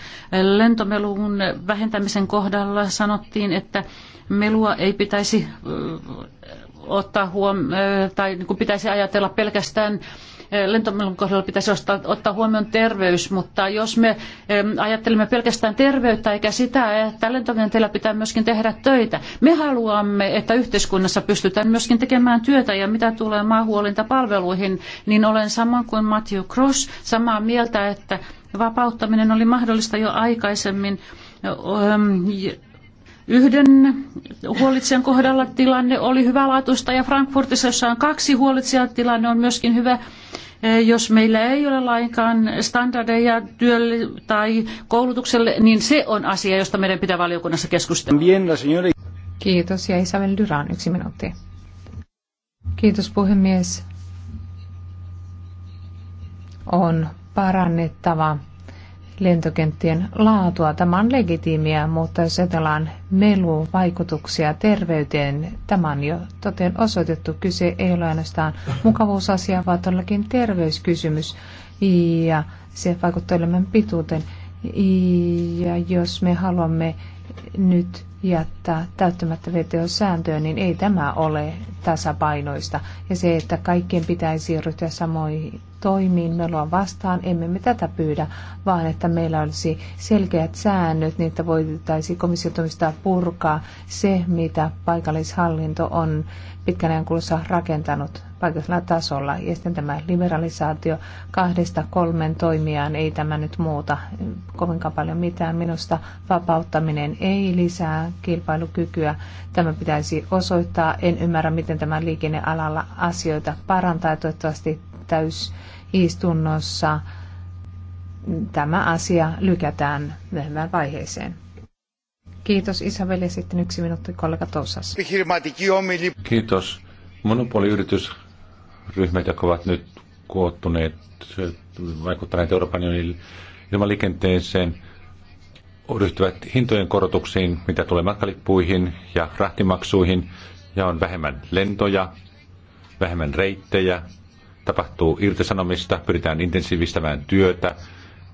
Lentomelun vähentämisen kohdalla sanottiin, että melua ei pitäisi ottaa huom- tai niin pitäisi ajatella pelkästään lentomelun kohdalla pitäisi ottaa huomioon terveys, mutta jos me ajattelemme pelkästään terveyttä eikä sitä, että lentokentällä pitää myöskin tehdä töitä. Me haluamme, että yhteiskunnassa pystytään myöskin tekemään työtä ja mitä tulee maahuolintapalveluihin, niin olen sama kuin Matthew Cross samaa mieltä, että vapauttaminen oli mahdollista jo aikaisemmin Yhden huolitsijan kohdalla tilanne oli hyvälaatuista ja Frankfurtissa, jossa on kaksi huolitsijaa, tilanne on myöskin hyvä. Eh, jos meillä ei ole lainkaan standardeja työlle tai koulutukselle, niin se on asia, josta meidän pitää valiokunnassa keskustella. Kiitos ja Isabel Duran, yksi minuutti. Kiitos puhemies. On parannettava lentokenttien laatua. Tämä on legitiimiä, mutta jos ajatellaan meluvaikutuksia terveyteen, tämä on jo toteen osoitettu. Kyse ei ole ainoastaan mukavuusasia, vaan todellakin terveyskysymys ja se vaikuttaa elämän pituuteen. Ja jos me haluamme nyt jättää täyttämättä VTO-sääntöä, niin ei tämä ole tasapainoista. Ja se, että kaikkien pitäisi siirtyä samoihin toimiin me ollaan vastaan, emme me tätä pyydä, vaan että meillä olisi selkeät säännöt, niin että voitaisiin komissiotomista purkaa se, mitä paikallishallinto on pitkän ajan kulussa rakentanut paikallisella tasolla. Ja sitten tämä liberalisaatio kahdesta kolmen toimijaan ei tämä nyt muuta kovinkaan paljon mitään. Minusta vapauttaminen ei lisää kilpailukykyä. Tämä pitäisi osoittaa. En ymmärrä, miten tämä liikennealalla asioita parantaa. Toivottavasti täysistunnossa tämä asia lykätään myöhemmään vaiheeseen. Kiitos Isabel ja sitten yksi minuutti kollega Tosas. Kiitos. Monopoliyritysryhmät, jotka ovat nyt koottuneet, vaikuttaneet Euroopan unionin ilmaliikenteeseen, ryhtyvät hintojen korotuksiin, mitä tulee matkalippuihin ja rahtimaksuihin, ja on vähemmän lentoja, vähemmän reittejä, tapahtuu irtisanomista, pyritään intensiivistämään työtä,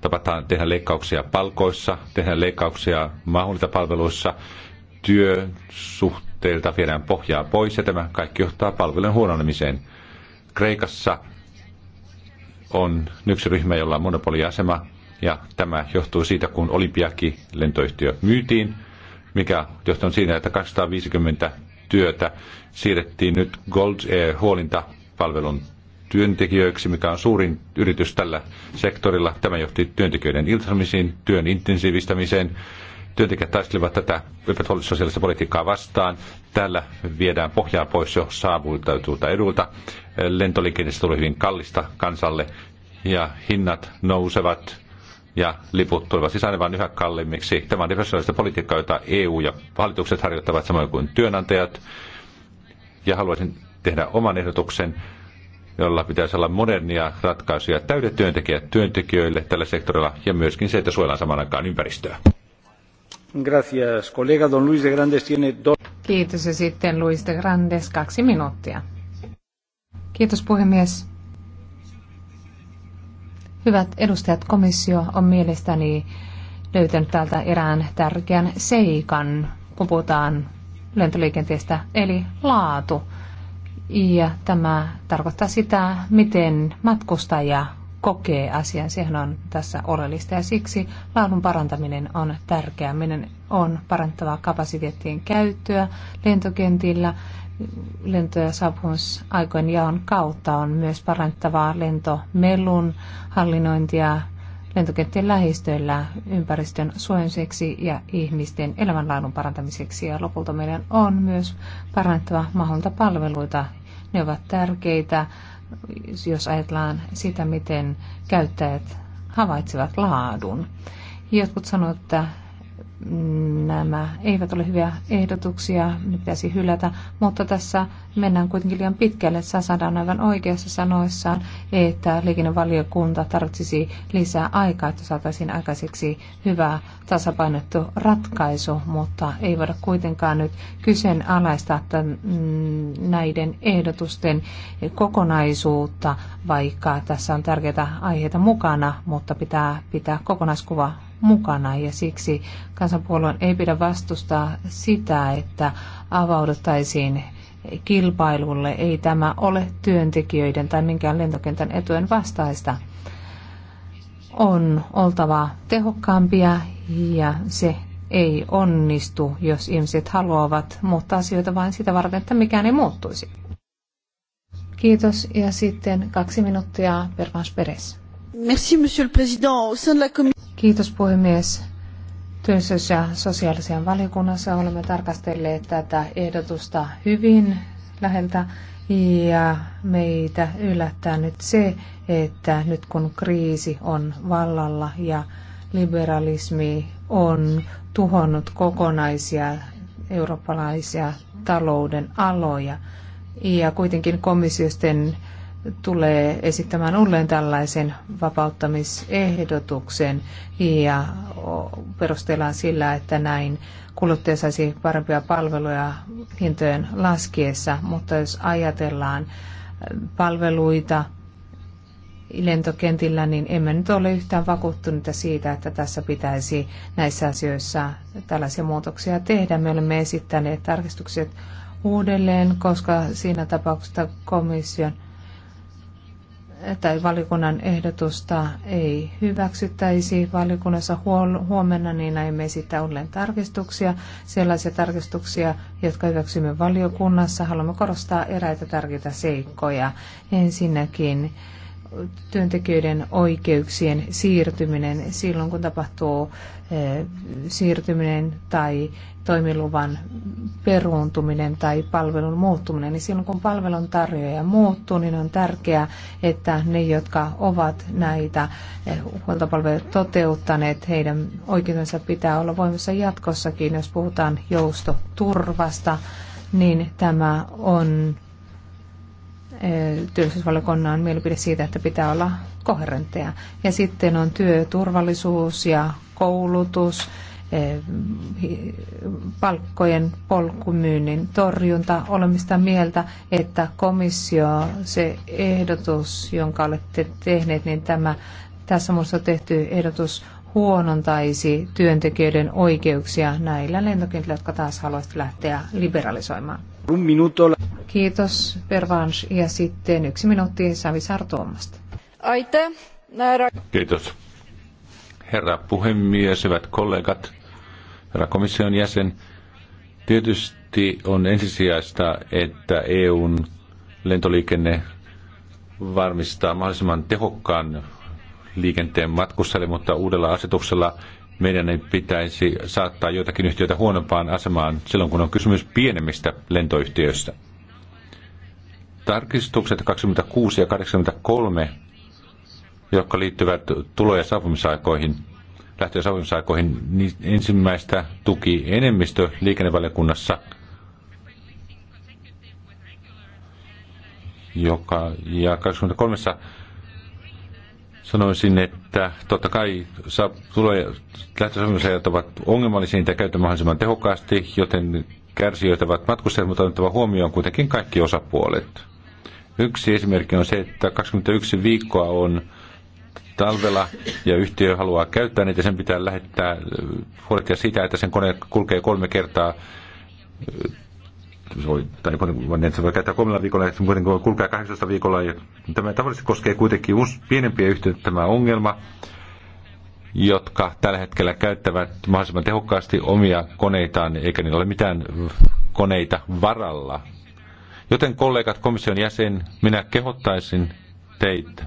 tapataan tehdä leikkauksia palkoissa, tehdä leikkauksia maahanmuuttopalveluissa, työsuhteilta viedään pohjaa pois ja tämä kaikki johtaa palvelujen huononemiseen. Kreikassa on yksi ryhmä, jolla on monopoliasema ja tämä johtuu siitä, kun Olympiaki lentoyhtiö myytiin, mikä johtuu siinä, että 250 työtä siirrettiin nyt Gold Air huolintapalvelun työntekijöiksi, mikä on suurin yritys tällä sektorilla. Tämä johti työntekijöiden iltanomisiin, työn intensiivistämiseen. Työntekijät taistelivat tätä eivät sosiaalista politiikkaa vastaan. Täällä viedään pohjaa pois jo saavutetulta edulta. Lentoliikenteestä tuli hyvin kallista kansalle ja hinnat nousevat ja liput tulevat siis aina vain yhä kalliimmiksi. Tämä on diversioista politiikkaa, jota EU ja hallitukset harjoittavat samoin kuin työnantajat. Ja haluaisin tehdä oman ehdotuksen jolla pitäisi olla modernia ratkaisuja täydet työntekijät työntekijöille tällä sektorilla ja myöskin se, että suojellaan saman aikaan ympäristöä. Gracias. Don Luis de Grandes tiene Kiitos ja sitten Luis de Grandes kaksi minuuttia. Kiitos puhemies. Hyvät edustajat, komissio on mielestäni löytänyt täältä erään tärkeän seikan, kun puhutaan lentoliikenteestä, eli laatu. Ja tämä tarkoittaa sitä, miten matkustaja kokee asian. Sehän on tässä oleellista ja siksi laadun parantaminen on tärkeää. Meidän on parantava kapasiteettien käyttöä lentokentillä. Lento- ja saapumisaikojen jaon kautta on myös parantavaa lentomelun hallinnointia, lentokenttien lähistöillä ympäristön suojelmiseksi ja ihmisten elämänlaadun parantamiseksi. Ja lopulta meidän on myös parantava mahdollista palveluita. Ne ovat tärkeitä, jos ajatellaan sitä, miten käyttäjät havaitsevat laadun. Jotkut sanovat, että nämä eivät ole hyviä ehdotuksia, ne pitäisi hylätä, mutta tässä mennään kuitenkin liian pitkälle. Sasada on aivan oikeassa sanoissaan, että liikennevaliokunta tarvitsisi lisää aikaa, että saataisiin aikaiseksi hyvä tasapainottu ratkaisu, mutta ei voida kuitenkaan nyt kyseenalaistaa mm, näiden ehdotusten kokonaisuutta, vaikka tässä on tärkeitä aiheita mukana, mutta pitää pitää kokonaiskuva mukana ja siksi kansanpuolueen ei pidä vastustaa sitä, että avauduttaisiin kilpailulle. Ei tämä ole työntekijöiden tai minkään lentokentän etujen vastaista. On oltava tehokkaampia ja se ei onnistu, jos ihmiset haluavat muuttaa asioita vain sitä varten, että mikään ei muuttuisi. Kiitos ja sitten kaksi minuuttia Pervans Peres. Merci, monsieur le président. Au sein de la Kiitos puhemies. Työllisyys- ja sosiaalisen valiokunnassa olemme tarkastelleet tätä ehdotusta hyvin läheltä ja meitä yllättää nyt se, että nyt kun kriisi on vallalla ja liberalismi on tuhonnut kokonaisia eurooppalaisia talouden aloja ja kuitenkin komissiosten tulee esittämään uudelleen tällaisen vapauttamisehdotuksen ja perustellaan sillä, että näin kuluttaja saisi parempia palveluja hintojen laskiessa, mutta jos ajatellaan äh, palveluita lentokentillä, niin emme nyt ole yhtään vakuuttuneita siitä, että tässä pitäisi näissä asioissa tällaisia muutoksia tehdä. Me olemme esittäneet tarkistukset uudelleen, koska siinä tapauksessa komission – tai valiokunnan ehdotusta ei hyväksyttäisi valiokunnassa huomenna, niin näemme esittää uudelleen tarkistuksia. Sellaisia tarkistuksia, jotka hyväksymme valiokunnassa, haluamme korostaa eräitä tärkeitä seikkoja. Ensinnäkin työntekijöiden oikeuksien siirtyminen silloin, kun tapahtuu eh, siirtyminen tai toimiluvan peruuntuminen tai palvelun muuttuminen, niin silloin kun palvelun tarjoaja muuttuu, niin on tärkeää, että ne, jotka ovat näitä eh, huoltopalveluja toteuttaneet, heidän oikeutensa pitää olla voimassa jatkossakin. Jos puhutaan joustoturvasta, niin tämä on työllisyysvaliokunnan mielipide siitä, että pitää olla koherentteja. Ja sitten on työturvallisuus ja koulutus, eh, palkkojen polkumyynnin torjunta. Olemme sitä mieltä, että komissio, se ehdotus, jonka olette tehneet, niin tämä tässä muodossa tehty ehdotus huonontaisi työntekijöiden oikeuksia näillä lentokentillä, jotka taas haluaisivat lähteä liberalisoimaan. Kiitos, Pervans. Ja sitten yksi minuutti Savisaar Tuomasta. Aite. Kiitos. Herra puhemies, hyvät kollegat, herra komission jäsen. Tietysti on ensisijaista, että EUn lentoliikenne varmistaa mahdollisimman tehokkaan liikenteen matkustajille, mutta uudella asetuksella meidän ei pitäisi saattaa joitakin yhtiöitä huonompaan asemaan silloin, kun on kysymys pienemmistä lentoyhtiöistä. Tarkistukset 26 ja 83, jotka liittyvät tulo- ja saapumisaikoihin, lähtö- ja saapumisaikoihin, niin ensimmäistä tuki enemmistö liikennevaliokunnassa, joka, ja 23 sanoisin, että totta kai saa, tulee lähtösopimuksia, jotka ovat ongelmallisia, niitä käytetään mahdollisimman tehokkaasti, joten kärsijöitä ovat matkustajat, mutta on otettava huomioon kuitenkin kaikki osapuolet. Yksi esimerkki on se, että 21 viikkoa on talvella ja yhtiö haluaa käyttää niitä, sen pitää lähettää, huolehtia siitä, että sen kone kulkee kolme kertaa voi, tai niin se voi käyttää kolmella viikolla, että se voi niin kulkea 18 viikolla. Ja tämä tavallisesti koskee kuitenkin uus, pienempiä yhteyttä tämä ongelma, jotka tällä hetkellä käyttävät mahdollisimman tehokkaasti omia koneitaan, eikä niillä ole mitään koneita varalla. Joten kollegat, komission jäsen, minä kehottaisin teitä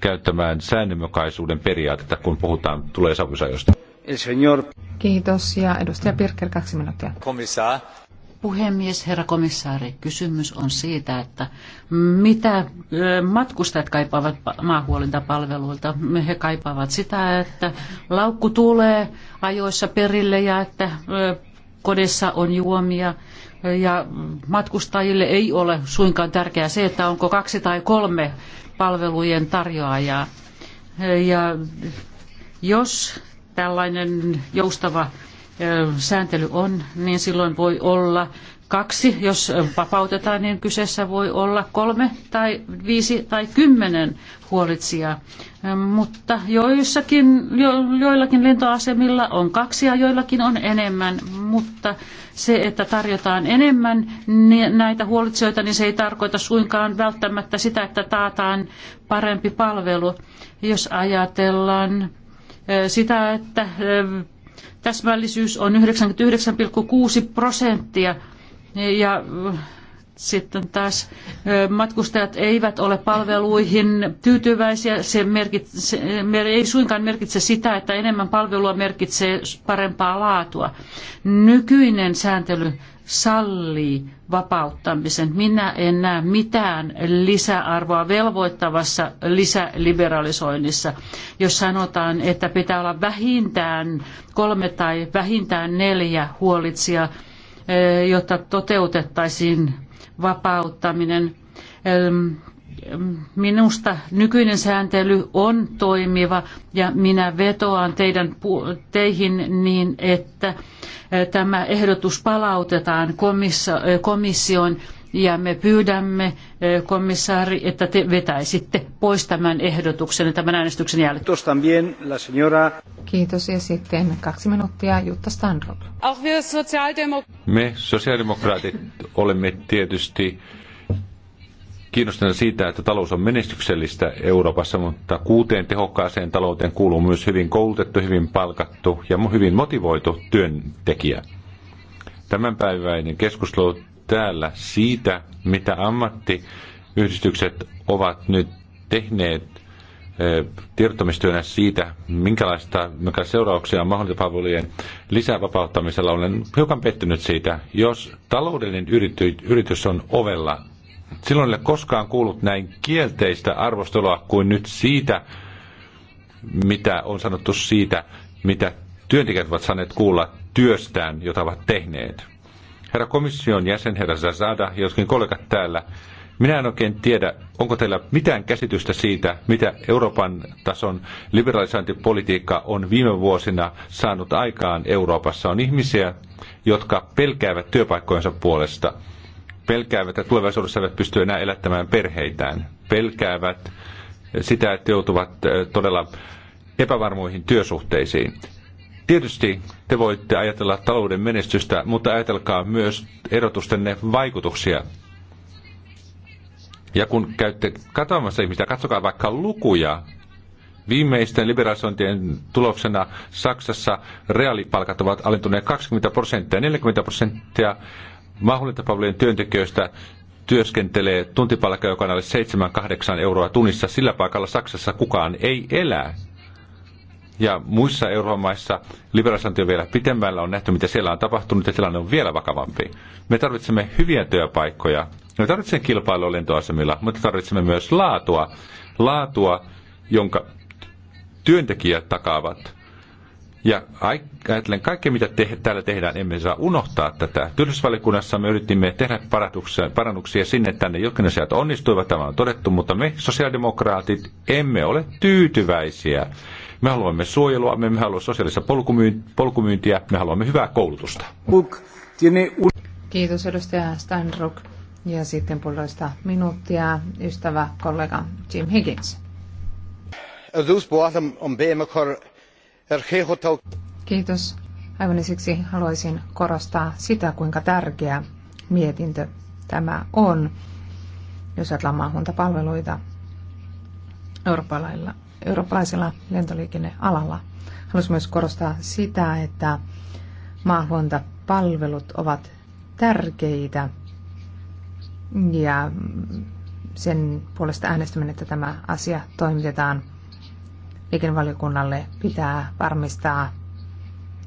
käyttämään säännönmukaisuuden periaatetta, kun puhutaan tulee sopimusajoista. Kiitos ja edustaja Pirker, kaksi minuuttia. Komissaa puhemies, herra komissaari, kysymys on siitä, että mitä matkustajat kaipaavat maahuolintapalveluilta. He kaipaavat sitä, että laukku tulee ajoissa perille ja että kodissa on juomia. Ja matkustajille ei ole suinkaan tärkeää se, että onko kaksi tai kolme palvelujen tarjoajaa. Ja jos tällainen joustava sääntely on, niin silloin voi olla kaksi, jos vapautetaan, niin kyseessä voi olla kolme tai viisi tai kymmenen huolitsijaa. Mutta joissakin, jo, joillakin lentoasemilla on kaksi ja joillakin on enemmän, mutta se, että tarjotaan enemmän näitä huolitsijoita, niin se ei tarkoita suinkaan välttämättä sitä, että taataan parempi palvelu. Jos ajatellaan sitä, että täsmällisyys on 99,6 prosenttia ja äh, sitten taas äh, matkustajat eivät ole palveluihin tyytyväisiä. Se, merkitse, ei suinkaan merkitse sitä, että enemmän palvelua merkitsee parempaa laatua. Nykyinen sääntely sallii vapauttamisen. Minä en näe mitään lisäarvoa velvoittavassa lisäliberalisoinnissa, jos sanotaan, että pitää olla vähintään kolme tai vähintään neljä huolitsijaa, eh, jotta toteutettaisiin vapauttaminen Minusta nykyinen sääntely on toimiva ja minä vetoan teidän, teihin niin, että tämä ehdotus palautetaan komissioon ja me pyydämme komissaari, että te vetäisitte pois tämän ehdotuksen tämän äänestyksen jälkeen. Kiitos, ja sitten kaksi minuuttia Jutta Me sosiaalidemokraatit olemme tietysti kiinnostuneita siitä, että talous on menestyksellistä Euroopassa, mutta kuuteen tehokkaaseen talouteen kuuluu myös hyvin koulutettu, hyvin palkattu ja hyvin motivoitu työntekijä. Tämänpäiväinen keskustelu täällä siitä, mitä ammattiyhdistykset ovat nyt tehneet eh, tiedottamistyönä siitä, minkälaista, mikä seurauksia on mahdollista lisävapauttamisella. Olen hiukan pettynyt siitä, jos taloudellinen yritys on ovella silloin ei ole koskaan kuullut näin kielteistä arvostelua kuin nyt siitä, mitä on sanottu siitä, mitä työntekijät ovat saaneet kuulla työstään, jota ovat tehneet. Herra komission jäsen, herra Zazada, joskin kollegat täällä, minä en oikein tiedä, onko teillä mitään käsitystä siitä, mitä Euroopan tason liberalisointipolitiikka on viime vuosina saanut aikaan Euroopassa. On ihmisiä, jotka pelkäävät työpaikkojensa puolesta – pelkäävät, että tulevaisuudessa eivät pysty enää elättämään perheitään. Pelkäävät sitä, että joutuvat todella epävarmoihin työsuhteisiin. Tietysti te voitte ajatella talouden menestystä, mutta ajatelkaa myös erotustenne vaikutuksia. Ja kun käytte katoamassa ihmistä, katsokaa vaikka lukuja. Viimeisten liberalisointien tuloksena Saksassa reaalipalkat ovat alentuneet 20 prosenttia, 40 prosenttia mahdollintapalvelujen työntekijöistä työskentelee tuntipalkka, joka on alle 7-8 euroa tunnissa. Sillä paikalla Saksassa kukaan ei elä. Ja muissa Euroopan maissa liberalisaatio vielä pitemmällä on nähty, mitä siellä on tapahtunut, ja tilanne on vielä vakavampi. Me tarvitsemme hyviä työpaikkoja. Me tarvitsemme kilpailua lentoasemilla, mutta tarvitsemme myös laatua. Laatua, jonka työntekijät takaavat. Ja ajattelen kaikkea, mitä te, täällä tehdään, emme saa unohtaa tätä. Työllisyysvaliokunnassa me yritimme tehdä parannuksia sinne tänne. ne sieltä onnistuivat, tämä on todettu, mutta me sosiaalidemokraatit emme ole tyytyväisiä. Me haluamme suojelua, me emme halua sosiaalista polkumyyntiä, me haluamme hyvää koulutusta. Kiitos edustaja Steinrock. Ja sitten puolitoista minuuttia ystävä kollega Jim Higgins. on Kiitos. Aivan siksi haluaisin korostaa sitä, kuinka tärkeä mietintö tämä on, jos ajatellaan maakuntapalveluita eurooppalaisella, eurooppalaisilla lentoliikennealalla. Haluaisin myös korostaa sitä, että maakuntapalvelut ovat tärkeitä ja sen puolesta äänestäminen, että tämä asia toimitetaan – liikennevaliokunnalle pitää varmistaa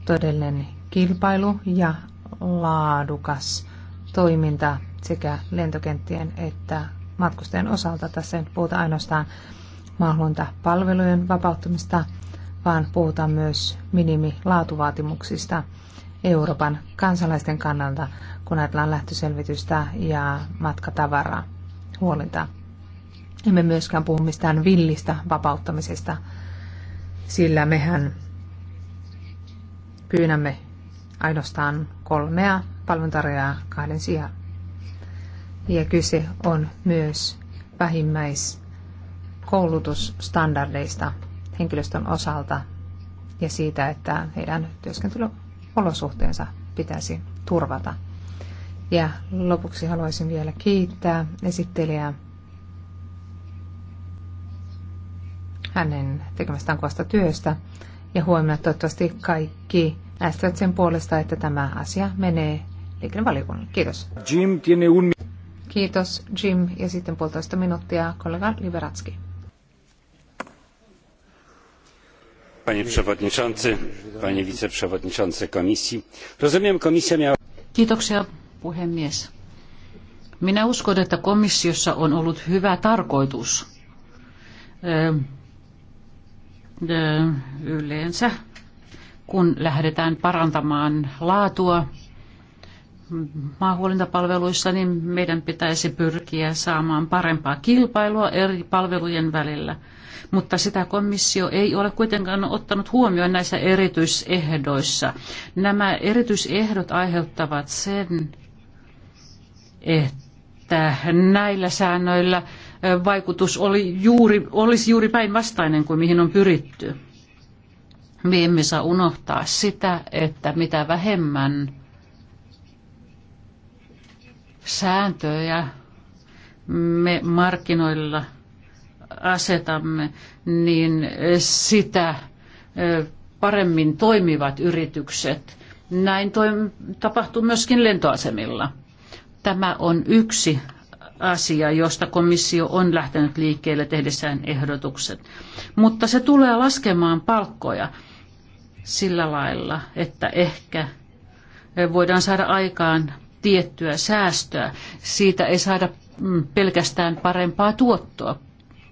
todellinen kilpailu ja laadukas toiminta sekä lentokenttien että matkustajien osalta. Tässä ei puhuta ainoastaan mahdollista palvelujen vapauttamista, vaan puhutaan myös minimilaatuvaatimuksista Euroopan kansalaisten kannalta, kun ajatellaan lähtöselvitystä ja matkatavaraa huolintaa. Emme myöskään puhu mistään villistä vapauttamisesta – sillä mehän pyynämme ainoastaan kolmea palveluntarjoajaa kahden sijaan. Ja kyse on myös vähimmäiskoulutusstandardeista henkilöstön osalta ja siitä, että heidän työskentelyolosuhteensa pitäisi turvata. Ja lopuksi haluaisin vielä kiittää esittelijää hänen tekemästään kovasta työstä. Ja huomenna toivottavasti kaikki äästävät sen puolesta, että tämä asia menee liikennevaliokunnalle. Kiitos. Jim, tiene un... Kiitos Jim ja sitten puolitoista minuuttia kollega Liberatski. Panie przewodniczący, panie wiceprzewodniczący komisji. Rozumiem, komisja miała... Kiitoksia puhemies. Minä uskon, että komissiossa on ollut hyvä tarkoitus. Öö, yleensä, kun lähdetään parantamaan laatua maahuolintapalveluissa, niin meidän pitäisi pyrkiä saamaan parempaa kilpailua eri palvelujen välillä. Mutta sitä komissio ei ole kuitenkaan ottanut huomioon näissä erityisehdoissa. Nämä erityisehdot aiheuttavat sen, että näillä säännöillä vaikutus oli juuri, olisi juuri päinvastainen kuin mihin on pyritty. Me emme saa unohtaa sitä, että mitä vähemmän sääntöjä me markkinoilla asetamme, niin sitä paremmin toimivat yritykset. Näin tapahtuu myöskin lentoasemilla. Tämä on yksi asia, josta komissio on lähtenyt liikkeelle tehdessään ehdotukset. Mutta se tulee laskemaan palkkoja sillä lailla, että ehkä voidaan saada aikaan tiettyä säästöä. Siitä ei saada mm, pelkästään parempaa tuottoa.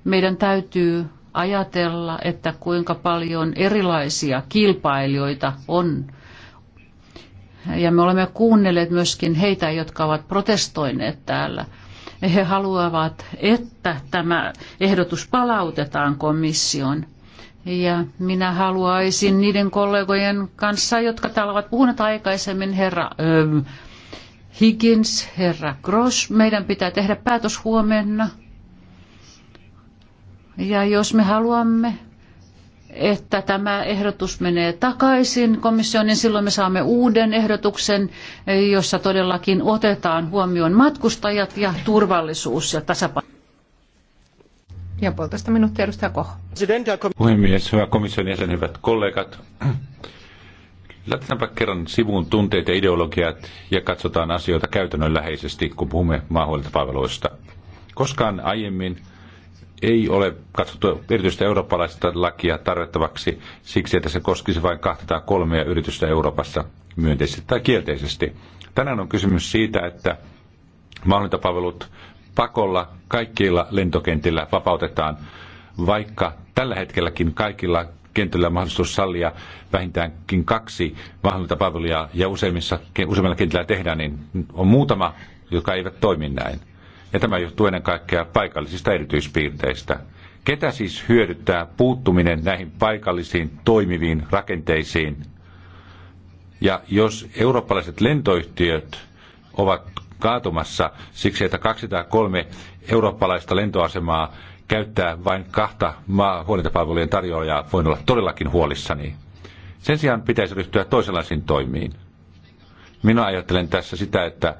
Meidän täytyy ajatella, että kuinka paljon erilaisia kilpailijoita on. Ja me olemme kuunnelleet myöskin heitä, jotka ovat protestoineet täällä – he haluavat, että tämä ehdotus palautetaan komission. Ja minä haluaisin niiden kollegojen kanssa, jotka täällä ovat puhuneet aikaisemmin, herra Higgins, herra Gross, meidän pitää tehdä päätös huomenna. Ja jos me haluamme että tämä ehdotus menee takaisin komissioon, niin silloin me saamme uuden ehdotuksen, jossa todellakin otetaan huomioon matkustajat ja turvallisuus ja tasapaino. Ja puolitoista minuuttia edustaja Koho. Puhemies, hyvä komission jäsen, hyvät kollegat. Lähdetäänpä kerran sivuun tunteet ja ideologiat ja katsotaan asioita käytännönläheisesti, kun puhumme maahuoltopalveluista. Koskaan aiemmin ei ole katsottu erityistä eurooppalaista lakia tarvittavaksi siksi, että se koskisi vain kolmea yritystä Euroopassa myönteisesti tai kielteisesti. Tänään on kysymys siitä, että maalintapalvelut pakolla kaikilla lentokentillä vapautetaan, vaikka tällä hetkelläkin kaikilla kentillä on mahdollisuus sallia vähintäänkin kaksi maahanmuuttopalveluja ja useimmissa, useimmilla kentillä tehdään, niin on muutama, joka eivät toimi näin ja tämä johtuu ennen kaikkea paikallisista erityispiirteistä. Ketä siis hyödyttää puuttuminen näihin paikallisiin toimiviin rakenteisiin? Ja jos eurooppalaiset lentoyhtiöt ovat kaatumassa siksi, että 203 eurooppalaista lentoasemaa käyttää vain kahta maa huolintapalvelujen tarjoajaa, voin olla todellakin huolissani. Sen sijaan pitäisi ryhtyä toisenlaisiin toimiin. Minä ajattelen tässä sitä, että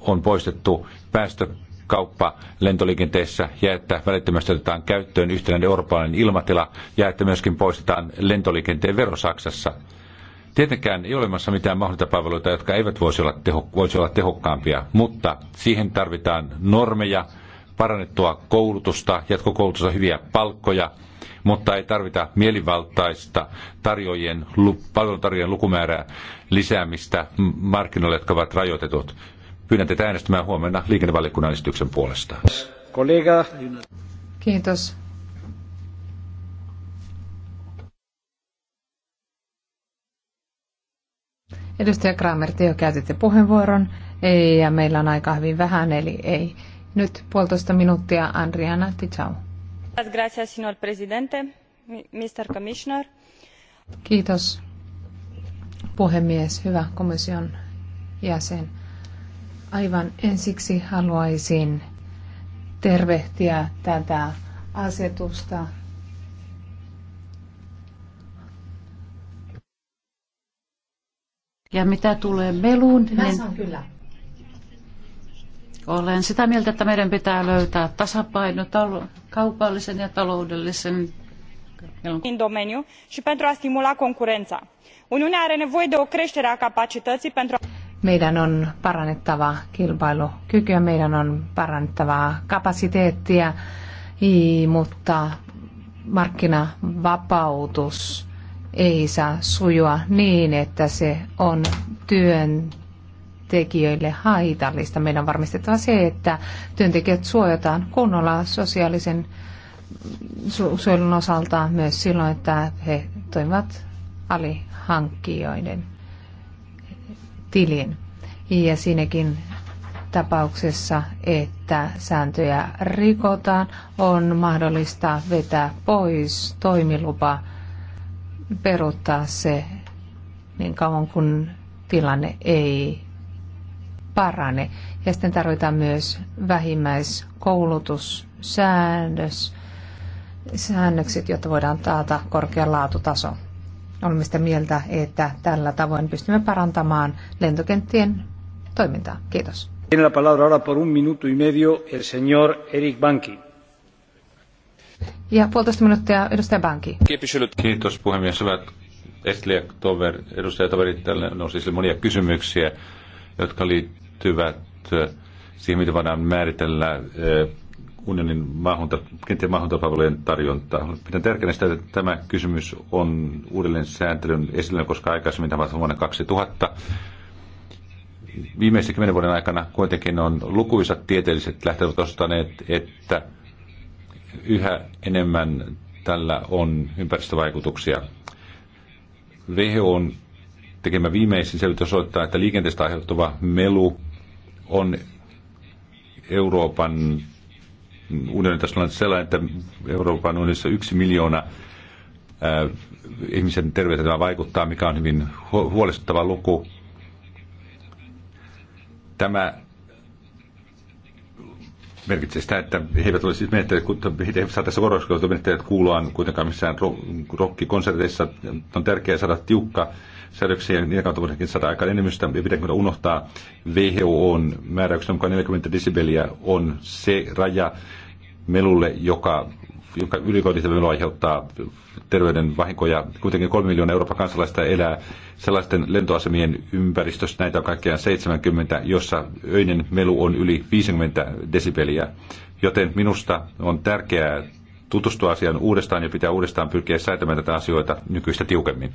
on poistettu päästö kauppa lentoliikenteessä ja että välittömästi otetaan käyttöön yhtenäinen eurooppalainen ilmatila ja että myöskin poistetaan lentoliikenteen vero Saksassa. Tietenkään ei ole olemassa mitään mahdollista jotka eivät voisi olla, teho, voisi olla tehokkaampia, mutta siihen tarvitaan normeja, parannettua koulutusta, jatkokoulutusta, hyviä palkkoja, mutta ei tarvita mielivaltaista tarjoajien, palveluntarjoajien lukumäärää lisäämistä markkinoille, jotka ovat rajoitetut. Pyydän teitä äänestämään huomenna liikennevaliokunnan esityksen puolesta. Kollega. Kiitos. Edustaja Kramer, te jo käytitte puheenvuoron ja meillä on aika hyvin vähän, eli ei. Nyt puolitoista minuuttia, Andriana Tichau. Gracias, signor presidente, Mr. Commissioner. Kiitos, puhemies, hyvä komission jäsen. Aivan ensiksi haluaisin tervehtiä tätä asetusta. Ja mitä tulee meluun, niin kyllä. olen sitä mieltä, että meidän pitää löytää tasapaino kaupallisen ja taloudellisen in domeniu și pentru a stimula concurența. Uniunea are nevoie de o creștere a capacității pentru a meidän on parannettava kilpailukykyä, meidän on parannettava kapasiteettia, mutta markkinavapautus ei saa sujua niin, että se on työn tekijöille haitallista. Meidän on varmistettava se, että työntekijät suojataan kunnolla sosiaalisen su- suojelun osalta myös silloin, että he toimivat alihankkijoiden tilin. Ja siinäkin tapauksessa, että sääntöjä rikotaan, on mahdollista vetää pois toimilupa, peruuttaa se niin kauan kun tilanne ei parane. Ja sitten tarvitaan myös vähimmäiskoulutussäännös, säännökset, jotta voidaan taata korkea laatutaso olemme sitä mieltä, että tällä tavoin pystymme parantamaan lentokenttien toimintaa. Kiitos. Tiene la palabra ahora por un minuto y medio el señor Eric Banki. Ja puolitoista minuuttia edustaja Banki. Kiitos puhemies. Hyvät Estliä Tover, Toveri, täällä nousi sille monia kysymyksiä, jotka liittyvät eh, siihen, miten voidaan määritellä eh, unionin maahunta, kenttien maahuntapalvelujen tarjontaa. Pidän tärkeänä sitä, että tämä kysymys on uudelleen sääntelyn esillä, koska aikaisemmin tämä vuonna 2000. Viimeisen kymmenen vuoden aikana kuitenkin on lukuisat tieteelliset lähtevät osoittaneet, että yhä enemmän tällä on ympäristövaikutuksia. WHO on tekemä viimeisin selvitys osoittaa, että liikenteestä aiheutuva melu on Euroopan unionin tasolla on sellainen, että Euroopan unionissa yksi miljoona ää, ihmisen terveyteen vaikuttaa, mikä on hyvin huolestuttava luku. Tämä merkitsee sitä, että he eivät ole siis menettäneet, kun he eivät saa tässä korostaa, menettäneet kuuloaan kuitenkaan missään rokkikonserteissa. On tärkeää saada tiukka kautta voidaankin saada aikaan enemmistö. ja pitääkö unohtaa WHOn määräyksen mukaan 40 desibeliä on se raja melulle, joka jonka ylikoitista melu aiheuttaa terveyden vahinkoja. Kuitenkin kolme miljoonaa Euroopan kansalaista elää sellaisten lentoasemien ympäristössä, näitä on kaikkiaan 70, jossa öinen melu on yli 50 desibeliä. Joten minusta on tärkeää tutustua asiaan uudestaan ja pitää uudestaan pyrkiä säätämään tätä asioita nykyistä tiukemmin.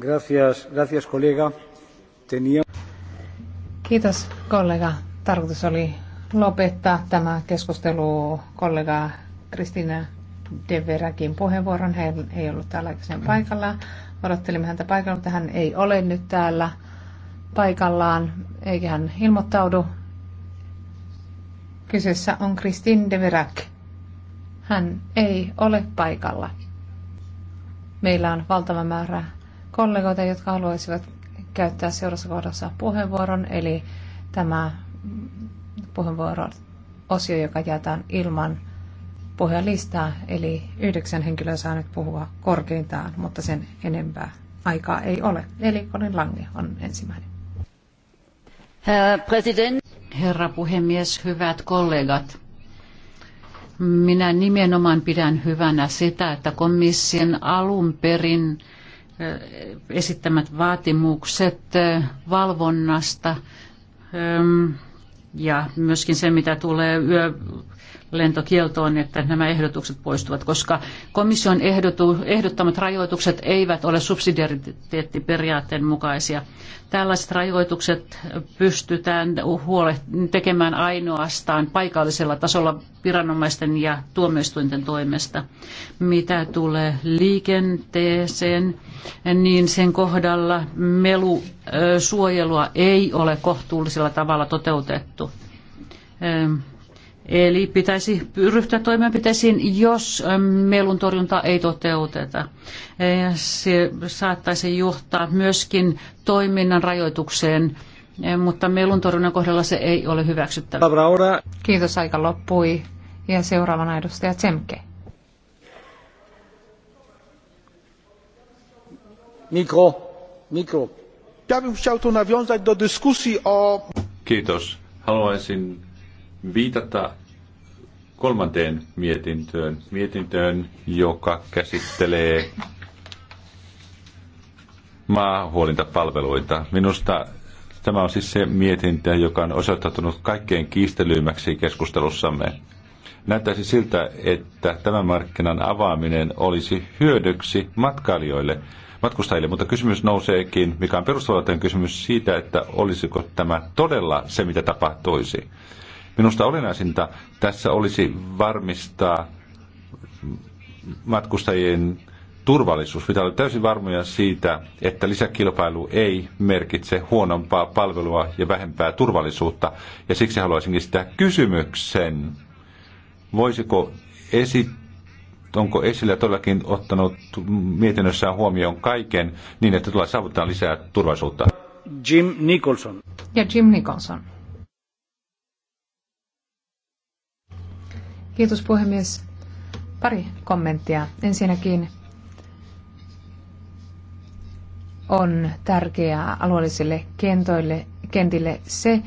Gracias, kollega. Kiitos kollega. Tarkoitus oli lopettaa tämä keskustelu kollega Kristina Deverakin puheenvuoron. Hän ei ollut täällä aikaisemmin mm. paikalla. Odottelimme häntä paikalla, mutta hän ei ole nyt täällä paikallaan, eikä hän ilmoittaudu. Kyseessä on Kristin Deverak. Hän ei ole paikalla. Meillä on valtava määrä kollegoita, jotka haluaisivat käyttää seuraavassa kohdassa puheenvuoron, eli tämä puheenvuoron osio, joka jätetään ilman puheenlistaa, eli yhdeksän henkilöä saa nyt puhua korkeintaan, mutta sen enempää aikaa ei ole. Eli Colin Lange on ensimmäinen. Herra, president. Herra puhemies, hyvät kollegat. Minä nimenomaan pidän hyvänä sitä, että komission alun perin esittämät vaatimukset valvonnasta ja myöskin se, mitä tulee yö lentokieltoon, että nämä ehdotukset poistuvat, koska komission ehdotu, ehdottamat rajoitukset eivät ole subsidiariteettiperiaatteen mukaisia. Tällaiset rajoitukset pystytään tekemään ainoastaan paikallisella tasolla viranomaisten ja tuomioistuinten toimesta. Mitä tulee liikenteeseen, niin sen kohdalla melusuojelua ei ole kohtuullisella tavalla toteutettu Eli pitäisi ryhtyä toimenpiteisiin, jos ähm, melun torjunta ei toteuteta. Se saattaisi johtaa myöskin toiminnan rajoitukseen, eh, mutta melun torjunnan kohdalla se ei ole hyväksyttävää. Kiitos, aika loppui. Ja seuraavana edustaja Tsemke. Mikro. Mikro. Ja bym chciał tu nawiązać do dyskusji Kiitos. Haluaisin viitata kolmanteen mietintöön, mietintöön, joka käsittelee maahuolintapalveluita. Minusta tämä on siis se mietintö, joka on osoittautunut kaikkein kiistelyimmäksi keskustelussamme. Näyttäisi siltä, että tämän markkinan avaaminen olisi hyödyksi matkailijoille, matkustajille, mutta kysymys nouseekin, mikä on perustavallinen kysymys siitä, että olisiko tämä todella se, mitä tapahtuisi. Minusta olennaisinta tässä olisi varmistaa matkustajien turvallisuus. Pitää olla täysin varmoja siitä, että lisäkilpailu ei merkitse huonompaa palvelua ja vähempää turvallisuutta. Ja siksi haluaisinkin sitä kysymyksen, voisiko esi onko esillä todellakin ottanut mietinnössään huomioon kaiken niin, että tulee saavuttaa lisää turvallisuutta. Jim Nicholson. Ja Jim Nicholson. Kiitos puhemies. Pari kommenttia. Ensinnäkin on tärkeää alueellisille kentoille, kentille se,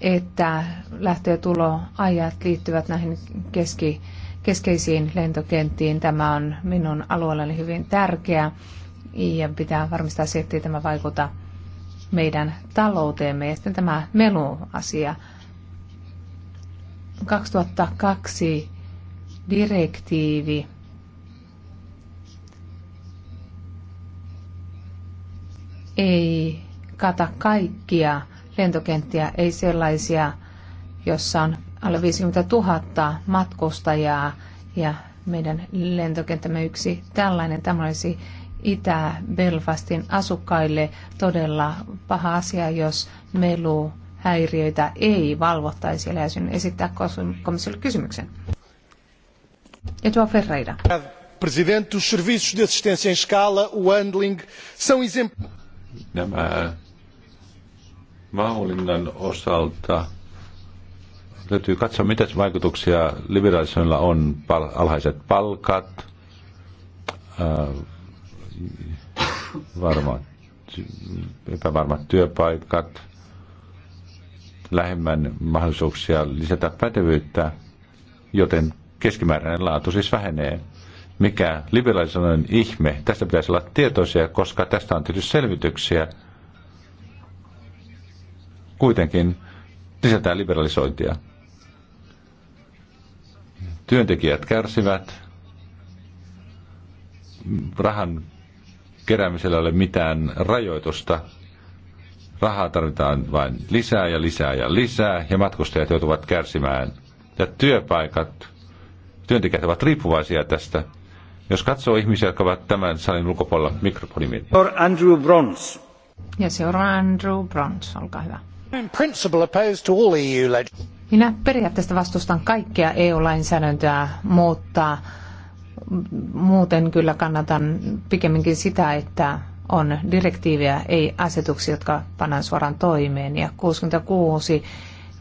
että lähtö- ja tuloajat liittyvät näihin keski, keskeisiin lentokenttiin. Tämä on minun alueelleni hyvin tärkeää ja pitää varmistaa se, että tämä vaikuta meidän talouteemme. Ja sitten tämä meluasia. asia 2002 direktiivi ei kata kaikkia lentokenttiä, ei sellaisia, jossa on alle 50 000 matkustajaa ja meidän lentokenttämme yksi tällainen. Tämä olisi Itä-Belfastin asukkaille todella paha asia, jos melu häiriöitä ei valvottaisi. Eli haluaisin esittää komissiolle kysymyksen. Etua Ferreira. Presidente, os serviços de assistência em escala, o handling, são exemplos. Nämä maahallinnan osalta täytyy katsoa, mitä vaikutuksia liberalisoinnilla on. Pal- alhaiset palkat, äh, varmat, epävarmat työpaikat, lähemmän mahdollisuuksia lisätä pätevyyttä, joten keskimääräinen laatu siis vähenee. Mikä liberalisoinnin ihme? Tästä pitäisi olla tietoisia, koska tästä on tietysti selvityksiä. Kuitenkin lisätään liberalisointia. Työntekijät kärsivät, rahan keräämisellä ei ole mitään rajoitusta, Rahaa tarvitaan vain lisää ja lisää ja lisää, ja matkustajat joutuvat kärsimään. Ja työpaikat, työntekijät ovat riippuvaisia tästä. Jos katsoo ihmisiä, jotka ovat tämän salin ulkopuolella Or Andrew Brons. Ja on Andrew Brons, olkaa hyvä. E Minä periaatteessa vastustan kaikkea EU-lainsäädäntöä, mutta muuten kyllä kannatan pikemminkin sitä, että on direktiivejä, ei asetuksia, jotka pannaan suoraan toimeen. Ja 66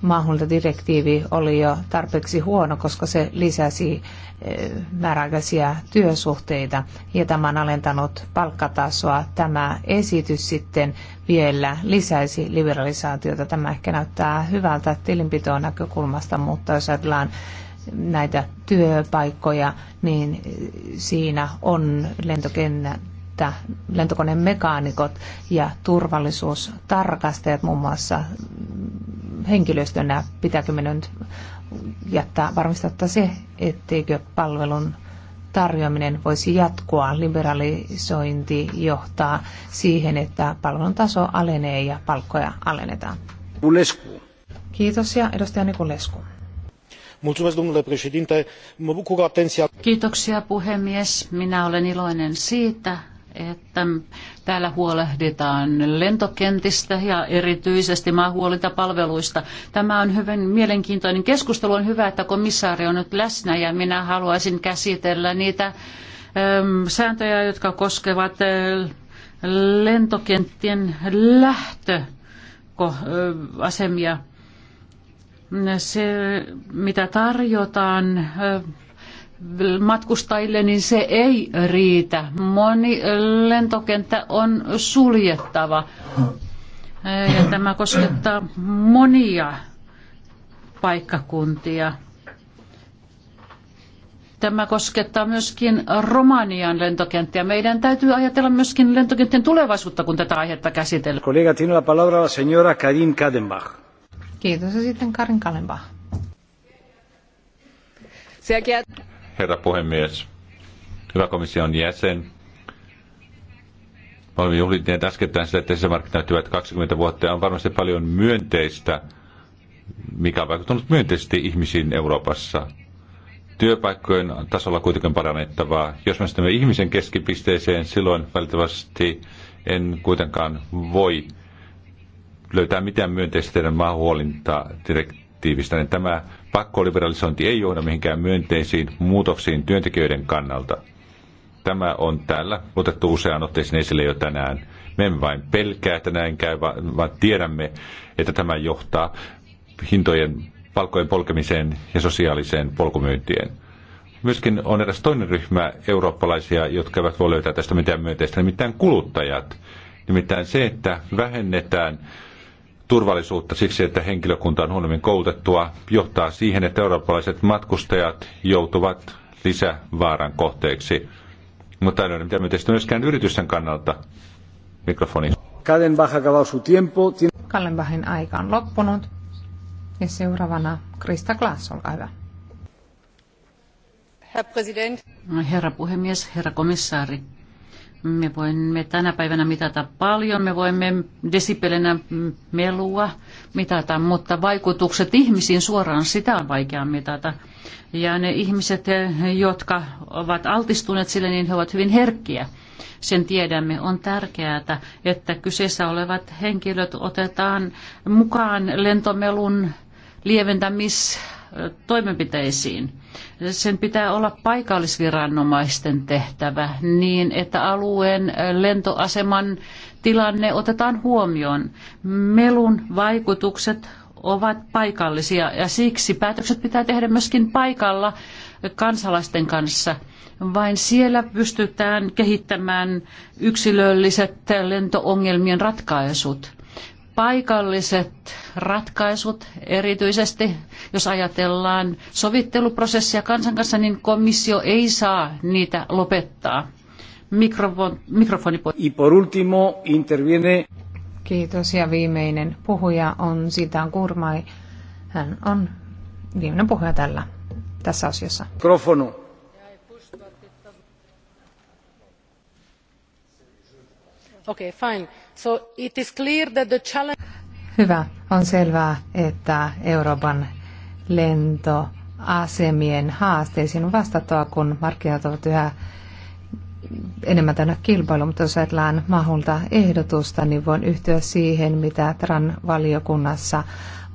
maahanmuuttodirektiivi oli jo tarpeeksi huono, koska se lisäsi eh, määräaikaisia työsuhteita ja tämä on alentanut palkkatasoa. Tämä esitys sitten vielä lisäisi liberalisaatiota. Tämä ehkä näyttää hyvältä tilinpitoon näkökulmasta, mutta jos ajatellaan näitä työpaikkoja, niin eh, siinä on lentokentän että lentokoneen mekaanikot ja turvallisuustarkastajat muun muassa henkilöstönä pitääkö me nyt jättää varmistetta se, etteikö palvelun tarjoaminen voisi jatkua. Liberalisointi johtaa siihen, että palvelun taso alenee ja palkkoja alennetaan. Ulesku. Kiitos ja edustaja Nikulescu. Kiitoksia puhemies. Minä olen iloinen siitä, että täällä huolehditaan lentokentistä ja erityisesti maahuolintapalveluista. Tämä on hyvin mielenkiintoinen keskustelu. On hyvä, että komissaari on nyt läsnä ja minä haluaisin käsitellä niitä ähm, sääntöjä, jotka koskevat äh, lentokenttien lähtöasemia. Äh, Se, mitä tarjotaan äh, matkustajille, niin se ei riitä. Moni lentokenttä on suljettava. Ja tämä koskettaa monia paikkakuntia. Tämä koskettaa myöskin Romanian lentokenttiä. Meidän täytyy ajatella myöskin lentokenttien tulevaisuutta, kun tätä aihetta käsitellään. Kollega, tiene la palabra la señora Karin Kadenbach. Kiitos ja sitten Karin Kadenbach herra puhemies. Hyvä komission jäsen. Me olemme juhlineet äskettäin sitä, että sisämarkkinat näyttävät 20 vuotta ja on varmasti paljon myönteistä, mikä on vaikuttanut myönteisesti ihmisiin Euroopassa. Työpaikkojen tasolla kuitenkin parannettavaa. Jos me astamme ihmisen keskipisteeseen, silloin valitettavasti en kuitenkaan voi löytää mitään myönteistä teidän maahuolinta direktiivistä, niin tämä pakkoliberalisointi ei johda mihinkään myönteisiin muutoksiin työntekijöiden kannalta. Tämä on täällä otettu useaan otteeseen esille jo tänään. Me emme vain pelkää, että näin käy, vaan tiedämme, että tämä johtaa hintojen palkkojen polkemiseen ja sosiaaliseen polkumyyntiin. Myöskin on eräs toinen ryhmä eurooppalaisia, jotka eivät voi löytää tästä mitään myönteistä, nimittäin kuluttajat. Nimittäin se, että vähennetään turvallisuutta siksi, että henkilökunta on huonommin koulutettua, johtaa siihen, että eurooppalaiset matkustajat joutuvat lisävaaran kohteeksi. Mutta en ole mitään myötä myöskään yritysten kannalta. Mikrofoni. Kallenbachin aika on loppunut. Ja seuraavana Krista Klaas, olkaa hyvä. Herra puhemies, herra komissaari, me voimme tänä päivänä mitata paljon, me voimme desipelenä melua mitata, mutta vaikutukset ihmisiin suoraan sitä on vaikea mitata. Ja ne ihmiset, jotka ovat altistuneet sille, niin he ovat hyvin herkkiä. Sen tiedämme, on tärkeää, että kyseessä olevat henkilöt otetaan mukaan lentomelun lieventämis toimenpiteisiin. Sen pitää olla paikallisviranomaisten tehtävä niin, että alueen lentoaseman tilanne otetaan huomioon. Melun vaikutukset ovat paikallisia ja siksi päätökset pitää tehdä myöskin paikalla kansalaisten kanssa. Vain siellä pystytään kehittämään yksilölliset lentoongelmien ratkaisut paikalliset ratkaisut, erityisesti jos ajatellaan sovitteluprosessia kansan kanssa, niin komissio ei saa niitä lopettaa. mikrofoni Y por último interviene... Kiitos ja viimeinen puhuja on Sitan Kurmai. Hän on viimeinen puhuja tällä, tässä asiassa. Mikrofonu. Okay, fine. So it is clear that the challenge... Hyvä. On selvää, että Euroopan lentoasemien haasteisiin on vastattava, kun markkinat ovat yhä enemmän tänne kilpailu, mutta jos ajatellaan mahdollista ehdotusta, niin voin yhtyä siihen, mitä TRAN valiokunnassa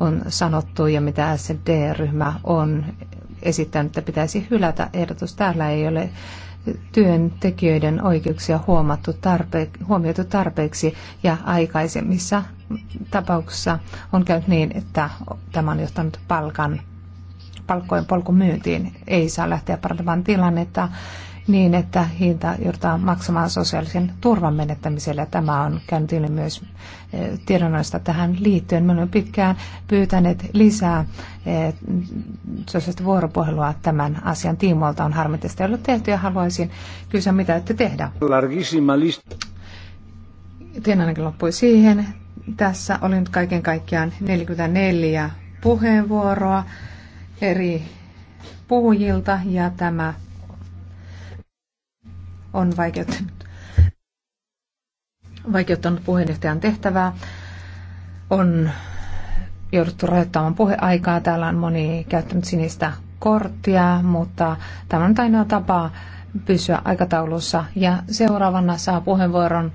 on sanottu ja mitä SD-ryhmä on esittänyt, että pitäisi hylätä ehdotus. Täällä ei ole työntekijöiden oikeuksia huomattu tarpe, huomioitu tarpeeksi ja aikaisemmissa tapauksissa on käynyt niin, että tämä on johtanut palkan palkkojen polkumyyntiin. Ei saa lähteä parantamaan tilannetta niin, että hinta joudutaan maksamaan sosiaalisen turvan menettämisellä. Tämä on käynyt ilmi myös eh, tiedonnoista tähän liittyen. Me olemme pitkään pyytäneet lisää eh, sosiaalista vuoropuhelua tämän asian tiimoilta. On harmittista ollut tehty ja haluaisin kysyä, mitä ette tehdä. Tein ainakin loppui siihen. Tässä oli nyt kaiken kaikkiaan 44 puheenvuoroa eri puhujilta ja tämä on vaikeuttanut, vaikeuttanut puheenjohtajan tehtävää. On jouduttu rajoittamaan puheaikaa. Täällä on moni käyttänyt sinistä korttia, mutta tämä on ainoa tapa pysyä aikataulussa. Ja seuraavana saa puheenvuoron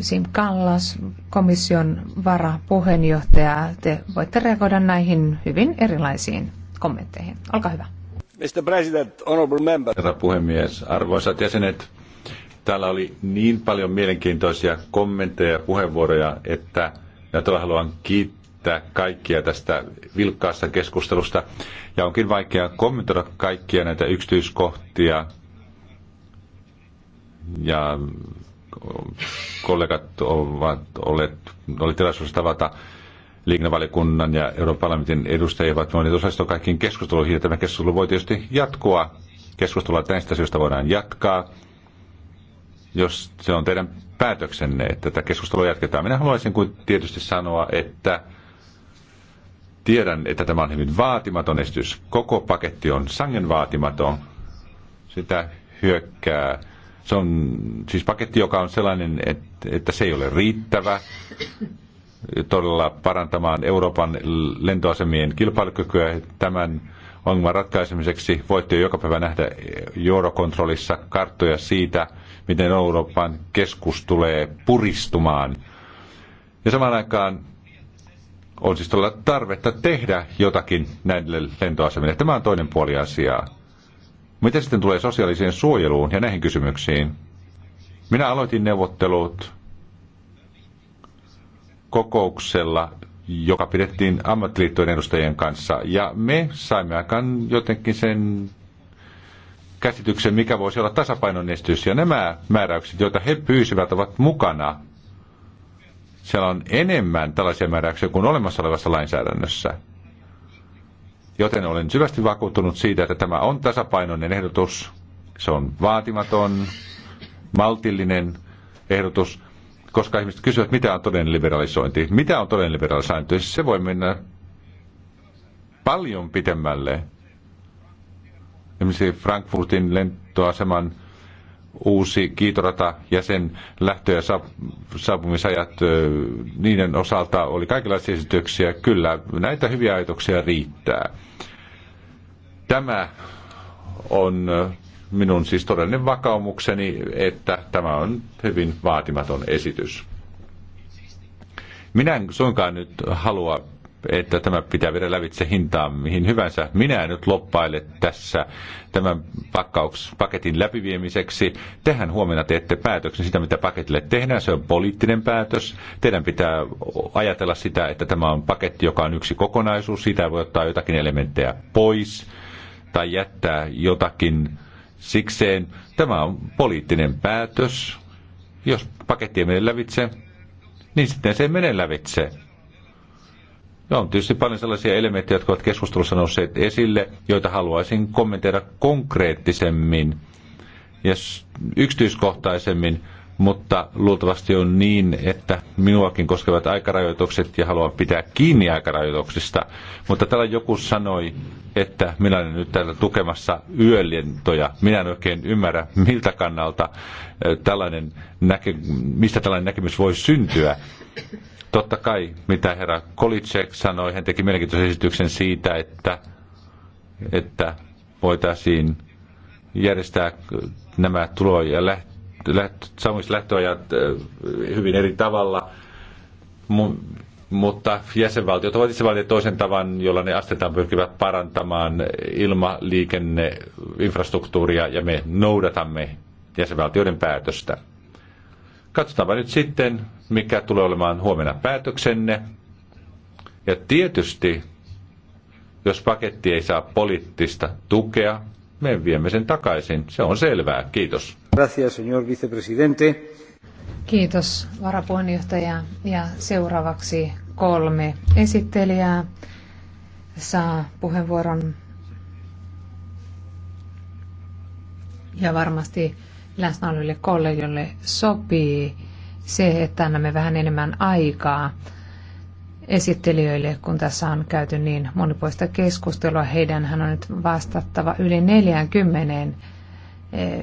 Sim Kallas, komission varapuheenjohtaja. Te voitte reagoida näihin hyvin erilaisiin kommentteihin. Olkaa hyvä. Herra puhemies, arvoisat jäsenet, täällä oli niin paljon mielenkiintoisia kommentteja ja puheenvuoroja, että minä todella haluan kiittää kaikkia tästä vilkkaasta keskustelusta. Ja onkin vaikea kommentoida kaikkia näitä yksityiskohtia. Ja kollegat ovat olleet, oli tilaisuus tavata liikennevaliokunnan ja Euroopan parlamentin edustajia ovat voineet osallistua kaikkiin keskusteluihin. Ja tämä keskustelu voi tietysti jatkua. Keskustelua tästä syystä voidaan jatkaa, jos se on teidän päätöksenne, että tätä keskustelua jatketaan. Minä haluaisin kuin tietysti sanoa, että tiedän, että tämä on hyvin vaatimaton esitys. Koko paketti on sangen vaatimaton. Sitä hyökkää se on siis paketti, joka on sellainen, että, että se ei ole riittävä todella parantamaan Euroopan lentoasemien kilpailukykyä. Tämän ongelman ratkaisemiseksi voitte jo joka päivä nähdä Eurocontrolissa karttoja siitä, miten Euroopan keskus tulee puristumaan. Ja samaan aikaan on siis todella tarvetta tehdä jotakin näille lentoasemille. Tämä on toinen puoli asiaa. Mitä sitten tulee sosiaaliseen suojeluun ja näihin kysymyksiin? Minä aloitin neuvottelut kokouksella, joka pidettiin ammattiliittojen edustajien kanssa. Ja me saimme aikaan jotenkin sen käsityksen, mikä voisi olla tasapainon esitys. Ja nämä määräykset, joita he pyysivät, ovat mukana. Siellä on enemmän tällaisia määräyksiä kuin olemassa olevassa lainsäädännössä. Joten olen syvästi vakuuttunut siitä, että tämä on tasapainoinen ehdotus. Se on vaatimaton, maltillinen ehdotus, koska ihmiset kysyvät, mitä on todellinen liberalisointi. Mitä on todellinen liberalisointi? Siis se voi mennä paljon pitemmälle. Esimerkiksi Frankfurtin lentoaseman uusi kiitorata ja sen lähtö- ja saapumisajat, niiden osalta oli kaikenlaisia esityksiä. Kyllä, näitä hyviä ajatuksia riittää. Tämä on minun siis todellinen vakaumukseni, että tämä on hyvin vaatimaton esitys. Minä en suinkaan nyt halua, että tämä pitää viedä lävitse hintaan mihin hyvänsä. Minä en nyt loppaile tässä tämän pakkauks, paketin läpiviemiseksi. Tehän huomenna teette päätöksen sitä, mitä paketille tehdään. Se on poliittinen päätös. Teidän pitää ajatella sitä, että tämä on paketti, joka on yksi kokonaisuus. Siitä voi ottaa jotakin elementtejä pois tai jättää jotakin Sikseen tämä on poliittinen päätös. Jos paketti ei mene lävitse, niin sitten se ei mene lävitse. Ja on tietysti paljon sellaisia elementtejä, jotka ovat keskustelussa nousseet esille, joita haluaisin kommentoida konkreettisemmin ja yksityiskohtaisemmin mutta luultavasti on niin, että minuakin koskevat aikarajoitukset ja haluan pitää kiinni aikarajoituksista. Mutta täällä joku sanoi, että minä olen nyt täällä tukemassa yöllentoja. Minä en oikein ymmärrä, miltä kannalta tällainen näke, mistä tällainen näkemys voi syntyä. Totta kai, mitä herra Kolitsek sanoi, hän teki mielenkiintoisen esityksen siitä, että, että voitaisiin järjestää nämä tulo- ja lähtö samoissa lähtöajat hyvin eri tavalla, mutta jäsenvaltiot ovat itse valinneet toisen tavan, jolla ne astetaan pyrkivät parantamaan ilmaliikenneinfrastruktuuria ja me noudatamme jäsenvaltioiden päätöstä. Katsotaanpa nyt sitten, mikä tulee olemaan huomenna päätöksenne. Ja tietysti, jos paketti ei saa poliittista tukea, me viemme sen takaisin. Se on selvää. Kiitos. Gracias, señor vicepresidente. Kiitos varapuheenjohtaja ja seuraavaksi kolme esittelijää saa puheenvuoron ja varmasti läsnä oleville kollegoille sopii se, että annamme vähän enemmän aikaa esittelijöille, kun tässä on käyty niin monipuolista keskustelua. heidän hän on nyt vastattava yli 40 eh,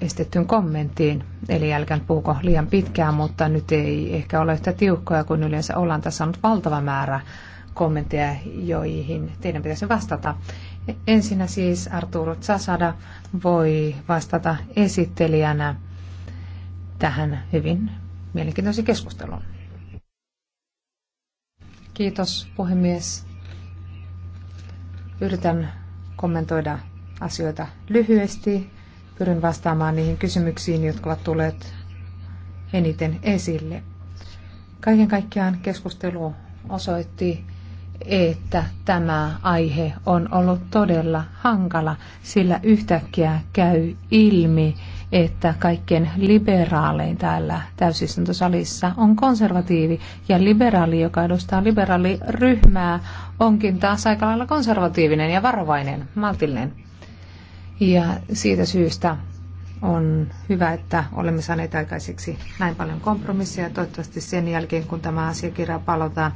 estettyyn kommenttiin, eli älkää puhuko liian pitkään, mutta nyt ei ehkä ole yhtä tiukkoja kuin yleensä ollaan. Tässä on nyt valtava määrä kommentteja, joihin teidän pitäisi vastata. Ensinnä siis Arturo Zasada voi vastata esittelijänä tähän hyvin mielenkiintoisen keskusteluun. Kiitos puhemies. Yritän kommentoida asioita lyhyesti. Pyrin vastaamaan niihin kysymyksiin, jotka ovat tulleet eniten esille. Kaiken kaikkiaan keskustelu osoitti, että tämä aihe on ollut todella hankala, sillä yhtäkkiä käy ilmi, että kaikkien liberaalein täällä täysistuntosalissa on konservatiivi ja liberaali, joka edustaa liberaaliryhmää, onkin taas aika lailla konservatiivinen ja varovainen, maltillinen. Ja siitä syystä on hyvä, että olemme saaneet aikaiseksi näin paljon kompromisseja. Toivottavasti sen jälkeen, kun tämä asiakirja palataan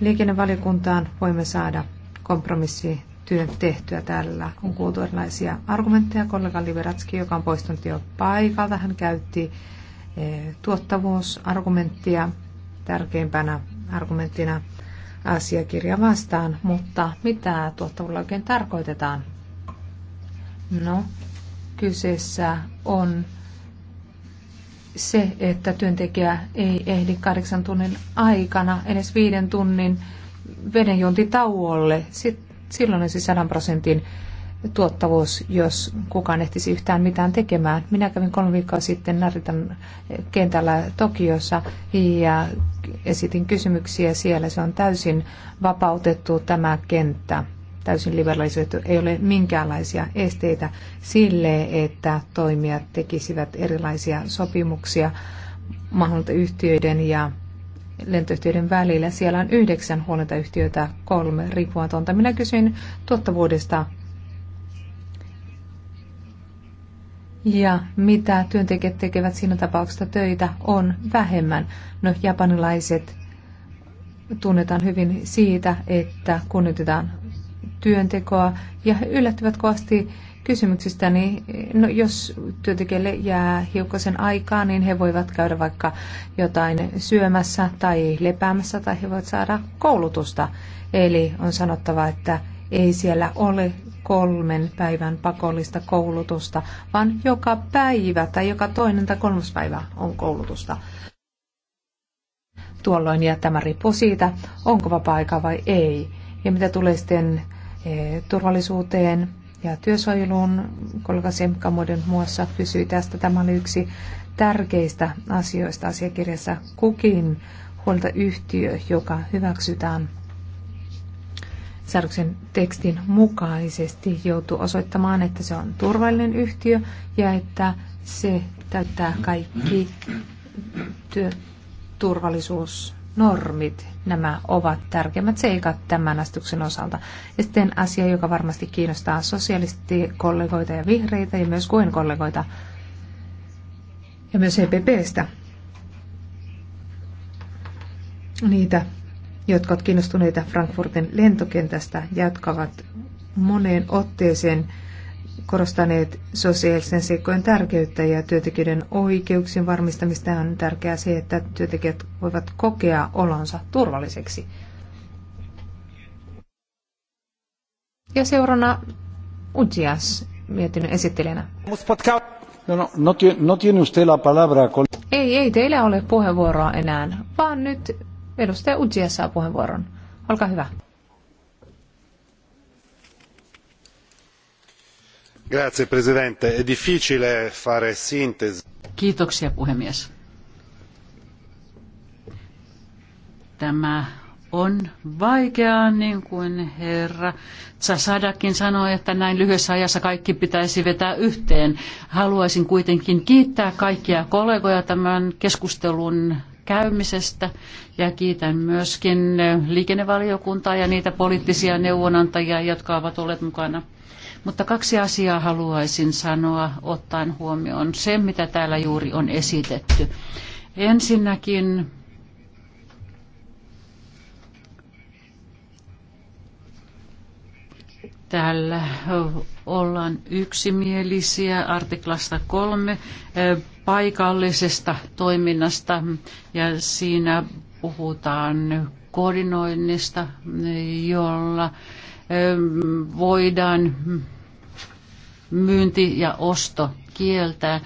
liikennevaliokuntaan, voimme saada kompromissi työn tehtyä tällä. On kuultu erilaisia argumentteja. Kollega Liberatski, joka on poistunut jo paikalta, hän käytti eh, tuottavuusargumenttia tärkeimpänä argumenttina asiakirja vastaan, mutta mitä tuottavuudella oikein tarkoitetaan? No, kyseessä on se, että työntekijä ei ehdi kahdeksan tunnin aikana edes viiden tunnin vedenjuntitauolle. Sitten Silloin olisi 100 prosentin tuottavuus, jos kukaan ehtisi yhtään mitään tekemään. Minä kävin kolme viikkoa sitten Naritan kentällä Tokiossa ja esitin kysymyksiä siellä. Se on täysin vapautettu tämä kenttä, täysin liberalisoitu. Ei ole minkäänlaisia esteitä sille, että toimijat tekisivät erilaisia sopimuksia mahdollisten yhtiöiden ja lentoyhtiöiden välillä. Siellä on yhdeksän huolintayhtiötä, kolme riippumatonta. Minä kysyin tuottavuudesta ja mitä työntekijät tekevät siinä tapauksessa töitä on vähemmän. No japanilaiset tunnetaan hyvin siitä, että kunnioitetaan työntekoa ja he yllättyvät kovasti kysymyksistä, niin no, jos työntekijälle jää hiukkasen aikaa, niin he voivat käydä vaikka jotain syömässä tai lepäämässä tai he voivat saada koulutusta. Eli on sanottava, että ei siellä ole kolmen päivän pakollista koulutusta, vaan joka päivä tai joka toinen tai kolmas päivä on koulutusta tuolloin, ja tämä riippuu siitä, onko vapaa-aika vai ei. Ja mitä tulee sitten eh, turvallisuuteen, ja työsuojeluun. Kollega Semka muodon muassa pysyi tästä. Tämä oli yksi tärkeistä asioista asiakirjassa. Kukin yhtiö, joka hyväksytään säädöksen tekstin mukaisesti, joutuu osoittamaan, että se on turvallinen yhtiö ja että se täyttää kaikki työturvallisuus. turvallisuus normit, nämä ovat tärkeimmät seikat tämän astuksen osalta. Ja sitten asia, joka varmasti kiinnostaa sosialistikollegoita ja vihreitä ja myös kuin kollegoita ja myös EPPstä. Niitä, jotka ovat kiinnostuneita Frankfurtin lentokentästä, jatkavat moneen otteeseen korostaneet sosiaalisten seikkojen tärkeyttä ja työntekijöiden oikeuksien varmistamista on tärkeää se, että työntekijät voivat kokea olonsa turvalliseksi. Ja seurana Ujias mietinnön esittelijänä. No, no, no, no tiene usted la palabra. Ei, ei teillä ole puheenvuoroa enää, vaan nyt edustaja Ujias saa puheenvuoron. Olkaa hyvä. Grazie, presidente. È difficile fare sintesi. puhemies. Tämä on vaikeaa, niin kuin herra Sasadakin sanoi, että näin lyhyessä ajassa kaikki pitäisi vetää yhteen. Haluaisin kuitenkin kiittää kaikkia kollegoja tämän keskustelun käymisestä ja kiitän myöskin liikennevaliokuntaa ja niitä poliittisia neuvonantajia, jotka ovat olleet mukana mutta kaksi asiaa haluaisin sanoa ottaen huomioon sen, mitä täällä juuri on esitetty. Ensinnäkin täällä ollaan yksimielisiä artiklasta kolme paikallisesta toiminnasta ja siinä puhutaan koordinoinnista, jolla voidaan myynti ja osto kieltää,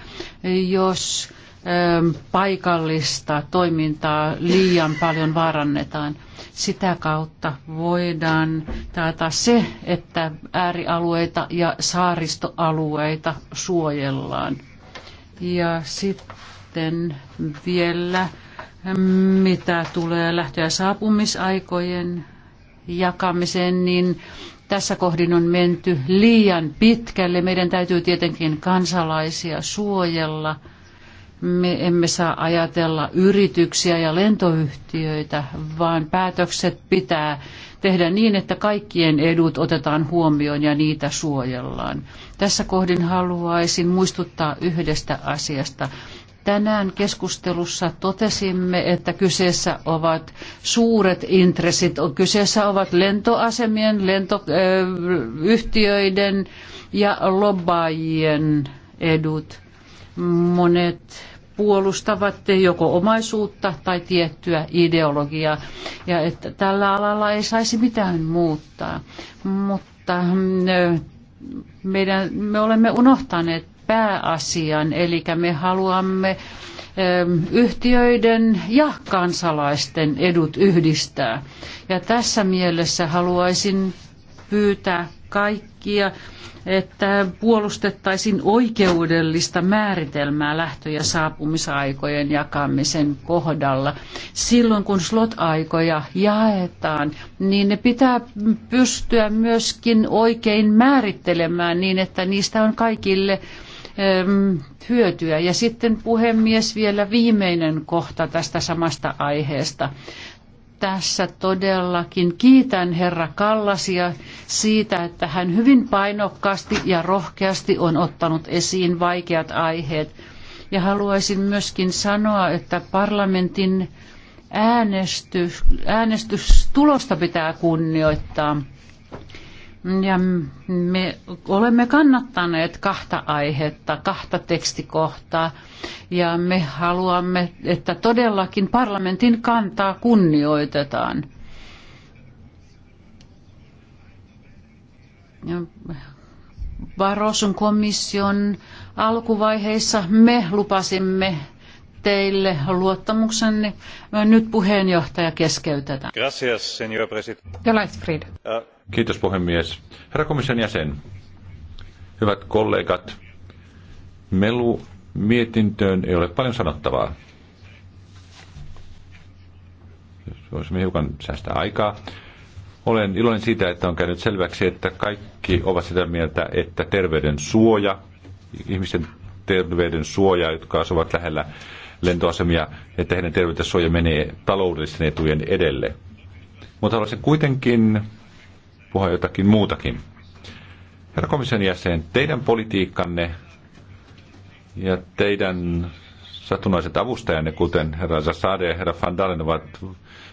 jos ähm, paikallista toimintaa liian paljon vaarannetaan. Sitä kautta voidaan taata se, että äärialueita ja saaristoalueita suojellaan. Ja sitten vielä, mitä tulee lähtö- ja saapumisaikojen jakamiseen, niin tässä kohdin on menty liian pitkälle. Meidän täytyy tietenkin kansalaisia suojella. Me emme saa ajatella yrityksiä ja lentoyhtiöitä, vaan päätökset pitää tehdä niin, että kaikkien edut otetaan huomioon ja niitä suojellaan. Tässä kohdin haluaisin muistuttaa yhdestä asiasta. Tänään keskustelussa totesimme, että kyseessä ovat suuret intressit. Kyseessä ovat lentoasemien, lentoyhtiöiden ja lobbaajien edut. Monet puolustavat joko omaisuutta tai tiettyä ideologiaa, ja että tällä alalla ei saisi mitään muuttaa. Mutta meidän, me olemme unohtaneet pääasian, eli me haluamme ähm, yhtiöiden ja kansalaisten edut yhdistää. Ja tässä mielessä haluaisin pyytää kaikkia, että puolustettaisiin oikeudellista määritelmää lähtö- ja saapumisaikojen jakamisen kohdalla. Silloin kun slot-aikoja jaetaan, niin ne pitää pystyä myöskin oikein määrittelemään niin, että niistä on kaikille hyötyä. Ja sitten puhemies vielä viimeinen kohta tästä samasta aiheesta tässä todellakin kiitän herra Kallasia siitä, että hän hyvin painokkaasti ja rohkeasti on ottanut esiin vaikeat aiheet. Ja haluaisin myöskin sanoa, että parlamentin äänestys, äänestystulosta pitää kunnioittaa. Ja me olemme kannattaneet kahta aihetta, kahta tekstikohtaa ja me haluamme, että todellakin parlamentin kantaa kunnioitetaan. Varosun komission alkuvaiheissa me lupasimme teille luottamuksenne. Nyt puheenjohtaja keskeytetään. Gracias, señor presidente. Kiitos puhemies. Herra komission jäsen, hyvät kollegat, melu mietintöön ei ole paljon sanottavaa. voisimme hiukan säästää aikaa. Olen iloinen siitä, että on käynyt selväksi, että kaikki ovat sitä mieltä, että terveyden suoja, ihmisten terveyden suoja, jotka asuvat lähellä lentoasemia, että heidän terveyden suoja menee taloudellisten etujen edelle. Mutta haluaisin kuitenkin puhua jotakin muutakin. Herra komission jäsen, teidän politiikkanne ja teidän satunnaiset avustajanne, kuten herra Zasade ja herra Van Dalen, ovat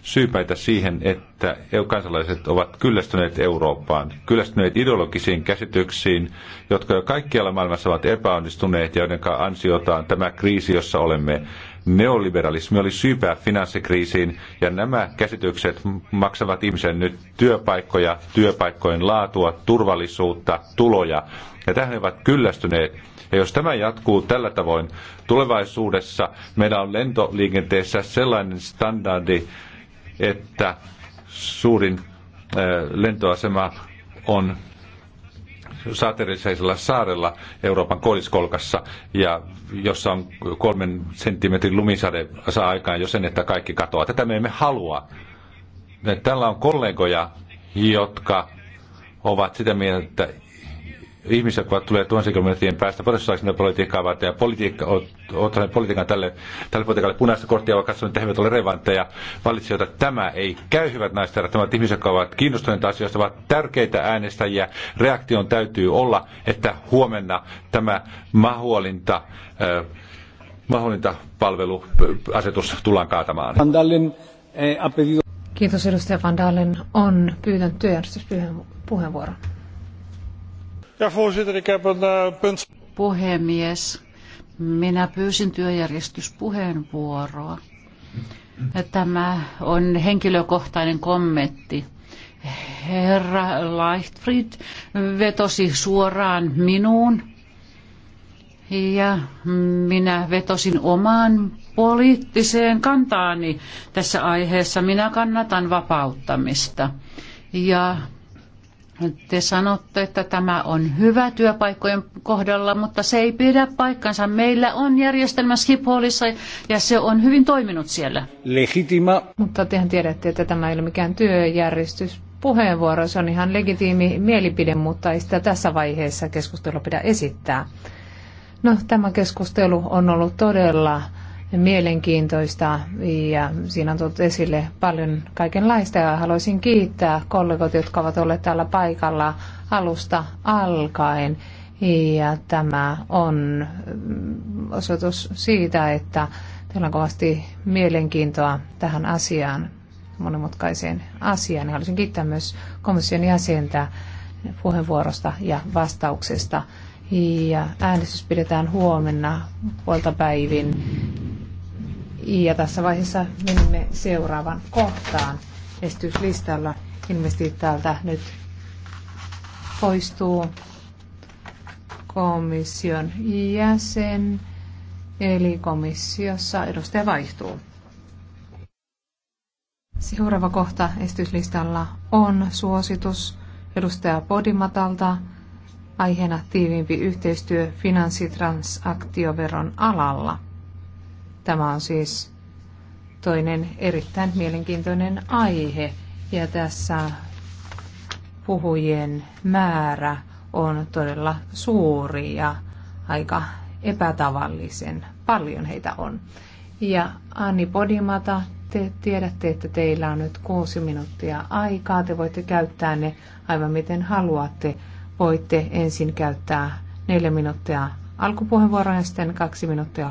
syypäitä siihen, että EU kansalaiset ovat kyllästyneet Eurooppaan, kyllästyneet ideologisiin käsityksiin, jotka jo kaikkialla maailmassa ovat epäonnistuneet ja joiden ansiotaan tämä kriisi, jossa olemme, neoliberalismi oli syypää finanssikriisiin ja nämä käsitykset maksavat ihmisille nyt työpaikkoja, työpaikkojen laatua, turvallisuutta, tuloja. Ja tähän he ovat kyllästyneet. Ja jos tämä jatkuu tällä tavoin, tulevaisuudessa meillä on lentoliikenteessä sellainen standardi, että suurin lentoasema on saaterisella saarella Euroopan koilliskolkassa, ja jossa on kolmen senttimetrin lumisade saa aikaan jo sen, että kaikki katoaa. Tätä me emme halua. Tällä on kollegoja, jotka ovat sitä mieltä, että ihmisiä, jotka tulee tuhansien kilometrien päästä protestoiksena politiikkaa varten, ja politiikka, ottaneet politiikan tälle, tälle politiikalle punaista korttia, vaan katsoa, että he eivät ole revantteja valitsijoita. Tämä ei käy, hyvät naiset ja Tämä ihmiset, jotka ovat kiinnostuneita asioista, ovat tärkeitä äänestäjiä. Reaktion täytyy olla, että huomenna tämä mahuolinta, äh, mahuolinta palveluasetus äh, tullaan kaatamaan. Eh, Kiitos edustaja Van Dalen on pyytänyt työjärjestyspuheenvuoron. Eh, Puhemies, minä pyysin työjärjestyspuheenvuoroa. Tämä on henkilökohtainen kommentti. Herra Leichtfried vetosi suoraan minuun ja minä vetosin omaan poliittiseen kantaani tässä aiheessa. Minä kannatan vapauttamista. Ja te sanotte, että tämä on hyvä työpaikkojen kohdalla, mutta se ei pidä paikkansa. Meillä on järjestelmä Schipholissa ja se on hyvin toiminut siellä. Legitima. Mutta tehän tiedätte, että tämä ei ole mikään työjärjestys puheenvuoro. Se on ihan legitiimi mielipide, mutta ei sitä tässä vaiheessa keskustelua pidä esittää. No, tämä keskustelu on ollut todella mielenkiintoista ja siinä on tullut esille paljon kaikenlaista ja haluaisin kiittää kollegot, jotka ovat olleet täällä paikalla alusta alkaen. Ja tämä on mm, osoitus siitä, että teillä on kovasti mielenkiintoa tähän asiaan, monimutkaiseen asiaan. Ja haluaisin kiittää myös komission jäsentä puheenvuorosta ja vastauksesta. Ja äänestys pidetään huomenna puolta päivin ja tässä vaiheessa menemme seuraavan kohtaan esityslistalla. Ilmeisesti täältä nyt poistuu komission jäsen, eli komissiossa edustaja vaihtuu. Seuraava kohta esityslistalla on suositus edustaja Podimatalta aiheena tiiviimpi yhteistyö finanssitransaktioveron alalla. Tämä on siis toinen erittäin mielenkiintoinen aihe ja tässä puhujien määrä on todella suuri ja aika epätavallisen paljon heitä on. Ja Anni Podimata, te tiedätte, että teillä on nyt kuusi minuuttia aikaa. Te voitte käyttää ne aivan miten haluatte. Voitte ensin käyttää neljä minuuttia alkupuheenvuoroa ja sitten kaksi minuuttia